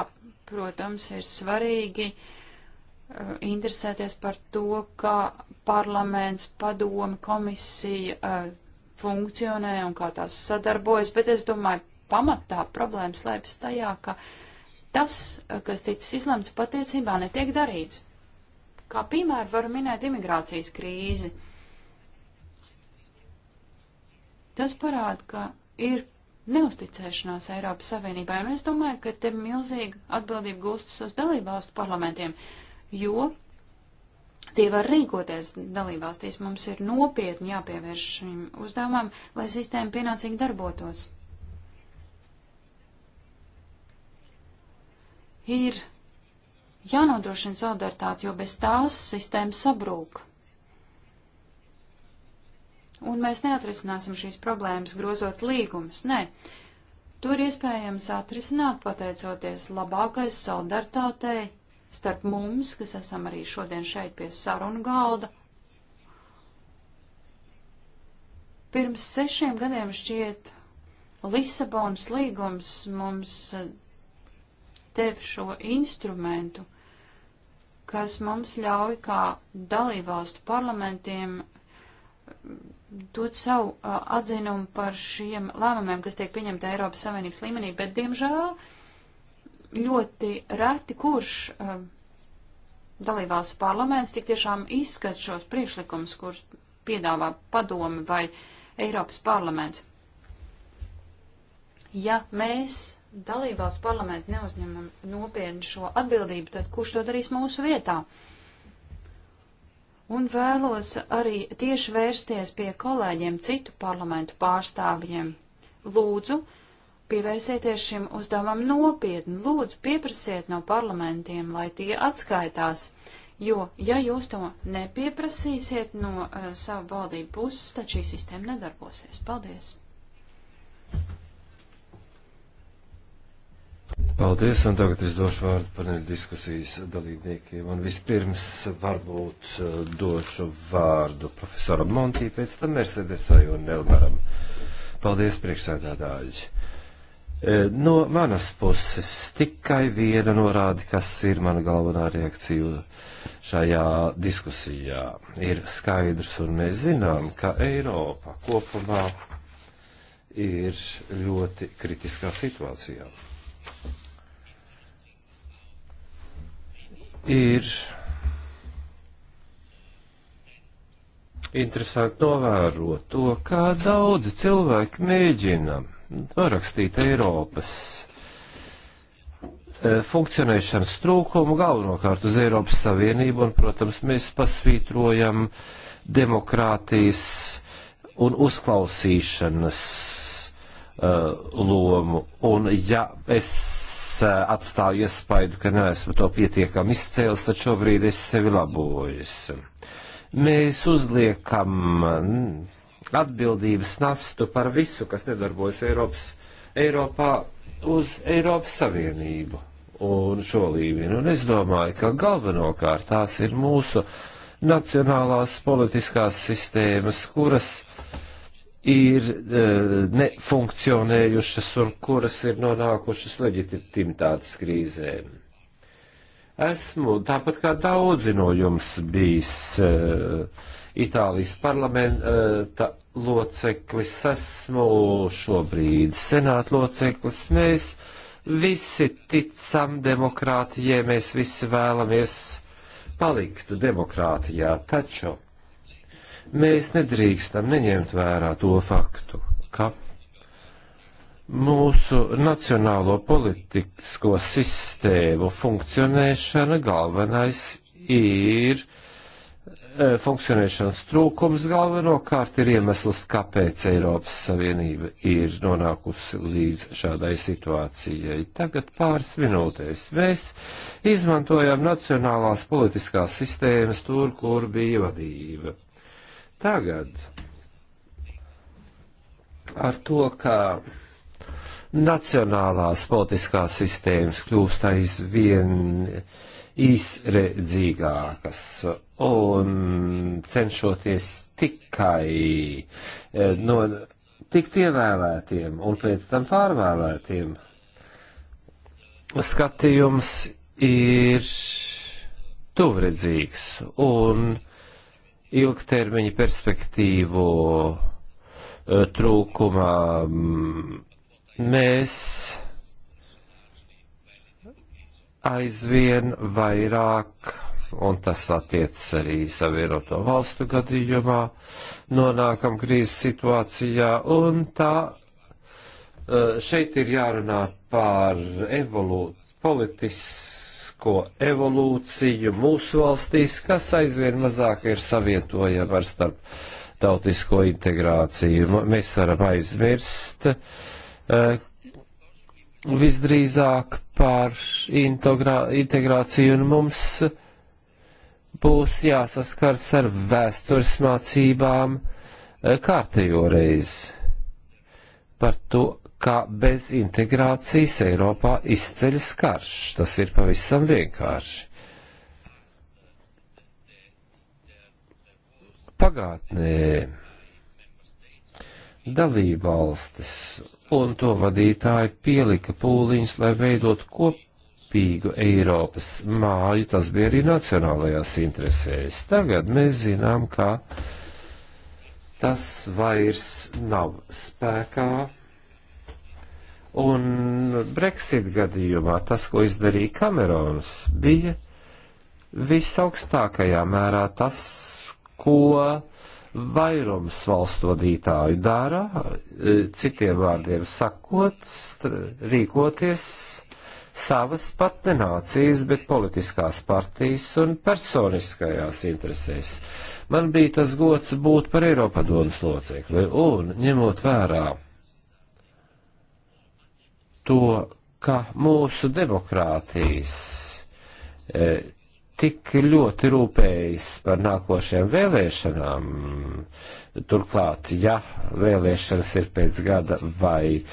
protams, ir svarīgi uh, interesēties par to, kā parlaments, padomi, komisija uh, funkcionē un kā tās sadarbojas, bet es domāju, pamatā problēma slēpjas tajā, ka tas, uh, kas ticis izlemts patiecībā, netiek darīts. Kā piemēru var minēt imigrācijas krīzi. Tas parāda, ka ir neusticēšanās Eiropas Savienībai. Un es domāju, ka te milzīga atbildība gūstas uz dalībvalstu parlamentiem, jo tie var rīkoties dalībvalstīs. Mums ir nopietni jāpievērš šim uzdevumam, lai sistēma pienācīgi darbotos. Ir jānodrošina solidaritāte, jo bez tās sistēma sabrūk. Un mēs neatrisināsim šīs problēmas grozot līgumus. Nē, to ir iespējams atrisināt pateicoties labākais solidaritātei starp mums, kas esam arī šodien šeit pie sarunu galda. Pirms sešiem gadiem šķiet Lisabonas līgums mums tev eh, šo instrumentu, kas mums ļauj kā dalībvalstu parlamentiem dot savu uh, atzinumu par šiem lēmumiem, kas tiek pieņemti Eiropas Savienības līmenī, bet, diemžēl, ļoti reti kurš uh, dalībvalsts parlaments tik tiešām izskat šos priekšlikumus, kurus piedāvā padomi vai Eiropas parlaments. Ja mēs dalībvalsts parlamentu neuzņemam nopietni šo atbildību, tad kurš to darīs mūsu vietā? Uh, un vēlos arī tieši vērsties pie kolēģiem citu parlamentu pārstāvjiem. Lūdzu, pievērsieties šim uzdevumam nopietni, lūdzu, pieprasiet no parlamentiem, lai tie atskaitās, jo, ja jūs to nepieprasīsiet no uh, savu valdību puses, tad šī sistēma nedarbosies. Paldies! Paldies, un tagad es došu vārdu paneļa diskusijas dalībniekiem. Un vispirms varbūt eh, došu vārdu profesoram Montī, pēc tam Mercedesai un Elmaram. Paldies, priekšsēdētāji. Eh, no manas puses tikai viena norāda, kas ir mana galvenā reakcija šajā diskusijā. Ir skaidrs, un mēs zinām, ka Eiropa kopumā ir ļoti kritiskā situācijā. Ir interesanti novērot to, kā daudzi cilvēki mēģina parakstīt Eiropas eh, funkcionēšanas trūkumu galvenokārt uz Eiropas Savienību, un, protams, mēs pasvītrojam demokrātijas un uzklausīšanas Uh, lomu. Un ja es uh, atstāju iespaidu, ka neesmu to pietiekami izcēlis, tad šobrīd es sevi labojos. Mēs uzliekam mm, atbildības nastu par visu, kas nedarbojas Eiropas, Eiropā, uz Eiropas Savienību un šo līmeni. Un es domāju, ka galvenokārt tās ir mūsu nacionālās politiskās sistēmas, kuras ir e, nefunkcionējušas un kuras ir nonākušas leģitimitātes krīzēm. Esmu tāpat kā daudzi no jums bijis e, Itālijas parlamenta loceklis, esmu šobrīd senāta loceklis. Mēs visi ticam demokrātijai, mēs visi vēlamies palikt demokrātijā, taču Mēs nedrīkstam neņemt vērā to faktu, ka mūsu nacionālo politisko sistēmu funkcionēšana galvenais ir e, funkcionēšanas trūkums galvenokārt ir iemesls, kāpēc Eiropas Savienība ir nonākusi līdz šādai situācijai. Tagad pāris minūtēs mēs izmantojam nacionālās politiskās sistēmas tur, kur bija vadība. Tagad ar to, ka nacionālās politiskās sistēmas kļūst aizvien izredzīgākas un cenšoties tikai eh, no tikt ievēlētiem un pēc tam pārvēlētiem. Skatījums ir tuvredzīgs un ilgtermiņa perspektīvu e, trūkumā mēs aizvien vairāk, un tas attiecas arī savienoto valstu gadījumā, nonākam krīzes situācijā, un tā e, šeit ir jārunā par evolu, politisku demogrāfisko evolūciju mūsu valstīs, kas aizvien mazāk ir savietojama ar starp tautisko integrāciju. Mēs varam aizmirst e, visdrīzāk par integrā, integrāciju un mums būs jāsaskars ar vēstures mācībām e, kārtējo reizi par to ka bez integrācijas Eiropā izceļas karš. Tas ir pavisam vienkārši. Pagātnē dalībvalstis un to vadītāji pielika pūliņus, lai veidot kopīgu Eiropas māju. Tas bija arī nacionālajās interesēs. Tagad mēs zinām, ka tas vairs nav spēkā Un Brexit gadījumā tas, ko izdarīja Kamerons, bija visaugstākajā mērā tas, ko vairums valstsvadītāju dara, e, citiem vārdiem sakot, rīkoties savas pat nenācijas, bet politiskās partijas un personiskajās interesēs. Man bija tas gods būt par Eiropadomas locekli un ņemot vērā to, ka mūsu demokrātijas e, tik ļoti rūpējas par nākošajām vēlēšanām. Turklāt, ja vēlēšanas ir pēc gada vai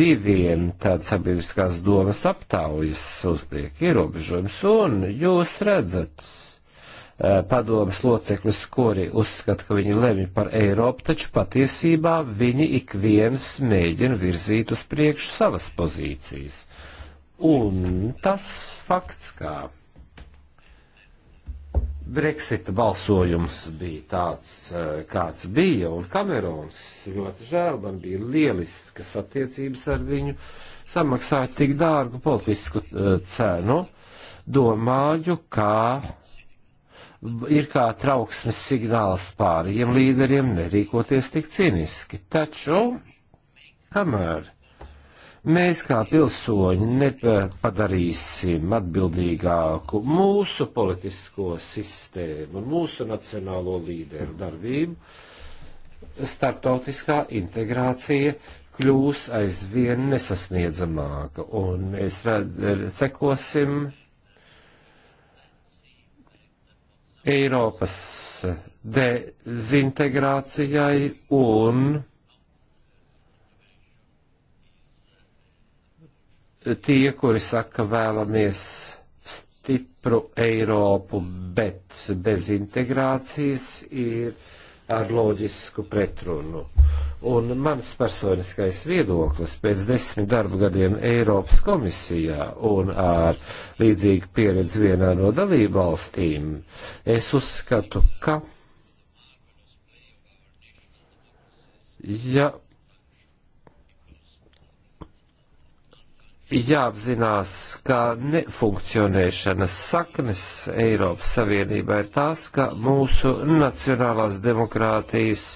diviem, tad sabiedriskās domas aptaujas uzliek ierobežojums, un jūs redzat, Eh, padomas locekļus, kuri uzskata, ka viņi lemj par Eiropu, taču patiesībā viņi ik viens mēģina virzīt uz priekšu savas pozīcijas. Un tas fakts, kā Brexita balsojums bija tāds, eh, kāds bija, un Kamerons ļoti žēl, man bija lieliskas attiecības ar viņu, samaksāja tik dārgu politisku eh, cenu. Domāju, ka ir kā trauksmes signāls pārējiem līderiem nerīkoties tik ciniski. Taču, kamēr mēs kā pilsoņi nepadarīsim atbildīgāku mūsu politisko sistēmu un mūsu nacionālo līderu darbību, starptautiskā integrācija kļūs aizvien nesasniedzamāka, un mēs red, sekosim Eiropas dezintegrācijai un tie, kuri saka, vēlamies stipru Eiropu, bet bez integrācijas ir ar loģisku pretrunu. Uh, Un mans personiskais viedoklis pēc desmit darba gadiem Eiropas komisijā un ar līdzīgu pieredzi vienā no dalību valstīm, es uzskatu, ka ja jāapzinās, ka nefunkcionēšanas saknes Eiropas Savienībā ir tās, ka mūsu nacionālās demokrātijas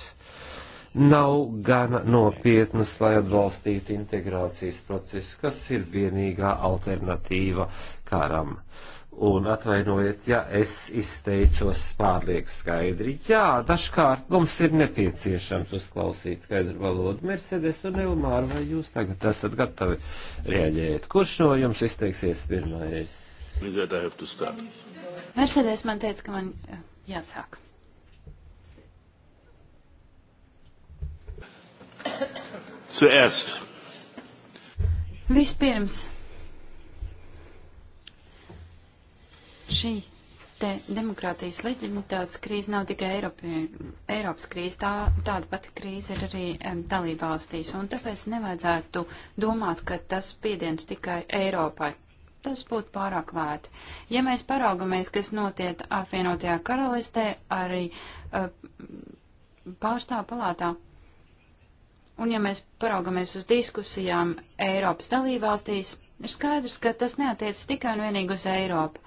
nav gana nopietnas, lai atbalstītu integrācijas procesu, kas ir vienīgā alternatīva karam. Un atvainojiet, ja es izteicos pārlieku skaidri. Jā, dažkārt mums ir nepieciešams uzklausīt skaidru valodu. Mercedes un Elmāra, vai jūs tagad esat gatavi rēģēt? Kurš no jums izteiksies pirmais? Mercedes man teica, ka man jāsāk. Zuerst. Vispirms. Šī te demokrātijas leģitimitātes krīze nav tikai Eiropi, Eiropas krīze, tā, tāda pati krīze ir arī um, dalībvalstīs, un tāpēc nevajadzētu domāt, ka tas spiediens tikai Eiropai. Tas būtu pārāk lēti. Ja mēs paraugamies, kas notiek apvienotajā karalistē, arī uh, pārstāv palātā Un ja mēs paraugamies uz diskusijām Eiropas dalībvalstīs, ir skaidrs, ka tas neatiec tikai un vienīgi uz Eiropu.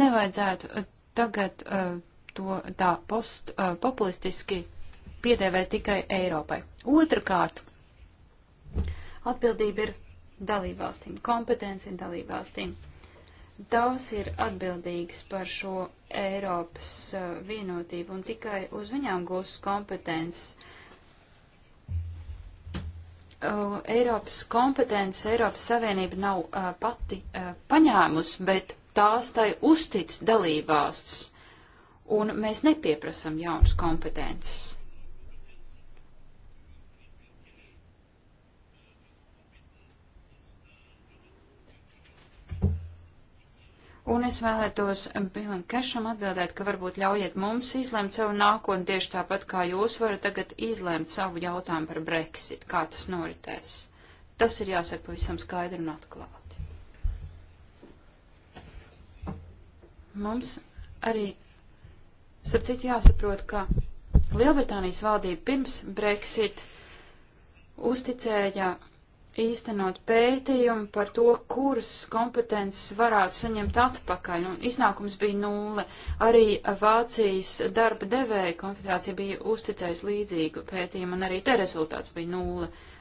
Nevajadzētu uh, tagad uh, to tā postpopulistiski uh, piedēvēt tikai Eiropai. Otrakārt, atbildība ir dalībvalstīm, kompetence ir dalībvalstīm. Tās ir atbildīgas par šo Eiropas uh, vienotību un tikai uz viņām gūs kompetences uh, Eiropas kompetences Eiropas Savienība nav uh, pati uh, paņēmusi, bet tās tai uztic dalībvalsts, un mēs nepieprasam jaunas kompetences. Un es vēlētos Bilam Kešam atbildēt, ka varbūt ļaujiet mums izlemt savu nākotni tieši tāpat, kā jūs varat tagad izlemt savu jautājumu par Brexit, kā tas noritēs. Tas ir jāsaka pavisam skaidri un atklāti. Mums arī, starp citu, jāsaprot, ka Lielbritānijas valdība pirms Brexit uzticēja īstenot pētījumu par to, kuras kompetences varētu saņemt atpakaļ, un iznākums bija nulle. Arī Vācijas darba devēja konfederācija bija uzticējusi līdzīgu pētījumu, un arī te rezultāts bija nulle. Uh,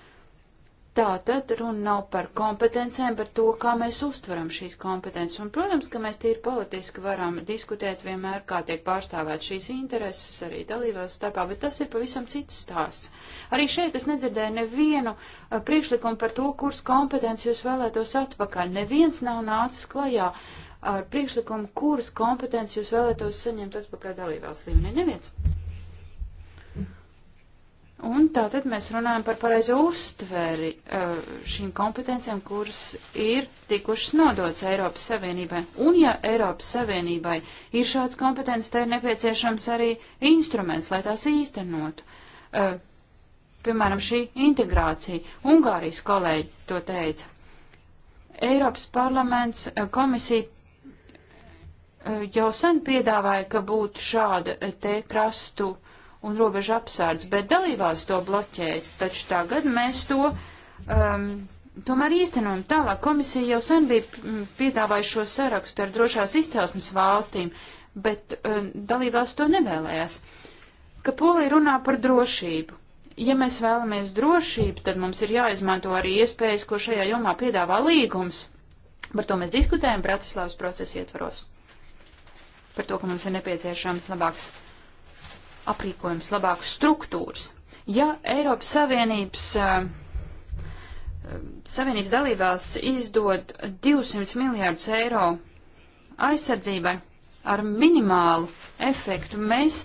Tā tad runa nav par kompetencēm, bet to, kā mēs uztveram šīs kompetences. Un, protams, ka mēs tīri politiski varam diskutēt vienmēr, kā tiek pārstāvēt šīs intereses arī dalībās starpā, bet tas ir pavisam cits stāsts. Arī šeit es nedzirdēju nevienu a, uh, priekšlikumu par to, kuras kompetences jūs vēlētos atpakaļ. Neviens nav nācis klajā ar priekšlikumu, kuras kompetences jūs vēlētos saņemt atpakaļ dalībās līmenī. Neviens. Un tātad mēs runājam par pareizo uztveri uh, šīm kompetencijām, kuras ir tikušas nodots Eiropas Savienībai. Un ja Eiropas Savienībai ir šāds kompetences, tad ir nepieciešams arī instruments, lai tās īstenotu. Uh, piemēram, šī integrācija. Ungārijas kolēģi to teica. Eiropas parlaments uh, komisija jau sen piedāvāja, ka būtu šāda te krastu un robežu apsardz, bet dalībās to bloķē. Taču tagad mēs to um, tomēr īstenojam tālāk. Komisija jau sen bija mm, piedāvājuši šo sarakstu ar drošās izcelsmes valstīm, bet um, dalībās to nevēlējās. Ka Polija runā par drošību. Ja mēs vēlamies drošību, tad mums ir jāizmanto arī iespējas, ko šajā jomā piedāvā līgums. Par to mēs diskutējam Bratislavas procesa ietvaros. Par to, ka mums ir nepieciešams labāks aprīkojums, labākas struktūras. Ja Eiropas Savienības, eh, Savienības dalībvalsts izdod 200 miljārdus eiro aizsardzībai ar minimālu efektu, mēs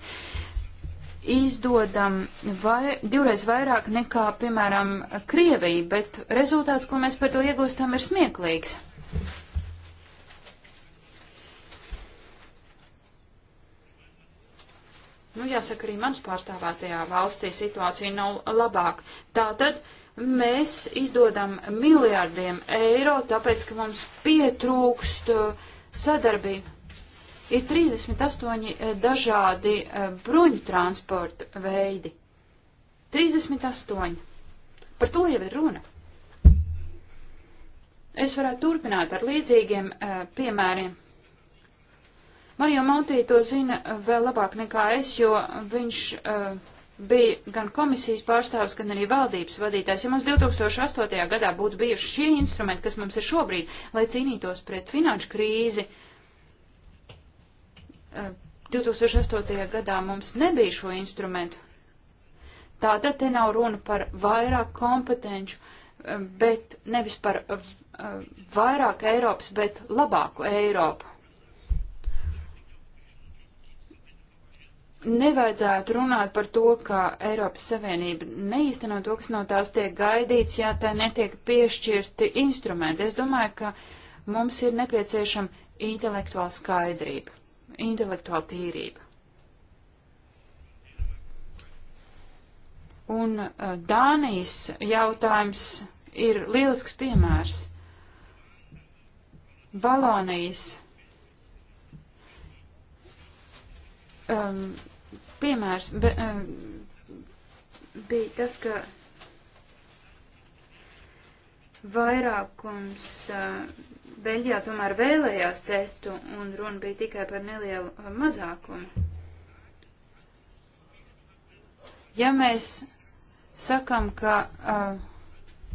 izdodam vai, divreiz vairāk nekā, piemēram, Krievija, bet rezultāts, ko mēs par to iegūstam, ir smieklīgs. Nu, jāsaka, arī manas pārstāvētajā valstī situācija nav labāka. Tātad mēs izdodam miljārdiem eiro, tāpēc, ka mums pietrūkst uh, sadarbība. Ir 38 uh, dažādi uh, bruņu transporta veidi. 38. Par to jau ir runa. Es varētu turpināt ar līdzīgiem piemēriem. Mario Monti to zina vēl labāk nekā es, jo viņš uh, bija gan komisijas pārstāvis, gan arī valdības vadītājs. Ja mums 2008. gadā būtu bijuši šie instrumenti, kas mums ir šobrīd, lai cīnītos pret finanšu krīzi, uh, eh, 2008. gadā mums nebija šo instrumentu. Tātad te nav runa par vairāk kompetenču, eh, bet nevis par vairāk Eiropas, bet labāku Eiropu. nevajadzētu runāt par to, ka Eiropas Savienība neīsteno to, kas no tās tiek gaidīts, ja tai netiek piešķirti instrumenti. Es domāju, ka mums ir nepieciešama intelektuāla skaidrība, intelektuāla tīrība. Un uh, Dānijas jautājums ir lielisks piemērs. Valonijas um, piemērs be, eh, bija tas, ka vairākums eh, Beļģijā tomēr vēlējās cetu un runa bija tikai par nelielu eh, mazākumu. Ja mēs sakam, ka uh,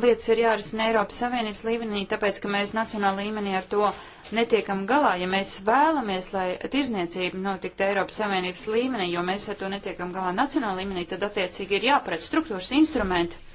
lietas ir jārisina Eiropas Savienības līmenī, tāpēc, ka mēs nacionāla līmenī ar to uh, netiekam galā, ja mēs vēlamies, lai tirzniecība notiktu Eiropas Savienības līmenī, jo mēs ar to netiekam galā nacionāla līmenī, tad attiecīgi ir jāparedz struktūras instrumenti,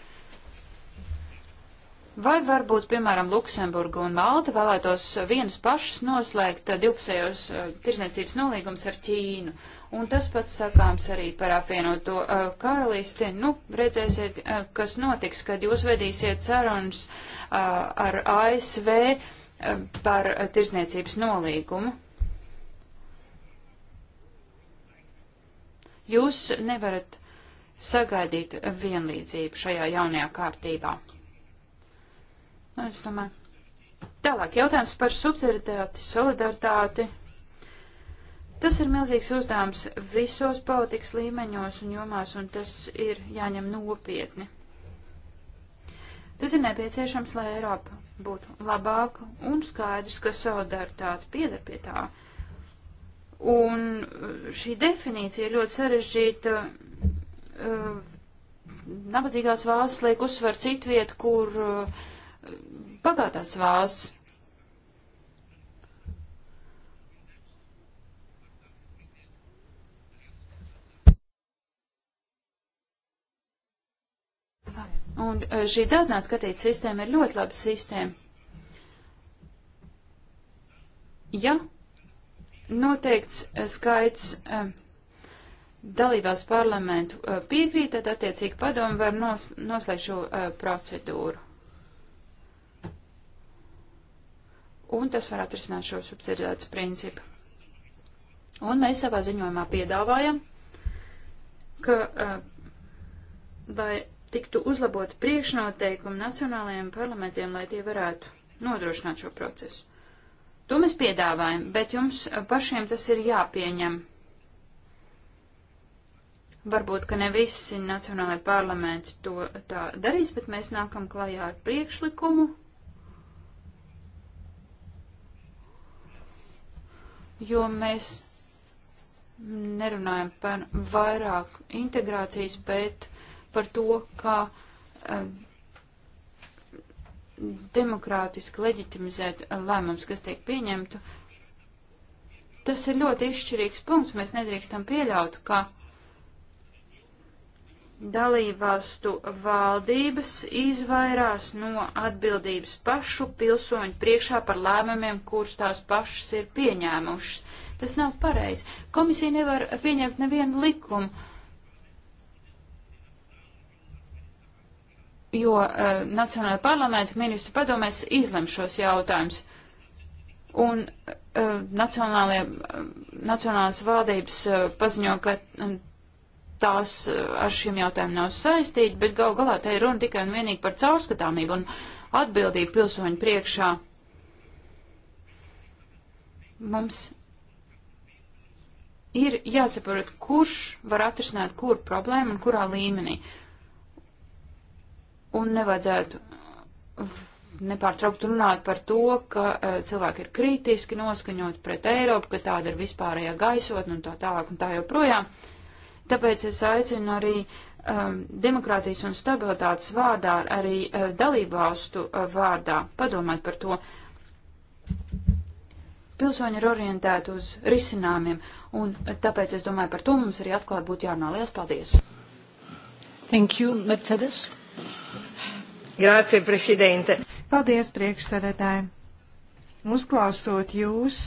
Vai varbūt, piemēram, Luksemburga un Malta vēlētos vienus pašus noslēgt divpusējos uh, tirzniecības nolīgums ar Ķīnu? Un tas pats sakāms arī par apvienoto uh, karalisti. Nu, redzēsiet, uh, kas notiks, kad jūs vedīsiet sarunas ar ASV Um, par uh, tirzniecības nolīgumu. Jūs nevarat sagaidīt vienlīdzību šajā jaunajā kārtībā. Nu, es domāju. Tālāk jautājums par subsidiaritāti, solidaritāti. Tas ir milzīgs uzdevums visos politikas līmeņos un jomās, un tas ir jāņem nopietni. Tas ir nepieciešams, lai Eiropa būtu labāka un skaidrs, ka solidaritāte piedar pie tā. Un uh, šī definīcija ir ļoti sarežģīta. Uh, nabadzīgās valsts liek uzsver citu vietu, kur uh, bagātās valsts Un e, šī dzeltenā skatīta sistēma ir ļoti laba sistēma. Ja noteikts e, skaits e, dalībās parlamentu piekrīt, tad attiecīgi padomu var noslēgt šo procedūru. Un tas var atrisināt šo subsidiāts principu. Un mēs savā ziņojumā piedāvājam, ka vai tiktu uzlabot priekšnoteikumu nacionālajiem parlamentiem, lai tie varētu nodrošināt šo procesu. To mēs piedāvājam, bet jums pašiem tas ir jāpieņem. Varbūt, ka ne visi nacionālai parlamenti to tā darīs, bet mēs nākam klajā ar priekšlikumu. Jo mēs nerunājam par vairāk integrācijas, bet par to, kā um, demokrātiski leģitimizēt lēmums, kas tiek pieņemtu. Tas ir ļoti izšķirīgs punkts. Mēs nedrīkstam pieļaut, ka dalībvalstu valdības izvairās no atbildības pašu pilsoņu priekšā par lēmumiem, kurus tās pašas ir pieņēmušas. Tas nav pareizi. Komisija nevar pieņemt nevienu likumu jo uh, Nacionālajā parlamenta ministru padomēs izlem šos jautājumus. Un uh, eh, nacionālajā, uh, eh, nacionālās valdības uh, paziņo, ka uh, tās uh, ar šiem jautājumiem nav saistīti, bet gal galā te ir runa tikai un vienīgi par caurskatāmību un atbildību pilsoņu priekšā. Mums ir jāsaprot, kurš var atrisināt kuru problēmu un kurā līmenī. Uh, un nevajadzētu nepārtraukt runāt par to, ka uh, cilvēki ir kritiski noskaņot pret Eiropu, ka tāda ir vispārējā gaisotne un tā tālāk un tā joprojām. Tāpēc es aicinu arī um, demokrātijas un stabilitātes vārdā, arī uh, e, dalībvalstu uh, vārdā padomāt par to. Pilsoņi ir orientēti uz risinājumiem, un uh, tāpēc es domāju, par to mums arī atklāt būtu jārunā. Lielas paldies! Thank you, Mercedes. Grācie, prezidente. Paldies, priekšsēdētāji. Uzklausot jūs,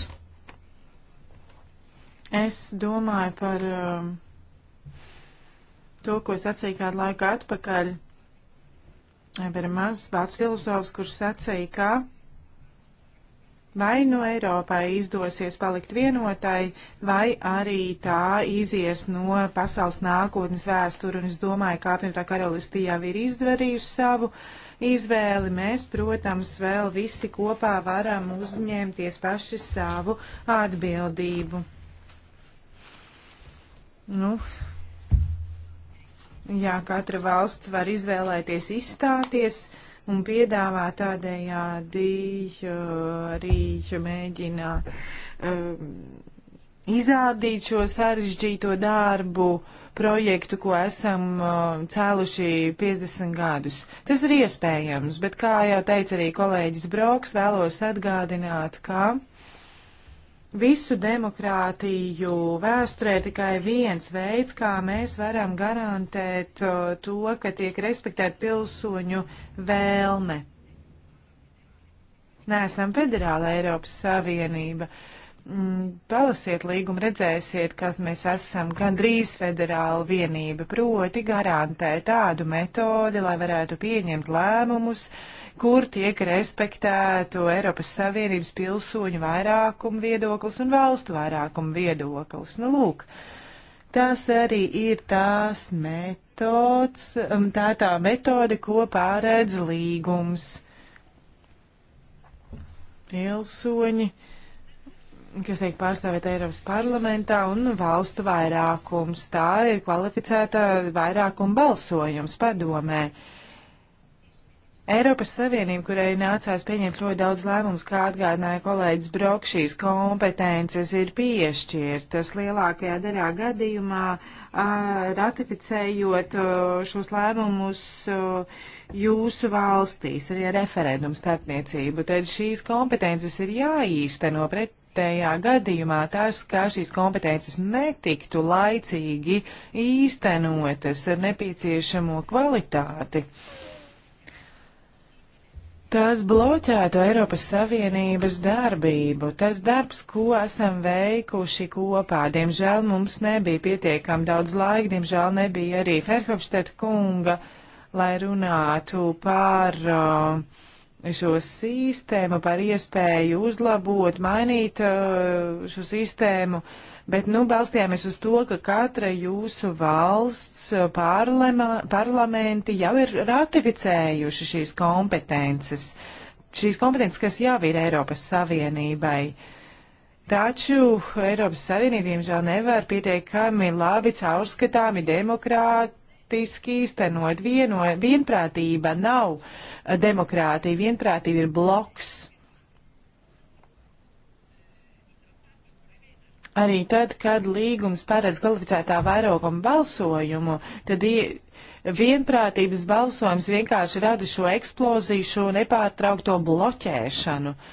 es domāju par um, to, ko sacīja kādu laiku atpakaļ. Ebermans, vācu filozofs, kurš sacīja, ka Vai no Eiropai izdosies palikt vienotai, vai arī tā izies no pasaules nākotnes vēsturi, un es domāju, ka apvienotā karalistī jau ir izdarījusi savu izvēli. Mēs, protams, vēl visi kopā varam uzņemties paši savu atbildību. Nu, jā, katra valsts var izvēlēties izstāties. Uh, un piedāvā tādējādi eh, arī eh, mēģina um, izrādīt šo sarežģīto darbu projektu, ko esam uh, cēluši 50 gadus. Tas ir iespējams, bet kā jau teica arī kolēģis Broks, vēlos atgādināt, ka. Kā Visu demokrātiju vēsturē tikai viens veids, kā mēs varam garantēt uh, to, ka tiek respektēt pilsoņu vēlme. Nesam federāla Eiropas Savienība. Mm, palasiet līgumu, redzēsiet, kas mēs esam gandrīz federāla vienība, proti garantē tādu metodi, lai varētu pieņemt lēmumus, uh, kur tiek respektēto Eiropas Savienības pilsoņu vairākumu viedoklis un valstu vairākumu viedoklis. Nu, lūk, tas arī ir tās metods, um, tā tā metode, ko pārēdz līgums. Pilsoņi kas tiek pārstāvēta Eiropas parlamentā un valstu vairākums. Tā ir kvalificēta vairākuma balsojums padomē. Uh, Eiropas Savienība, kurai nācās pieņemt ļoti daudz lēmumus, kā atgādināja kolēģis Brok, šīs kompetences ir piešķirtas lielākajā daļā gadījumā, ratificējot šos lēmumus jūsu valstīs, arī ar referendumu starpniecību. Tad šīs kompetences ir jāīsteno pret pretējā gadījumā tas, ka šīs kompetences netiktu laicīgi īstenotas ar nepieciešamo kvalitāti. Uh, Tas bloķētu Eiropas Savienības darbību. Tas darbs, ko esam veikuši kopā, diemžēl mums nebija pietiekami daudz laika, diemžēl nebija arī Ferhofstedta kunga, lai runātu par uh, šo sistēmu, par iespēju uzlabot, mainīt uh, šo sistēmu, bet nu balstījāmies uz to, ka katra jūsu valsts uh, parlamenti jau ir ratificējuši šīs kompetences, šīs kompetences, kas jau ir Eiropas Savienībai. Taču Eiropas Savienība, diemžēl, nevar pietiekami labi caurskatāmi demokrāt, praktiski īstenot. Vieno, vienprātība nav demokrātija, vienprātība ir bloks. Arī tad, kad līgums paredz kvalificētā vairākuma balsojumu, tad vienprātības balsojums vienkārši rada šo eksploziju, šo nepārtraukto bloķēšanu. Uh,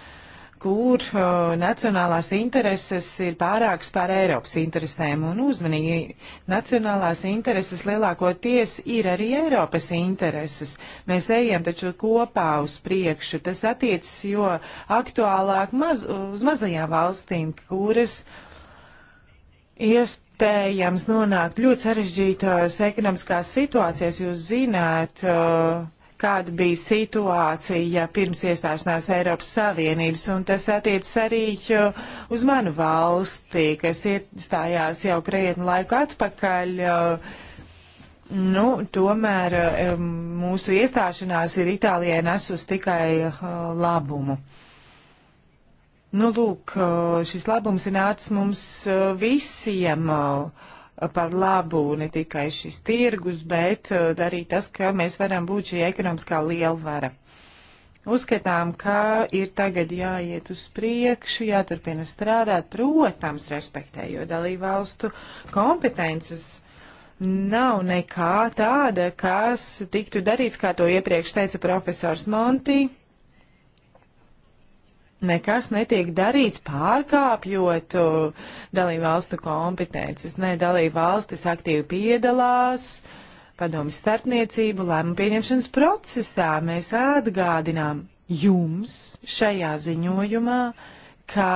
kur uh, nacionālās intereses ir pārākas pār Eiropas interesēm. Un uzmanīgi, nacionālās intereses lielākoties ir arī Eiropas intereses. Mēs ejam taču kopā uz priekšu. Tas attiecas jo aktuālāk maz, uz mazajām valstīm, kuras iespējams nonākt ļoti sarežģītās ekonomiskās situācijas. Jūs zināt, uh, kāda bija situācija pirms iestāšanās Eiropas Savienības, un tas attiecas arī uz manu valsti, kas iestājās jau krietni laiku atpakaļ. Nu, tomēr mūsu iestāšanās ir Itālijai nesus tikai eh, labumu. Nu, lūk, eh, šis labums ir nācis mums eh, visiem. Uh, par labu ne tikai šis tirgus, bet eh, arī tas, ka mēs varam būt šī ekonomiskā lielvara. Uzskatām, ka ir tagad jāiet uz priekšu, jāturpina strādāt, protams, respektējot dalībvalstu kompetences. Nav nekā tāda, kas tiktu darīts, kā to iepriekš teica profesors Monti, nekas netiek darīts pārkāpjot uh, dalību valstu kompetences. Nē, dalību valstis aktīvi piedalās padomu starpniecību lēmu pieņemšanas procesā. Mēs atgādinām jums šajā ziņojumā, ka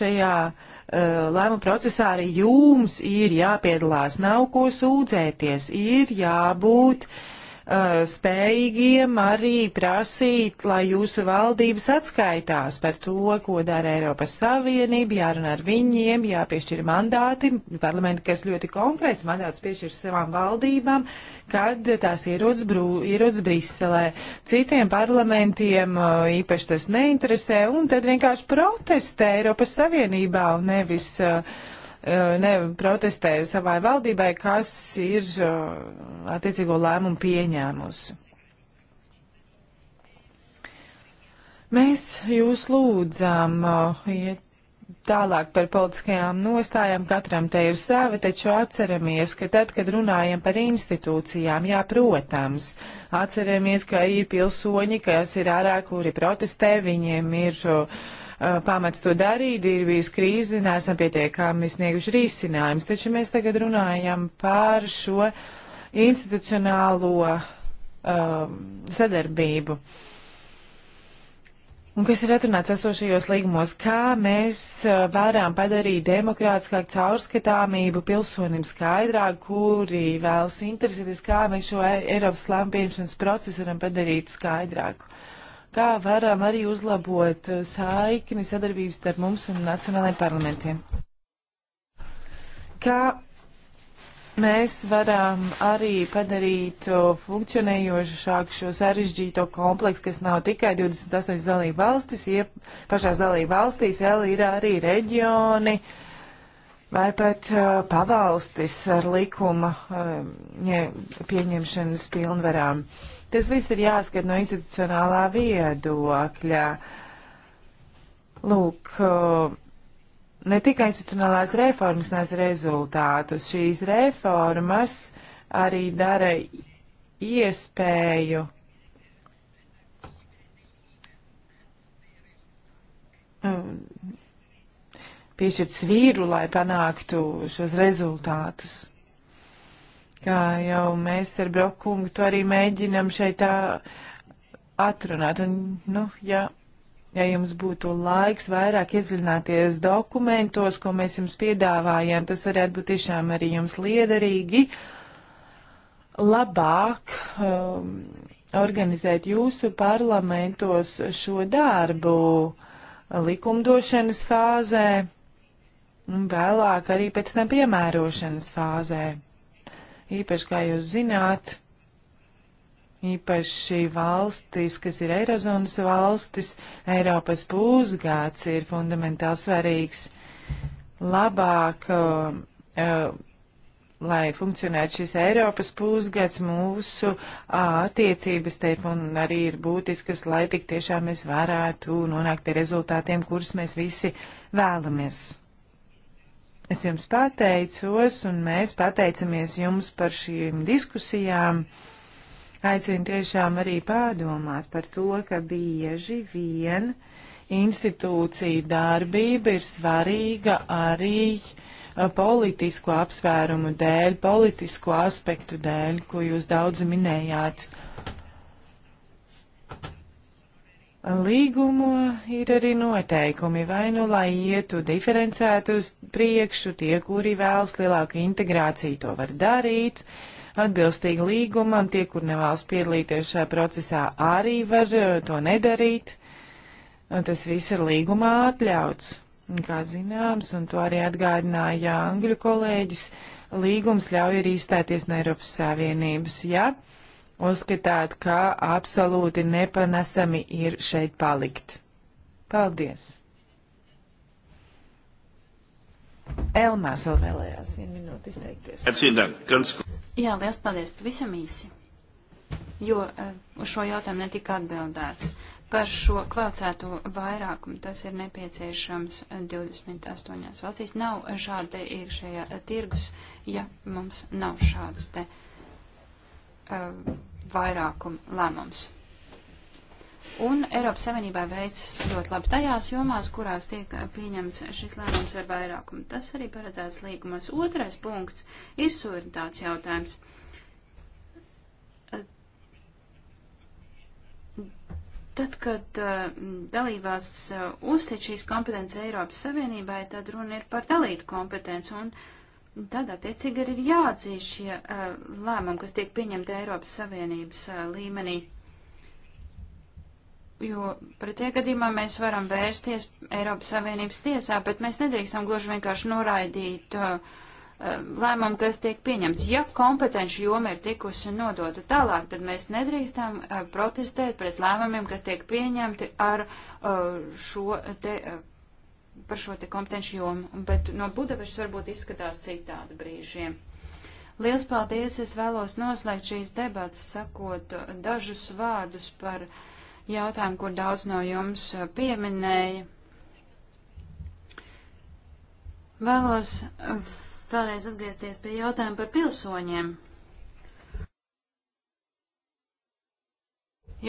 šajā uh, lēmu procesā arī jums ir jāpiedalās, nav ko sūdzēties, ir jābūt uh, uh, spējīgiem arī prasīt, lai jūsu valdības atskaitās par to, ko dara Eiropas Savienība, jārunā ar viņiem, jāpiešķir mandāti, parlamenti, kas ļoti konkrēts mandāts piešķir savām valdībām, kad tās ierodas, brū, ierodas Briselē. Citiem parlamentiem uh, īpaši tas neinteresē, un tad vienkārši protestē Eiropas Savienībā un nevis. Uh, Eh, ne, protestē savai valdībai, kas ir eh, attiecīgo lēmumu pieņēmusi. Mēs jūs lūdzām eh, iet tālāk par politiskajām nostājām, katram te ir sava, taču atceramies, ka tad, kad runājam par institūcijām, jā, protams, atceramies, ka ir pilsoņi, kas ir ārā, kuri protestē, viņiem ir. Uh, Eh, pamats to darīt, ir bijusi krīze, neesam pietiekami snieguši risinājums. Taču mēs tagad runājam par šo institucionālo um, sadarbību. Un kas ir atrunāts esošajos līgumos, kā mēs eh, varam padarīt demokrātiskāku caurskatāmību pilsonim skaidrāk, kuri vēlas interesēties, kā mēs šo Eiropas lēmumu pieņemšanas procesu varam padarīt skaidrāku kā varam arī uzlabot eh, saikni sadarbības starp mums un nacionālajiem parlamentiem. Kā mēs varam arī padarīt funkcionējošāku šo sarežģīto kompleksu, kas nav tikai 28 dalību valstis, ja pašās dalību valstīs vēl ir arī reģioni vai pat uh, pavalstis ar likuma uh, pieņemšanas pilnvarām. Uh, Tas viss ir jāskat no institucionālā viedokļa. Lūk, ne tikai institucionālās reformas nes rezultātus, šīs reformas arī dara iespēju um, piešķirt svīru, lai panāktu šos rezultātus. Kā jau mēs ar Brokungu to arī mēģinam šeit tā atrunāt. Un, nu, jā, ja jums būtu laiks vairāk iedziļināties dokumentos, ko mēs jums piedāvājam, tas varētu būt tiešām arī jums liederīgi labāk um, organizēt jūsu parlamentos šo darbu likumdošanas fāzē un vēlāk arī pēc tam piemērošanas fāzē īpaši, kā jūs zināt, īpaši valstis, kas ir Eirozonas valstis, Eiropas pusgads ir fundamentāli svarīgs. Labāk, uh, lai funkcionētu šis Eiropas pusgads, mūsu uh, attiecības te un arī ir būtiskas, lai tik tiešām mēs varētu nonākt pie rezultātiem, kurus mēs visi vēlamies. Es jums pateicos, un mēs pateicamies jums par šīm diskusijām. Aicinu tiešām arī pārdomāt par to, ka bieži vien institūcija darbība ir svarīga arī politisko apsvērumu dēļ, politisko aspektu dēļ, ko jūs daudz minējāt. Uh, Līgumu ir arī noteikumi, vai nu lai ietu diferencētu uz priekšu, tie, kuri vēlas lielāku integrāciju, to var darīt, atbilstīgi līgumam, tie, kur nevēlas piedalīties šajā procesā, arī var eh, to nedarīt. Tas viss ir līgumā atļauts, kā zināms, un to arī atgādināja angļu kolēģis. Līgums ļauj arī izstāties no Eiropas Savienības, jā. Ja? uzskatāt, ka absolūti nepanesami ir šeit palikt. Paldies! Elmārs vēl vēlējās vienu minūti izteikties. Jā, liels paldies, pavisam īsi. Jo uh, uz šo jautājumu netika atbildēts. Par šo kvalificēto vairākumu tas ir nepieciešams 28 eh, valstīs. Nav šāda iekšējā eh, tirgus, ja mums nav šādas te. Uh, vairākuma lēmums. Un Eiropas Savienībā veids ļoti labi tajās jomās, kurās tiek eh, pieņemts šis lēmums ar vairākumu. Tas arī paredzēts līgumos. Otrais punkts ir suverenitātes jautājums. Tad, kad uh, dalībvalsts uh, eh, uztic šīs kompetences Eiropas Savienībai, tad runa ir par dalītu kompetenci, un Un tad, attiecīgi, arī ir jāatzīst šie uh, lēmumi, kas tiek pieņemti Eiropas Savienības uh, līmenī. Jo pretie gadījumā mēs varam vērsties Eiropas Savienības tiesā, bet mēs nedrīkstam gluži vienkārši noraidīt uh, lēmumu, kas tiek pieņemts. Ja kompetenci joma ir tikusi nodota tālāk, tad mēs nedrīkstam protestēt pret lēmumiem, kas tiek pieņemti ar šo te par šo te kompetenci jomu, bet no Budapešas varbūt izskatās citādi brīžiem. Liels paldies! Es vēlos noslēgt šīs debatas, sakot dažus vārdus par jautājumu, kur daudz no jums pieminēja. Vēlos vēlreiz atgriezties pie jautājuma par pilsoņiem.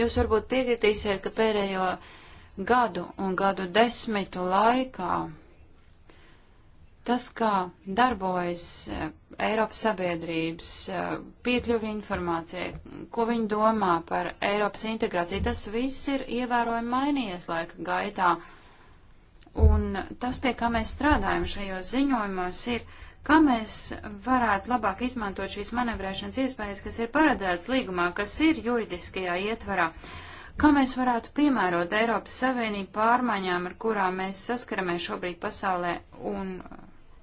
Jūs varbūt piekritīsiet, ka pēdējo gadu un gadu desmitu laikā. Tas, kā darbojas eh, Eiropas sabiedrības eh, piekļuvi informācijai, ko viņi domā par Eiropas integrāciju, tas viss ir ievērojami mainījies laika gaitā. Un tas, pie kā mēs strādājam šajos ziņojumos, ir, kā mēs varētu labāk izmantot šīs manevrēšanas iespējas, kas ir paredzētas līgumā, kas ir juridiskajā ietvarā. Uh, Kā mēs varētu piemērot Eiropas Savienību pārmaiņām, ar kurām mēs saskaramies šobrīd pasaulē un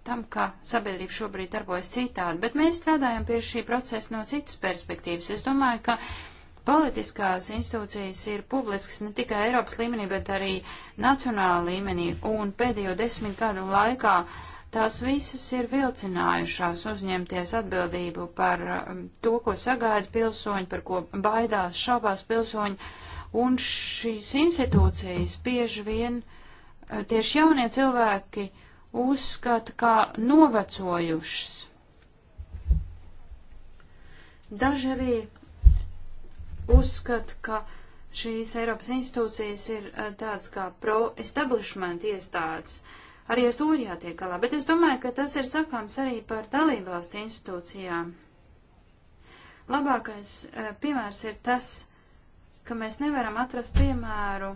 tam, ka sabiedrība šobrīd darbojas citādi, bet mēs strādājam pie šī procesa no citas perspektīvas. Es domāju, ka politiskās institūcijas ir publiskas ne tikai Eiropas līmenī, bet arī nacionāla līmenī, un pēdējo desmit gadu laikā tās visas ir vilcinājušās uzņemties atbildību par um, to, ko sagaida pilsoņi, par ko baidās, šaubās pilsoņi Un šīs institūcijas bieži vien eh, tieši jaunie cilvēki uzskata kā novecojušas. Daži arī uzskata, ka šīs Eiropas institūcijas ir eh, tādas kā pro-establishment iestādes. Arī ar to ir jātiek galā, bet es domāju, ka tas ir sakāms arī par dalībvalstu institūcijām. Labākais eh, piemērs ir tas, ka mēs nevaram atrast piemēru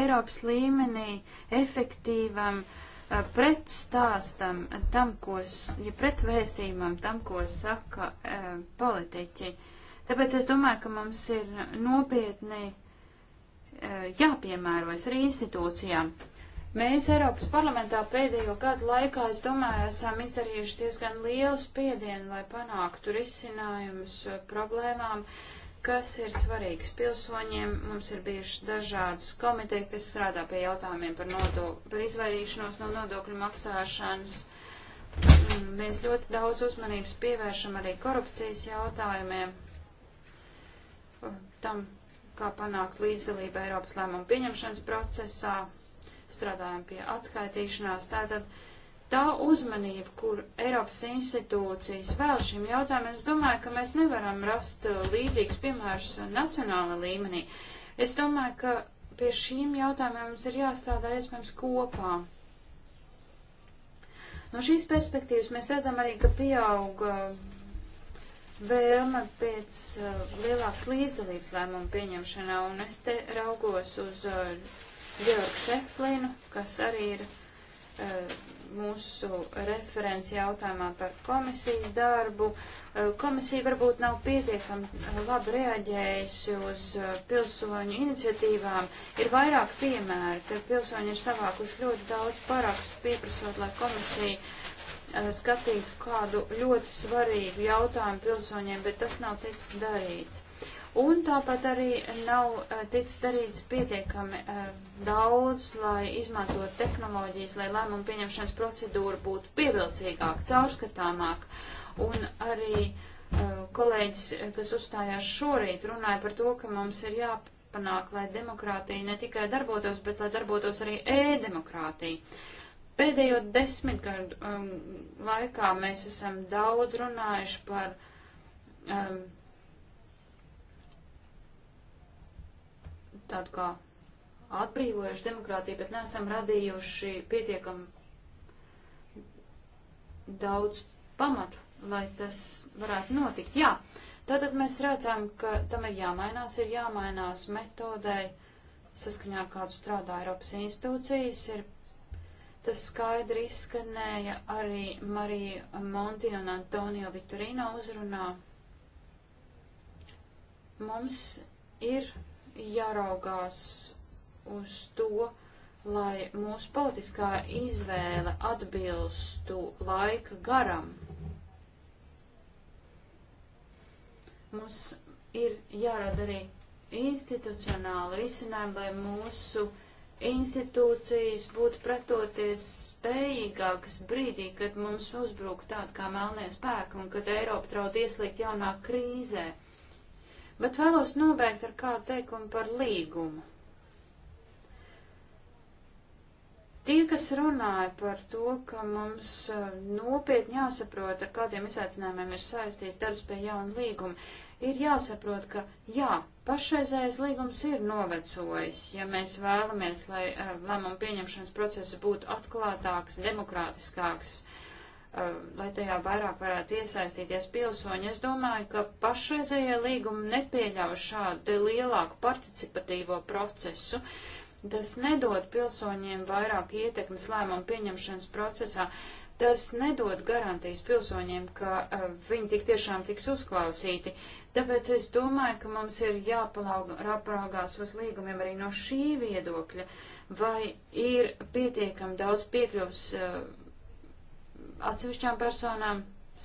Eiropas līmenī efektīvam eh, pretstāstam tam, ko, ja pretvēstījumam tam, ko saka e, politiķi. Tāpēc es domāju, ka mums ir nopietni e, jāpiemērojas arī institūcijām. Mēs Eiropas parlamentā pēdējo gadu laikā, es domāju, esam izdarījuši diezgan lielu spiedienu, lai panāktu risinājumus problēmām, uh, kas ir svarīgs pilsoņiem. Mums ir bijuši dažādas komiteja, kas strādā pie jautājumiem par, nodok, par izvairīšanos no nodokļu maksāšanas. Mm, mēs ļoti daudz uzmanības pievēršam arī korupcijas jautājumiem, tam, kā panākt līdzdalību Eiropas lēmumu pieņemšanas procesā, strādājam pie atskaitīšanās. Tātad, uh, tā uzmanība, kur Eiropas institūcijas vēl šim jautājumam, es domāju, ka mēs nevaram rast uh, līdzīgus piemērus nacionāla līmenī. Es domāju, ka pie šīm jautājumiem mums ir jāstrādā iespējams kopā. No šīs perspektīvas mēs redzam arī, ka pieauga vēlme pēc uh, lielākas līdzdalības lēmumu pieņemšanā, un es te raugos uz uh, Georgu Šeflinu, kas arī ir uh, mūsu referents jautājumā par komisijas darbu. Eh, komisija varbūt nav pietiekami eh, labi reaģējusi uz eh, pilsoņu iniciatīvām. Ir vairāk piemēri, ka pilsoņi ir savākuši ļoti daudz parakstu pieprasot, lai komisija skatītu kādu ļoti svarīgu jautājumu pilsoņiem, bet tas nav ticis darīts. Un tāpat arī nav eh, ticis darīts pietiekami eh, daudz, lai izmantot tehnoloģijas, lai lēmumu pieņemšanas procedūra būtu pievilcīgāka, caurskatāmāka. Un arī eh, kolēģis, kas uzstājās šorīt, runāja par to, ka mums ir jāpanāk, lai demokrātija ne tikai darbotos, bet lai darbotos arī e-demokrātija. Pēdējo desmitgadu um, laikā mēs esam daudz runājuši par um, tādu kā atbrīvojuši demokrātiju, bet neesam radījuši pietiekam daudz pamatu, lai tas varētu notikt. Jā, tātad mēs redzam, ka tam ir jāmainās, ir jāmainās metodai, saskaņā ar kādu strādā Eiropas institūcijas, ir Tas skaidri izskanēja arī Marija Monti un Antonio Vitorino uzrunā. Mums ir jāraugās uz to, lai mūsu politiskā izvēle atbilstu laika garam. Mums ir jārada arī institucionāli risinājumi, lai mūsu institūcijas būtu pretoties spējīgākas brīdī, kad mums uzbrūk tāda kā melnie spēki un kad Eiropa draud ieslīgt jaunā krīzē. Bet vēlos nobeigt ar kādu teikumu par līgumu. Tie, kas runāja par to, ka mums eh, nopietni jāsaprot, ar kādiem izaicinājumiem ir saistīts darbs pie jauna līguma, ir jāsaprot, ka jā, pašreizējais līgums ir novecojis, ja mēs vēlamies, lai eh, lēmumu pieņemšanas process būtu atklātāks, demokrātiskāks, Eh, lai tajā vairāk varētu iesaistīties pilsoņi. Es domāju, ka pašreizējie līgumi nepieļauj šādu lielāku participatīvo procesu. Tas nedod pilsoņiem vairāk ietekmes lēmumu pieņemšanas procesā. Tas nedod garantijas pilsoņiem, ka uh, viņi tik tiešām tiks uzklausīti. Tāpēc es domāju, ka mums ir jāparaugās uz līgumiem arī no šī viedokļa, vai ir pietiekami daudz piekļuvs uh, atsevišķām personām,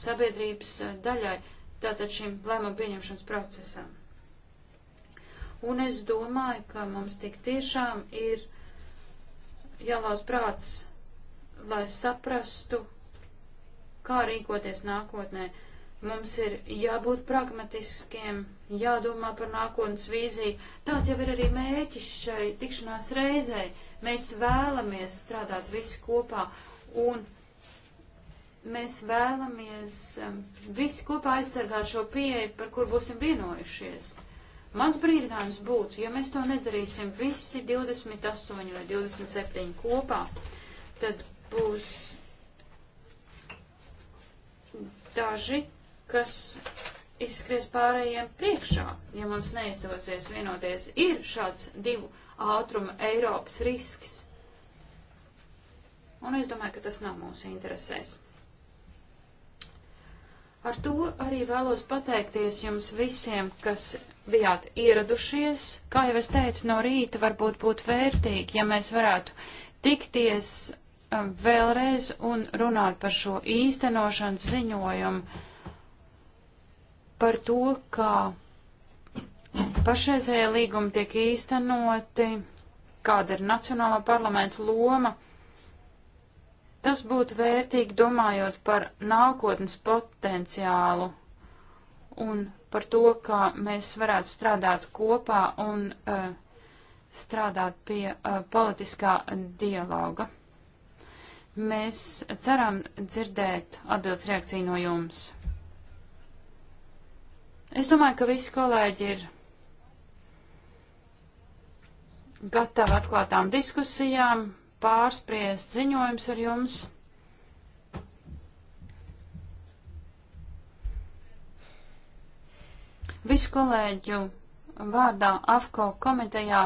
sabiedrības eh, daļai, tātad šim lēmumu pieņemšanas procesam. Un es domāju, ka mums tik tiešām ir jālauz prāts, lai saprastu, kā rīkoties nākotnē. Mums ir jābūt pragmatiskiem, jādomā par nākotnes vīziju. Tāds jau ir arī mērķis šai tikšanās reizei. Mēs vēlamies strādāt visi kopā un mēs vēlamies um, visi kopā aizsargāt šo pieeju, par kur būsim vienojušies. Mans brīdinājums būtu, ja mēs to nedarīsim visi 28 vai 27 kopā, tad būs daži, kas izskries pārējiem priekšā, ja mums neizdosies vienoties. Ir šāds divu ātruma Eiropas risks. Un es domāju, ka tas nav mūsu interesēs. Ar to arī vēlos pateikties jums visiem, kas bijāt ieradušies. Kā jau es teicu, no rīta varbūt būtu vērtīgi, ja mēs varētu tikties um, vēlreiz un runāt par šo īstenošanas ziņojumu, par to, kā pašreizējie līgumi tiek īstenoti, kāda ir Nacionālā parlamenta loma. Tas būtu vērtīgi domājot par nākotnes potenciālu un par to, kā mēs varētu strādāt kopā un uh, strādāt pie uh, politiskā dialoga. Mēs ceram dzirdēt atbildes reakciju no jums. Es domāju, ka visi kolēģi ir gatavi atklātām diskusijām, pārspriest ziņojums ar jums. Visu kolēģu vārdā AFCO komitejā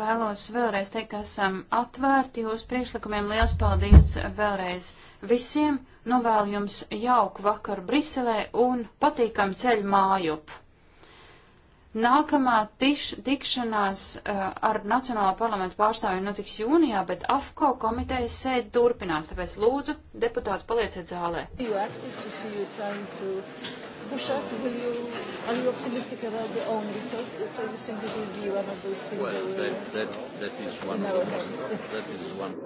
vēlos vēlreiz teikt, ka esam atvērti jūsu priekšlikumiem. Liels paldies vēlreiz visiem! Novēlu jums jauku vakaru Briselē un patīkamu ceļu mājup! Nākamā tiš, tikšanās uh, ar Nacionālā parlamenta pārstāvjiem notiks jūnijā, bet AFCO komitejas sēde turpinās, tāpēc lūdzu deputātu palieciet zālē. Push us, will you, are you optimistic about the own resources, or do you think it will be one of those single... Well, that, uh, that, that is one of the, that is one.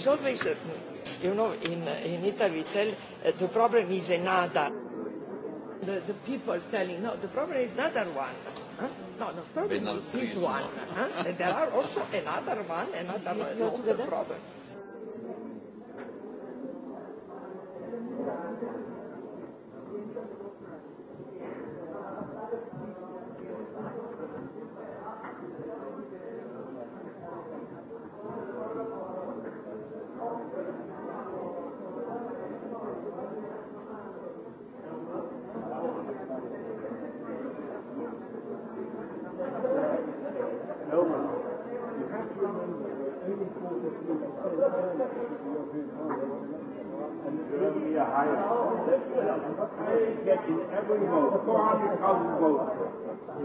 is always, uh, you know, in, uh, in Italy we tell uh, the problem is another. The, the people telling, no, the problem is another one. Huh? No, the problem is this one. one. huh? and there are also another one, another one. No, the problem.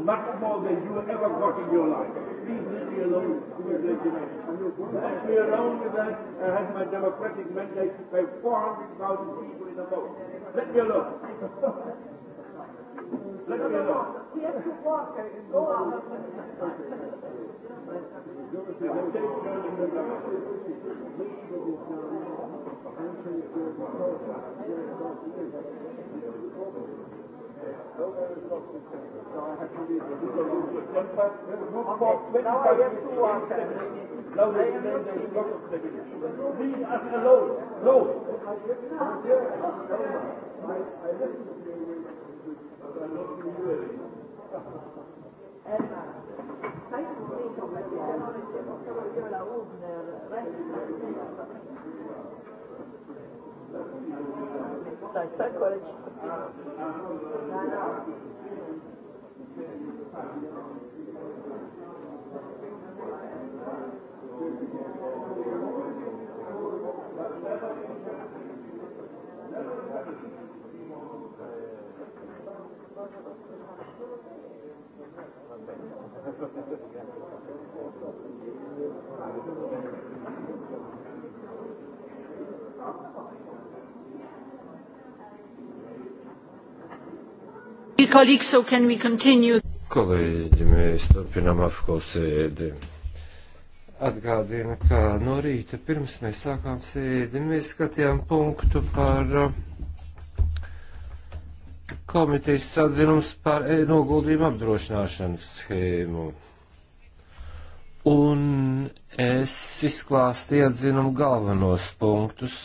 much more than you ever got in your life. Please leave me alone with that. Let me alone with that. I have my democratic mandate by 400,000 people in a vote. Let me alone. Let me alone. Oh. Thank you. Now I have to ask Now there is a lot of speculation. Leave us alone. No. I listen to you, but I'm not really. Thank you. Stai, stai qua le Grazie. *laughs* colleagues, so can we continue? Kolēģi, mēs turpinām apkosēdi. Atgādina, ka no rīta pirms mēs sākām sēdi, mēs skatījām punktu par uh, komitejas atzinums par e noguldījumu apdrošināšanas schēmu. Un es izklāstīju atzinumu galvenos punktus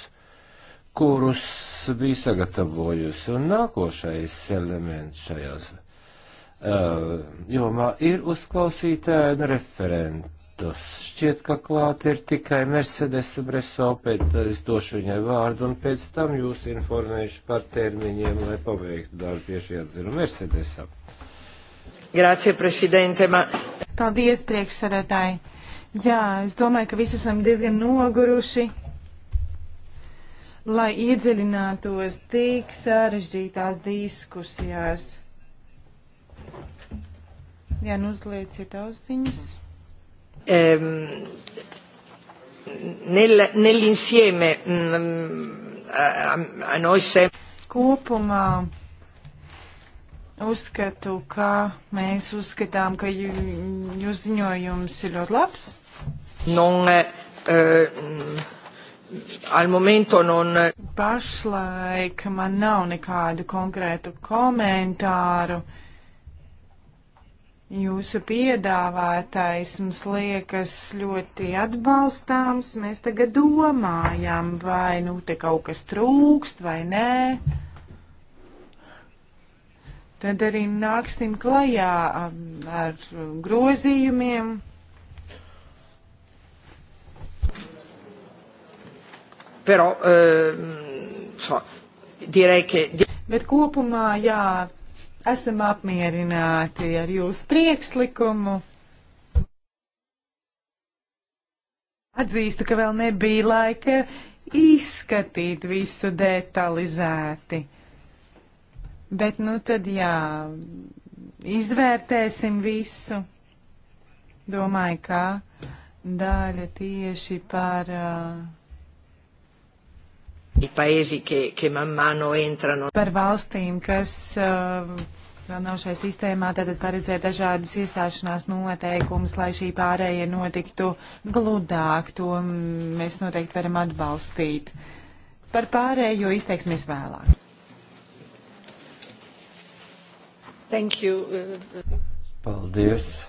kurus bija sagatavojusi. Un nākošais elements šajās uh, jomā ir uzklausītāju uh, referentus. Šķiet, ka klāt ir tikai Mercedes Breso, pēc uh, es došu viņai vārdu un pēc tam jūs informēšu par termiņiem, lai paveiktu darbu pie šī atzinu Mercedesam. Grācie, prezidente. Ma... Paldies, priekšsēdētāji. Jā, es domāju, ka visi esam diezgan noguruši lai iedziļinātos tik sarežģītās diskusijās. Jā, nu uzlieciet austiņas. Um, nel, nell'insieme um, a, a noi sem- Kopumā uzskatu, ka mēs uzskatām, ka jūsu ziņojums ir ļoti labs. Non, uh, um, al momento non. Pašlaik man nav nekādu konkrētu komentāru. Jūsu piedāvātais mums liekas ļoti atbalstāms. Mēs tagad domājam, vai nu te kaut kas trūkst vai nē. Tad arī nāksim klajā um, ar grozījumiem. Però, eh, so, direi che... Bet kopumā, jā, esam apmierināti ar jūsu priekšlikumu. Atzīstu, ka vēl nebija laika izskatīt visu detalizēti. Bet, nu tad jā, izvērtēsim visu. Domāju, kā daļa tieši par. Uh, i paesi che, che man mano entrano. Par valstīm, kas uh, vēl nav šai sistēmā, tad paredzēt dažādus iestāšanās noteikumus, lai šī pārējie notiktu gludāk. To mēs noteikti varam atbalstīt. Par pārējo izteiksimies vēlāk. Thank you. Paldies.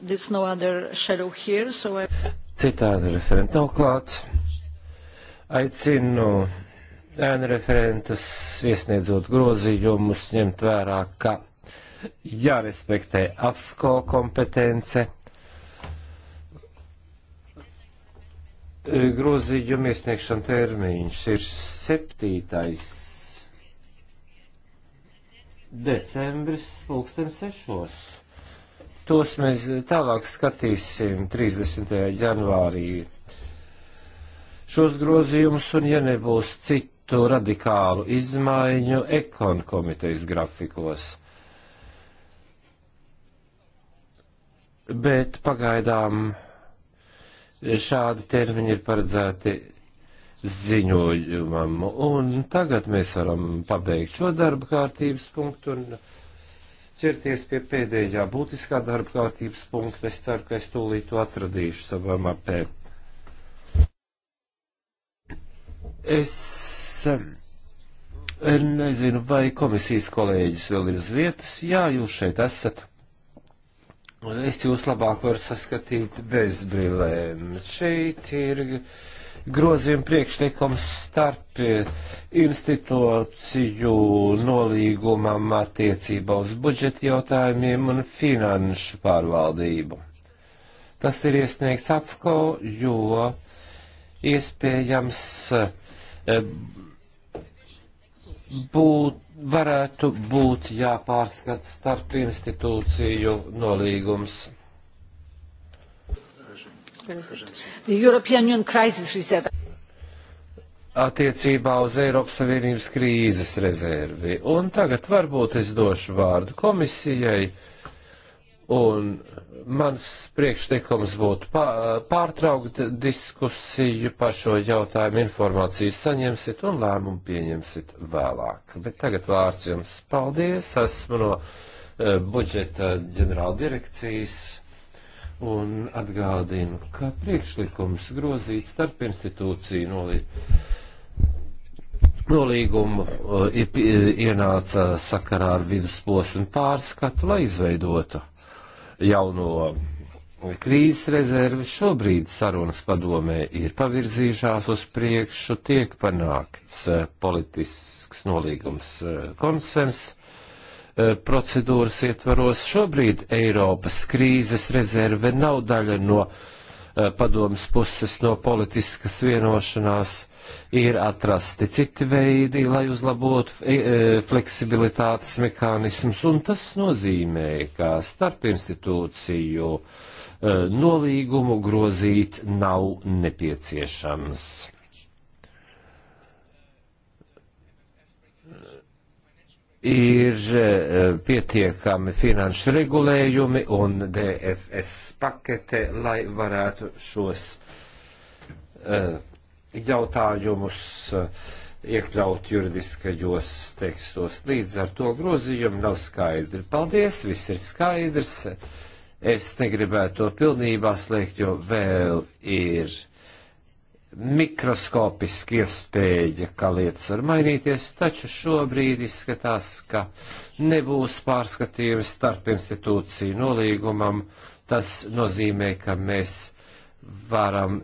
There's no other shadow here, so I... Citādi referenta nav klāts. Aicinu ēnu referentus iesniedzot grozījumus, ņemt vērā, ka jārespektē AFCO kompetence. Grozījuma iesniegšana termiņš ir 7. decembris, pulksten 6. Tos mēs tālāk skatīsim 30. janvārī šos grozījumus, un ja nebūs citu radikālu izmaiņu ekon komitejas grafikos. Bet pagaidām šādi termiņi ir paredzēti ziņojumam. Un tagad mēs varam pabeigt šo darba kārtības punktu un ķerties pie pēdējā būtiskā darba kārtības punkta. Es ceru, ka es tūlīt to atradīšu savā mapē. Es er, nezinu, vai komisijas kolēģis vēl ir uz vietas. Jā, jūs šeit esat. Es jūs labāk varu saskatīt bez brillēm. Šeit ir grozījuma priekšlikums starp institūciju nolīgumam attiecībā uz budžeta jautājumiem un finanšu pārvaldību. Tas ir iesniegts AFCO, jo iespējams eh, būt, varētu būt jāpārskata starp institūciju nolīgums. Attiecībā uz Eiropas Savienības krīzes rezervi. Un tagad varbūt es došu vārdu komisijai Un mans priekšlikums būtu pārtraukt diskusiju par šo jautājumu, informāciju saņemsiet un lēmumu pieņemsiet vēlāk. Bet tagad vārds jums paldies. Esmu no eh, budžeta ģenerāla direkcijas un atgādinu, ka priekšlikums grozīt starp institūciju nolīdzību nolīgumu eh, eh, ienāca sakarā ar vidusposmu pārskatu, lai izveidotu jauno krīzes rezervi. Šobrīd sarunas padomē ir pavirzījušās uz priekšu, tiek panākts eh, politisks nolīgums eh, konsens eh, procedūras ietvaros. Šobrīd Eiropas krīzes rezerve nav daļa no padomas puses no politiskas vienošanās ir atrasti citi veidi, lai uzlabotu e, e, fleksibilitātes mehānismus, un tas nozīmē, ka starp institūciju e, nolīgumu grozīt nav nepieciešams. ir pietiekami finanšu regulējumi un DFS pakete, lai varētu šos uh, jautājumus eh, iekļaut juridiskajos tekstos. Līdz ar to grozījumi nav skaidri. Paldies, viss ir skaidrs. Es negribētu to pilnībā slēgt, jo vēl ir mikroskopiski iespēja, ka lietas var mainīties, taču šobrīd izskatās, ka nebūs pārskatījums starp institūciju nolīgumam. Tas nozīmē, ka mēs varam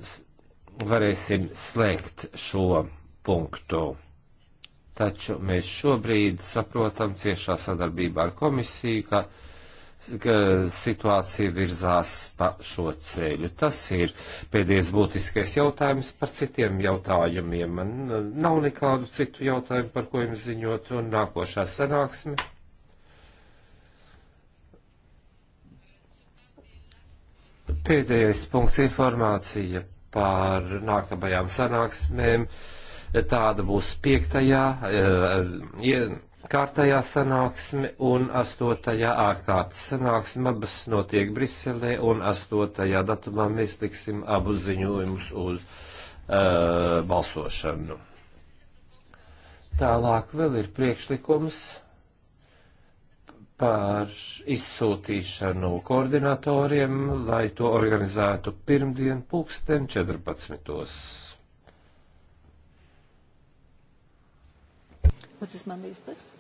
varēsim slēgt šo punktu. Taču mēs šobrīd saprotam ciešā sadarbībā ar komisiju, ka ka situācija virzās pa šo ceļu. Tas ir pēdējais būtiskais jautājums par citiem jautājumiem. Man nav nekādu citu jautājumu, par ko jums ziņot, un nākošā sanāksme. Pēdējais punkts informācija par nākamajām sanāksmēm. Tāda būs piektajā, eh, kārtējā sanāksme un astotajā ārkārtas sanāksme. Abas notiek Briselē un astotajā datumā mēs liksim abu ziņojumus uz uh, balsošanu. Tālāk vēl ir priekšlikums par izsūtīšanu koordinatoriem, lai to organizētu pirmdien pulksten 14. What is Monday's best?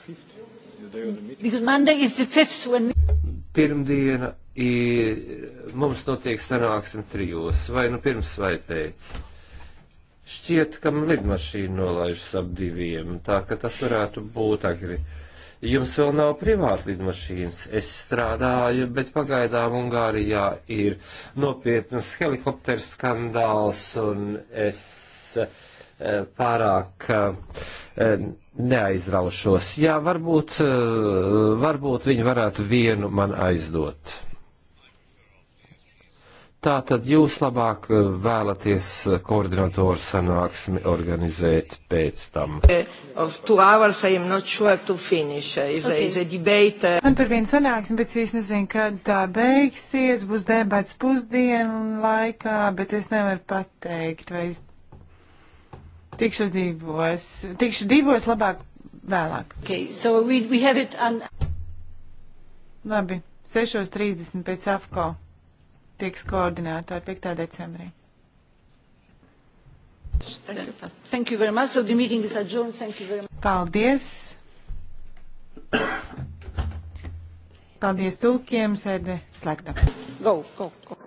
Fifth. The day of the meeting. Because Monday is the fifth when pirmdiena ir, mums notiek sanāksim trijos, vai nu pirms vai pēc. Šķiet, ka lidmašīna nolaižas ap diviem, tā ka tas varētu būt agri. Uh, Jums vēl nav privāta lidmašīnas. Es strādāju, bet pagaidām Ungārijā ir nopietnas helikopters skandāls, un es eh, pārāk eh, neaizraušos. Jā, varbūt, eh, varbūt viņi varētu vienu man aizdot. Tā tad jūs labāk eh, vēlaties eh, koordinatoru sanāksmi organizēt pēc tam. Eh, hours, sure finish, is okay. a, is a Man tur viena sanāksme, bet es nezinu, kad tā beigsies. Būs debats pusdienu laikā, bet es nevaru pateikt, vai tikšos divos. Tikšu divos labāk vēlāk. Okay, so we, we have it on... Labi, 6.30 pēc AFCO tiks koordinēta ar 5. decembrī. Thank you. Thank you very much. So the meeting is adjourned. Thank you very much. Paldies. Paldies tulkiem, sēde slēgta. Go, go, go.